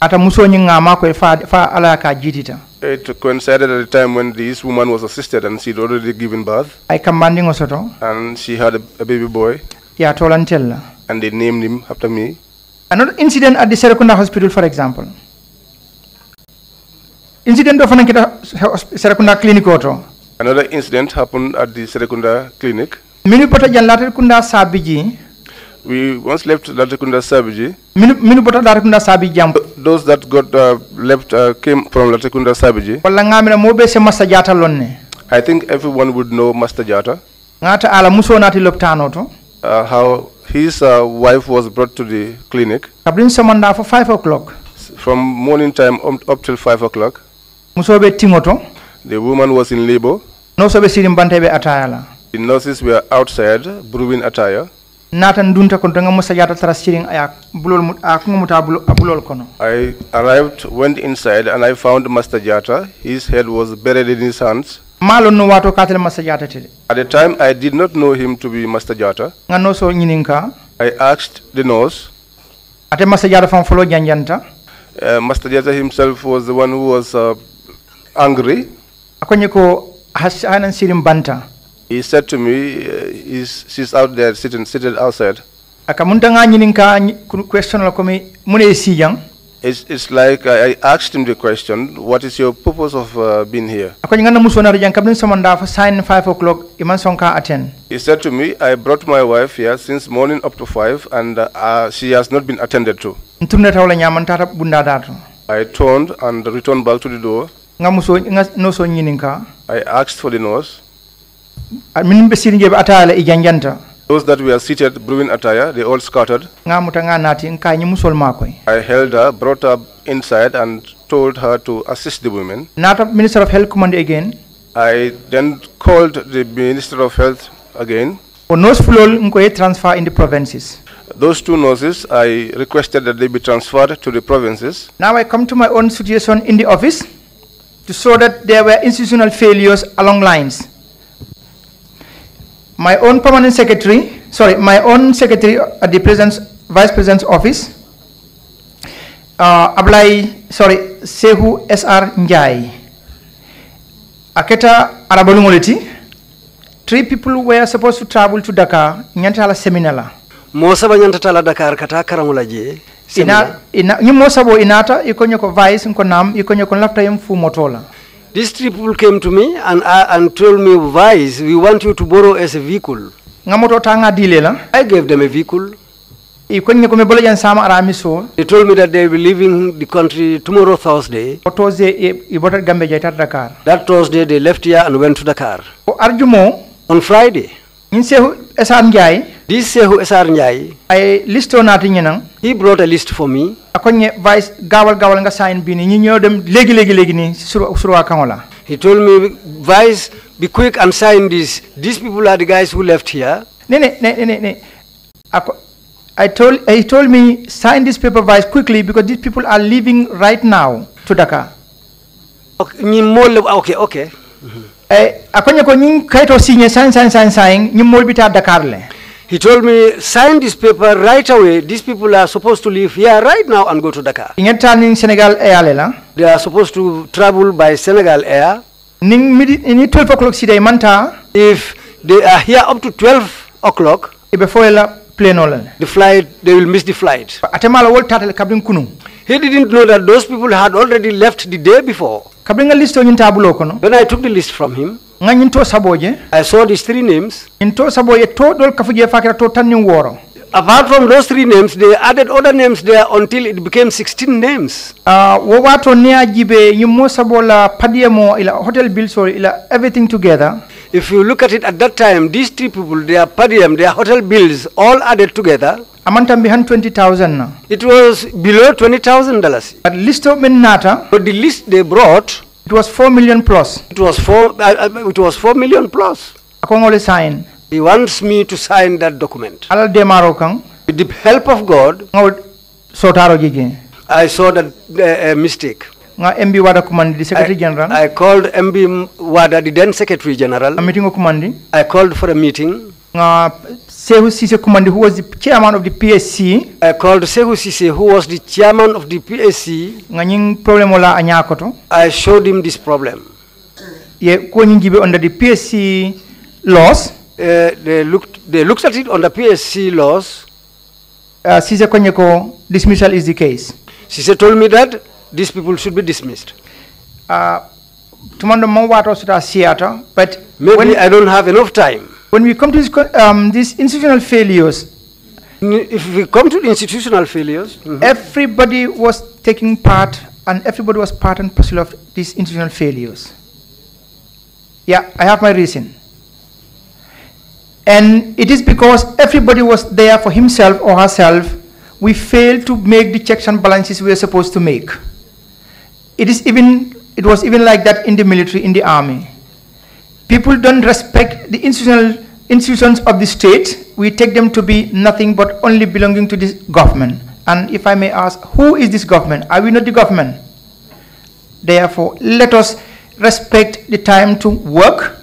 ata muso nyingama ko fa fa ala ka jidita. It coincided at the time when this woman was assisted and she'd already given birth. I commanding osoto. And she had a, a baby boy. Ya tolantella. And they named him after me. Another incident at the Serekunda hospital, for example. Incident of Serakunda Clinic Oto. Another incident happened at the Serakunda Clinic. Minu pota jan Latrikunda Sabiji. We once left Latrikunda Sabiji. Minu pota Latrikunda Sabiji Those that got uh, left uh, came from Latrikunda Sabiji. Wala ngamina mobe se Master Jata lonne. I think everyone would know Master Jata. Ngata ala muso nati uh, how his uh, wife was brought to the clinic. I bring someone samanda for 5 o'clock. From morning time up till 5 o'clock. musoɓe timoto the woman was in labor nosoɓe sirimbanteɓe ataya la the nurses were outside brewing attire natan dunta kon danga musa yata tara siring aya bulol mu a kunga muta bulol kono i arrived went inside and i found master jata his head was buried in his hands malon no wato katel master jata tede at the time i did not know him to be master jata ngano so nyininka i asked the nurse ate master jata fam folo janjanta uh, master jata himself was the one who was uh, angry. Akonye ko hasanan sirim banta. He said to me, uh, he's, she's out there sitting, seated outside. Akamunta nga nyininka question la komi mune siyang. It's, it's like I asked him the question, what is your purpose of uh, being here? na for sign five o'clock. Iman He said to me, I brought my wife here since morning up to 5 and uh, she has not been attended to. I turned and returned back to the door nga muso nga noso nyininka I asked for the nose ah, min be siringe be atala ijanjanta Those that were seated brewing attire, they all scattered. I held her, brought her inside, and told her to assist the women. Not Minister of Health command again. I then called the Minister of Health again. transfer in the provinces. Those two nurses, I requested that they be transferred to the provinces. Now I come to my own situation in the office. to show that there were institutional failures along lines. My own permanent secretary, sorry, my own secretary at the president's, vice president's office, uh, Ablai, sorry, Sehu S.R. Njai. Aketa Arabalungoliti, three people were supposed to travel to Dakar, Nyantala Seminala. Mosa Banyantala Dakar Kata Karamulaji. ina ina nyimmo sabo inata ikonyo ko vice ko nam ikonyo ko lafta yem fu motola these people came to me and uh, and told me vice we want you to borrow as a vehicle ngamoto tanga i gave them a vehicle they told me that they will be leaving the country tomorrow Thursday. That Thursday they left here and went to Dakar. On Friday. in sehu esar njai this sehu esar njai i listo nati ñenan he brought a list for me akonye vice gawal gawal nga sign bi ni ñi ñew dem legi léegi léegi ni sur sur wa kangola he told me vice be quick and sign this these people are the guys who left here ne ne ne ne ne told, me, sign this paper vice quickly because these people are leaving right now to Dakar. Okay, okay. okay. Mm -hmm. e eh, akoñe ko ñing kayto signé sain sain sain sain dakar le He told me, sign this paper right away. These people are supposed to leave here right now and go to Dakar. Senegal Air They are supposed to travel by Senegal Air. Ning midi ni 12 o'clock sida manta. If they are here up to 12 o'clock. plane The flight, they will miss the flight. wol tatel kabrin kunu. He didn't know that those people had already left the day before. Kabinga list onyinta abulo kono. When I took the list from him, nganyinto saboje. I saw these three names. Into saboje to dol kafuje fakira to tan woro. Apart from those three names, they added other names there until it became 16 names. Uh, ah, wato ne ajibe yimmo sabola padiemo ila hotel bill or ila everything together. If you look at it at that time, these three people, their per their hotel bills, all added together. Amantam behind 20,000. It was below $20,000. But list of Minnata. But the list they brought. It was 4 million plus. It was 4, uh, uh, it was 4 million plus. Akongole sign. He wants me to sign that document. Alal demaro marokang? With the help of God. I saw that uh, uh mistake. nga MB Wada Kumandi, the Secretary I, General. I called MB Wada, the then Secretary General. A meeting of Kumandi. I called for a meeting. Uh, Sehu Sise Kumandi, who was the chairman of the PSC. I called Sehu Sise, who was the chairman of the PSC. Nga nying problem wala anyakoto. I showed him this problem. Ye ko nyingibe under the PSC laws. Uh, they looked they looked at it under PSC laws. Uh, Sise konyeko dismissal is the case. Sise told me that these people should be dismissed. Uh, Tumando Mawato Sita Theater, but maybe when, I don't have enough time. When we come to um, these institutional failures, if we come to institutional failures, mm -hmm. everybody was taking part and everybody was part and parcel of these institutional failures. Yeah, I have my reason. And it is because everybody was there for himself or herself, we failed to make the checks and balances we were supposed to make it is even it was even like that in the military, in the army. People don't respect the institutional institutions of the state. We take them to be nothing but only belonging to this government. And if I may ask, who is this government? Are we not the government? Therefore, let us respect the time to work.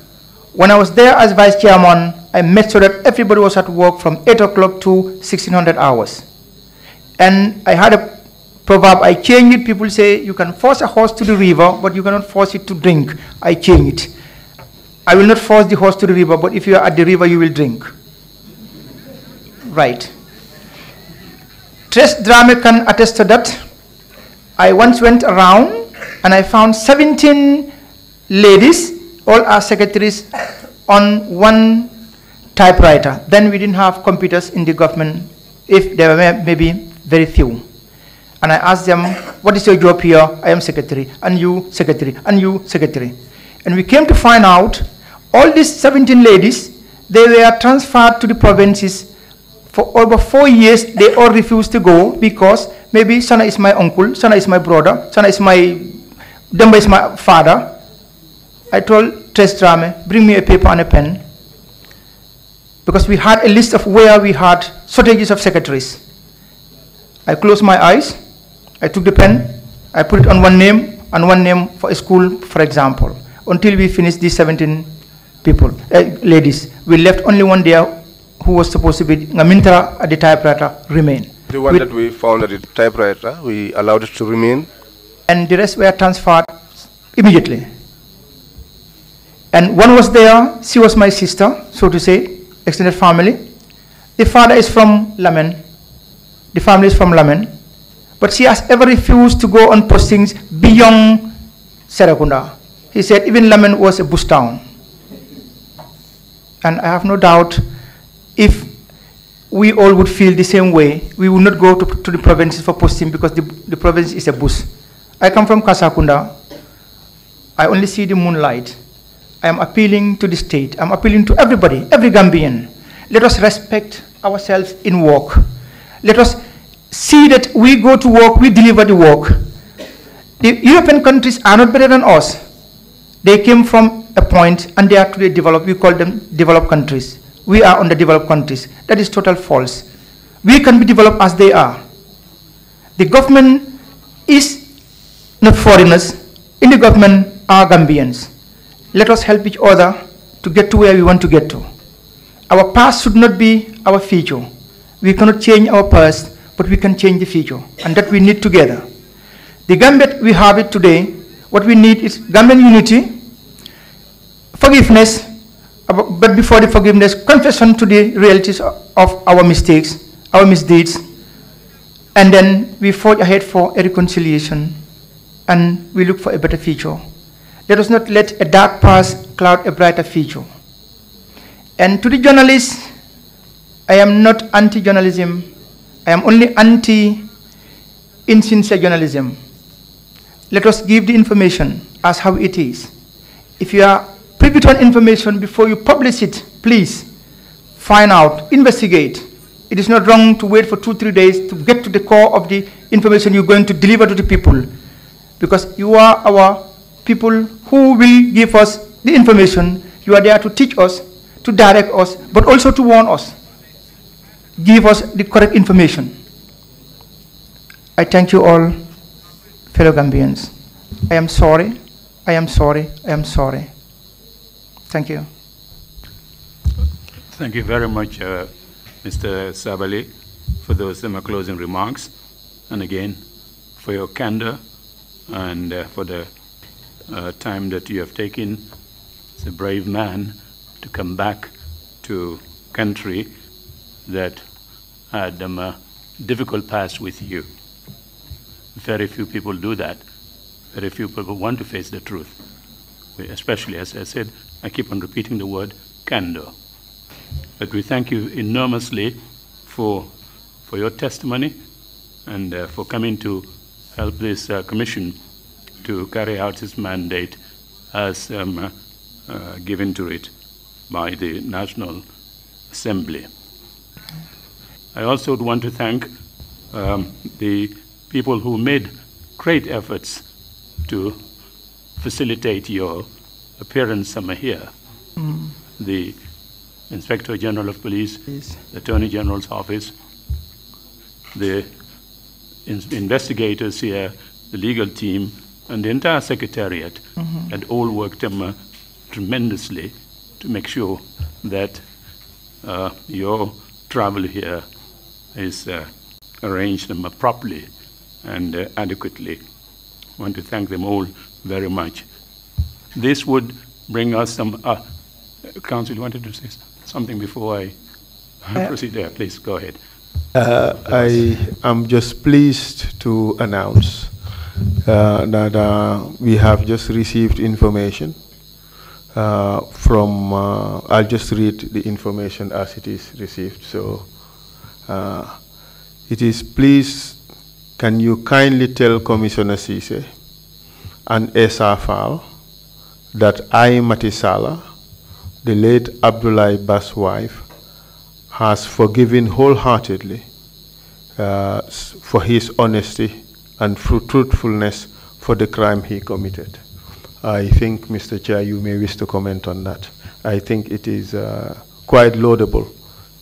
When I was there as vice chairman, I made sure that everybody was at work from 8 o'clock to 1600 hours. And I had a proverb, I change it, people say, you can force a horse to the river, but you cannot force it to drink. I change it. I will not force the horse to the river, but if you are at the river, you will drink. Right. Tres Drame can attest to that. I once went around and I found 17 ladies, all our secretaries, on one typewriter. Then we didn't have computers in the government, if there were maybe very few. And I asked them, what is your job here? I am secretary, and you secretary, and you secretary. And we came to find out all these 17 ladies, they were transferred to the provinces for over four years. They all refused to go because maybe Sana is my uncle, Sana is my brother, Sana is my, Demba is my father. I told Trestrame, bring me a paper and a pen because we had a list of where we had shortages of secretaries. I closed my eyes I took the pen, I put it on one name, and one name for a school, for example. Until we finished these 17 people, uh, ladies, we left only one there who was supposed to be Ngamintara at the typewriter remain. The one we, that we found at the typewriter, we allowed it to remain. And the rest were transferred immediately. And one was there, she was my sister, so to say, extended family. The father is from Lamen. The family is from Lamen. But she has ever refused to go on postings beyond Serakunda. He said even Laman was a bush town. And I have no doubt if we all would feel the same way, we would not go to, to the provinces for posting because the, the province is a bush. I come from Kasakunda. I only see the moonlight. I am appealing to the state. I'm appealing to everybody, every Gambian. Let us respect ourselves in work. Let us see that we go to work, we deliver the work. The European countries are not better than us. They came from a point and they are today developed. We call them developed countries. We are developed countries. That is total false. We can be developed as they are. The government is not foreigners. In the government are Gambians. Let us help each other to get to where we want to get to. Our past should not be our future. We cannot change our past, but we can change the future, and that we need together. The Gambia we have it today, what we need is Gambian unity, forgiveness, but before the forgiveness, confession to the realities of our mistakes, our misdeeds, and then we forge ahead for a reconciliation and we look for a better future. Let us not let a dark past cloud a brighter future. And to the journalists, I am not anti journalism, I am only anti insincere journalism. Let us give the information as how it is. If you are privy to information before you publish it, please find out, investigate. It is not wrong to wait for two, three days to get to the core of the information you're going to deliver to the people. Because you are our people who will give us the information. You are there to teach us, to direct us, but also to warn us give us the correct information. I thank you all, fellow Gambians. I am sorry, I am sorry, I am sorry. Thank you. Thank you very much, uh, Mr. Sabali, for those my um, closing remarks. And again, for your candor and uh, for the uh, time that you have taken. It's a brave man to come back to country that had um, a difficult past with you. Very few people do that. Very few people want to face the truth, we, especially, as I said, I keep on repeating the word candor. But we thank you enormously for, for your testimony and uh, for coming to help this uh, commission to carry out its mandate as um, uh, given to it by the National Assembly. I also want to thank um, the people who made great efforts to facilitate your appearance summer here. Mm. The Inspector General of Police, the Attorney General's office, the in investigators here, the legal team, and the entire secretariat mm -hmm. had all worked um, tremendously to make sure that uh, your travel here is uh, arranged them properly and uh, adequately. I want to thank them all very much. This would bring us some. Uh, Council, you wanted to say something before I uh, proceed there? Please go ahead. Uh, I am just pleased to announce uh, that uh, we have just received information from, I'll just read the information as it is received. So uh, it is please, can you kindly tell Commissioner Sise and SFL that I, Matisala, the late Abdullah Bass wife, has forgiven wholeheartedly uh, for his honesty and truthfulness for the crime he committed. I think, Mr. Chair, you may wish to comment on that. I think it is uh, quite laudable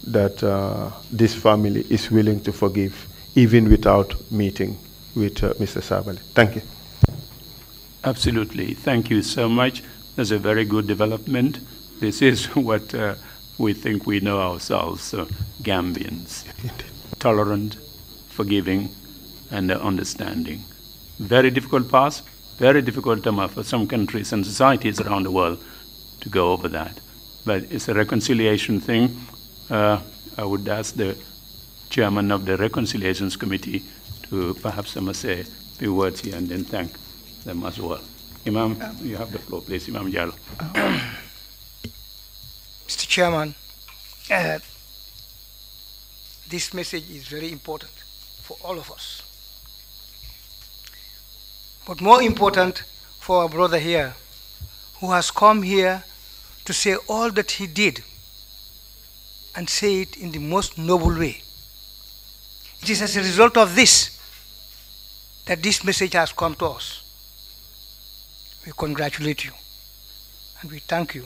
that uh, this family is willing to forgive, even without meeting with uh, Mr. Sabali. Thank you. Absolutely. Thank you so much. That's a very good development. This is <laughs> what uh, we think we know ourselves, uh, Gambians. Tolerant, forgiving, and uh, understanding. Very difficult past, very difficult time um, for some countries and societies around the world to go over that. But it's a reconciliation thing uh, I would ask the chairman of the Reconciliations Committee to perhaps I must say a few words here and then thank them as well. Imam, you have the floor, please. Imam Jalal. Mr. Chairman, uh, this message is very important for all of us. But more important for our brother here, who has come here to say all that he did and say it in the most noble way. It is as a result of this that this message has come to us. We congratulate you and we thank you.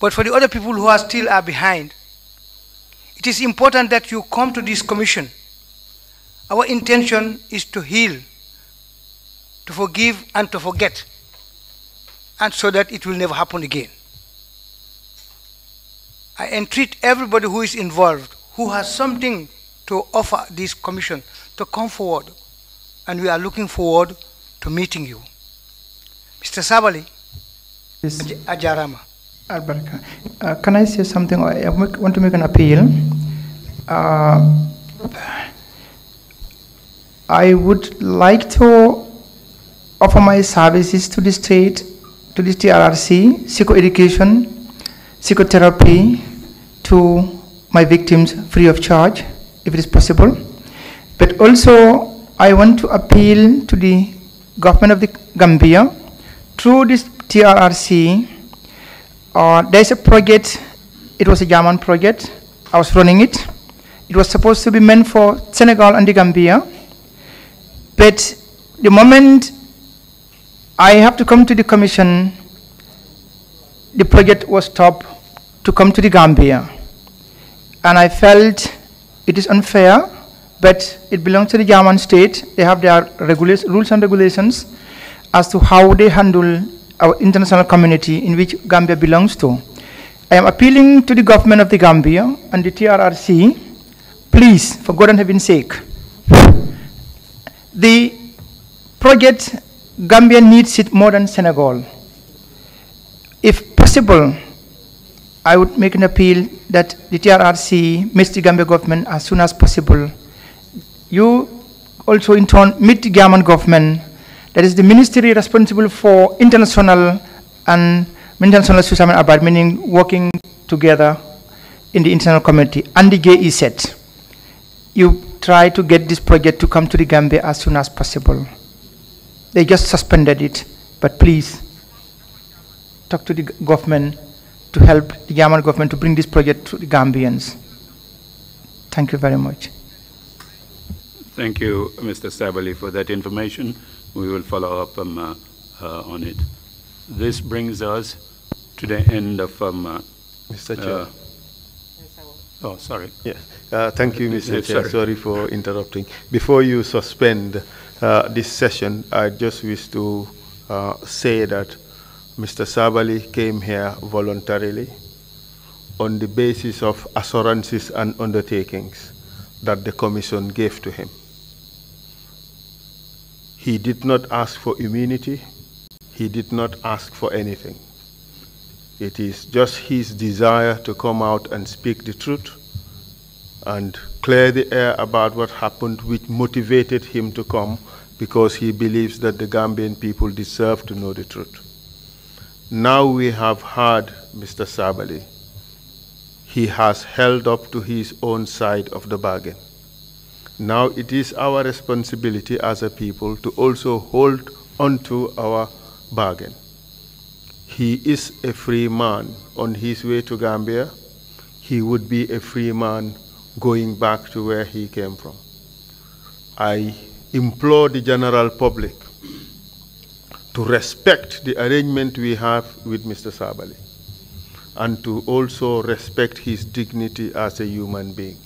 But for the other people who are still are behind, it is important that you come to this commission. Our intention is to heal, to forgive and to forget, and so that it will never happen again. I entreat everybody who is involved, who has something to offer this commission, to come forward. And we are looking forward to meeting you. Mr. Sabali, yes. Aj Ajarama. Alberka, uh, can I say something? I want to make an appeal. Uh, I would like to offer my services to the state, to the TRRC, psychoeducation, psychotherapy, to my victims free of charge if it is possible. But also I want to appeal to the government of the Gambia through this TRRC. Uh, there's a project, it was a German project, I was running it. It was supposed to be meant for Senegal and the Gambia. But the moment I have to come to the commission, the project was stopped to come to the Gambia and I felt it is unfair, but it belongs to the German state. They have their rules and regulations as to how they handle our international community in which Gambia belongs to. I am appealing to the government of the Gambia and the TRRC, please, for God and heaven's sake, the project Gambia needs it more than Senegal. If possible, I would make an appeal that the TRRC meets the Gambia government as soon as possible. You also in turn meet the Gambian government, that is the ministry responsible for international and international social about meaning working together in the international community and the GAE set. You try to get this project to come to the Gambia as soon as possible. They just suspended it, but please talk to the government to help the Gambian government to bring this project to the Gambians. Thank you very much. Thank you, Mr. Sabali, for that information. We will follow up um, uh, uh, on it. This brings us to the end of um, uh, Mr. Uh, Chair. oh, sorry. Yes. Uh, thank you, Mr. Yes, Chair. Sorry. sorry. for interrupting. Before you suspend uh, this session, I just wish to say that Mr. Sabali came here voluntarily on the basis of assurances and undertakings that the Commission gave to him. He did not ask for immunity. He did not ask for anything. It is just his desire to come out and speak the truth and clear the air about what happened, which motivated him to come because he believes that the Gambian people deserve to know the truth. Now we have heard Mr. Sabali. He has held up to his own side of the bargain. Now it is our responsibility as a people to also hold onto our bargain. He is a free man on his way to Gambia. He would be a free man going back to where he came from. I implore the general public to respect the arrangement we have with Mr. Sabali and to also respect his dignity as a human being.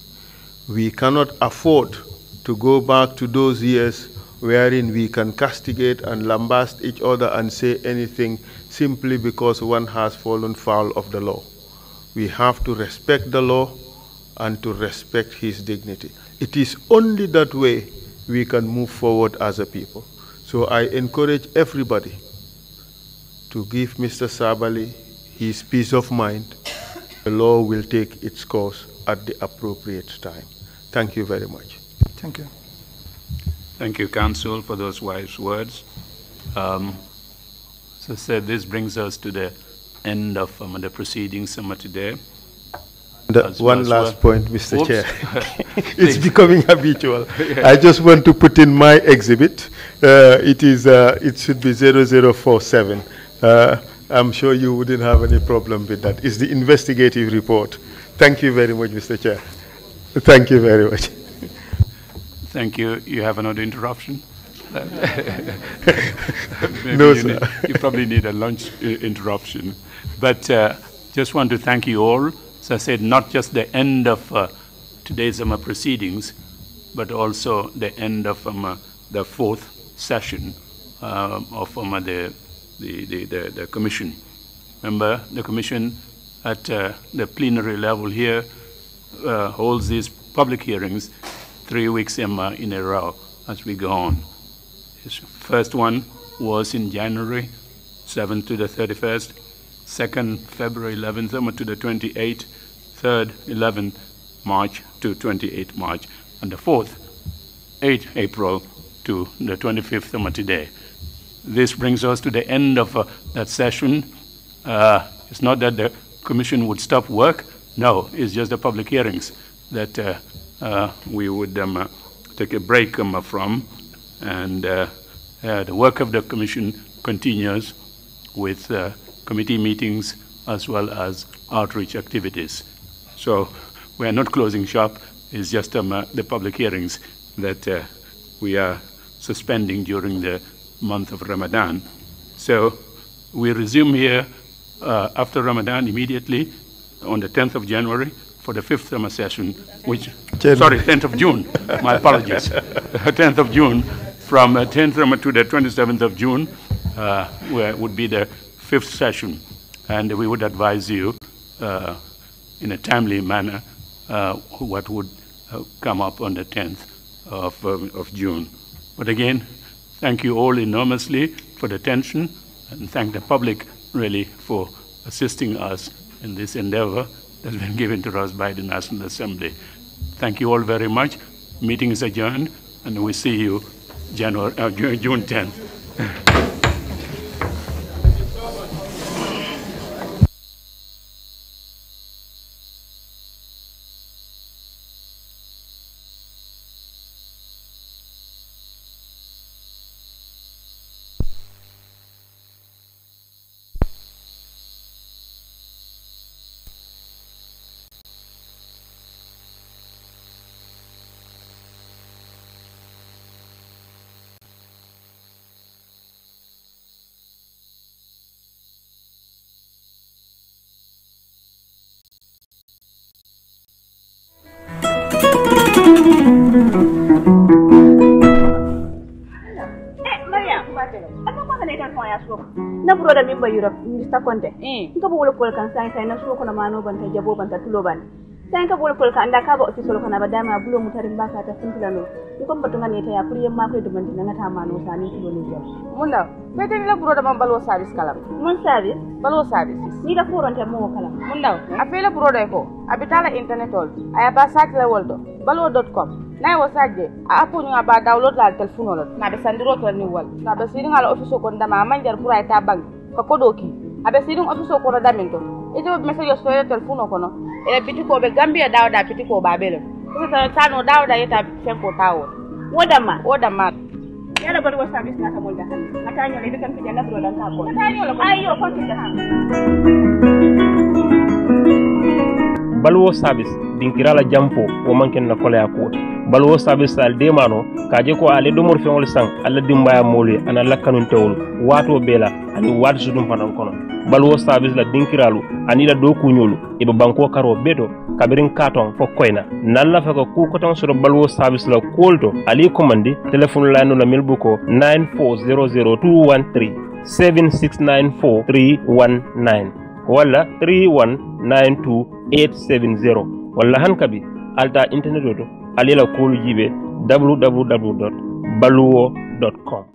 We cannot afford to go back to those years wherein we can castigate and lambast each other and say anything simply because one has fallen foul of the law. We have to respect the law and to respect his dignity. It is only that way we can move forward as a people. So I encourage everybody to give Mr. Sabali his peace of mind. The law will take its course at the appropriate time. Thank you very much. Thank you. Thank you, Council, for those wise words. Um, so, sir, this brings us to the end of um, the proceedings um, today one last point, Mr. Chair. <laughs> <laughs> it's becoming habitual. yeah. <laughs> I just want to put in my exhibit. Uh, it is. Uh, it should be 0047. Uh, I'm sure you wouldn't have any problem with that. It's the investigative report. Thank you very much, Mr. Chair. Thank you very much. Thank you. You have another interruption. no, you, need, you, probably need a lunch uh, interruption. But uh, just want to thank you all. So I said not just the end of uh, today's um, proceedings, but also the end of um, uh, the fourth session uh, of um, uh, the, the, the, the, commission. Remember, the commission at uh, the plenary level here holds these public hearings three weeks in, um, in a row as we go on. This first one was in January, 7th to the 31st, 2nd February 11th, to the 28th, 3rd 11th March to 28th March, and the 4th 8th April to the 25th of today. This brings us to the end of uh, that session. Uh, it's not that the commission would stop work. No, it's just the public hearings that uh, uh we would um, uh, take a break um, uh, from. And the work of the commission continues with committee meetings, as well as outreach activities. So we are not closing shop, it's just um, uh, the public hearings that uh, we are suspending during the month of Ramadan. So we resume here uh, after Ramadan immediately on the 10th of January for the fifth summer session, which, sorry, 10th of June, my apologies, 10th <laughs> of June, from 10th uh, Ramadan to the 27th of June, uh, where would be the fifth session, and we would advise you uh, in a timely manner uh, what would uh, come up on the 10th of, um, of June. But again, thank you all enormously for the attention, and thank the public really for assisting us in this endeavor that's been given to us by the National Assembly. Thank you all very much. Meeting is adjourned, and we see you January, uh, June 10th. <laughs> sakonde eh. nka bo wolopol kan sai sai na suko na mano ban ta jabo ban ta tulo ban sai ka bol pol ka anda ka bo si solo kana badama bulo mutarin baka ta sintila no ni kon batunga ne ta ya puriyan ma ko duman dinga ta mano sani tulo ne jo munda be den la buro da man balwo service kalam mun service balwo service ni da furon ta mo kala munda a fe la buro da e ko abitala internet all aya ba sat la woldo balwo.com na e wo sajje a apo ñu ba download la telephone lo na be sandiro to ni wal na be siringa la office ko ndama manjar pura e ta bank ka ki. aɓe ofiso kono damin to ito message soyre téléphone o kono ko be gambia dawo da ko babelo dawɗa ta baɓelon so tano dawɗa yetta fenko tawo wo damma wo damma yala bari wa service nata mon da han atañole kan kam kadi bro labroɗan ka ko le ayo ko kontinta ha baluwo service dinkirala jampo wo manken na kolaya kuwota baluwo sabis al demano kaje ko ale domor feŋol saŋ alla dimbaya moolu ye ana lakkanuntewol waato bee la ani waati sudum fanaŋ kono baluwo sabis la dinkiralu ani la doo kuuñolu i be banko karo bee to kabiriŋ kaatoŋ fo koyna naŋ lafa ka kuu kotoŋ soto baluwo sabis la kuwolu to ali komandi telefon layino la mil bu ko 9400213 7694319 walla 3192870 walla han kadi alta internet o to alyala koluji ɓe www balluwo com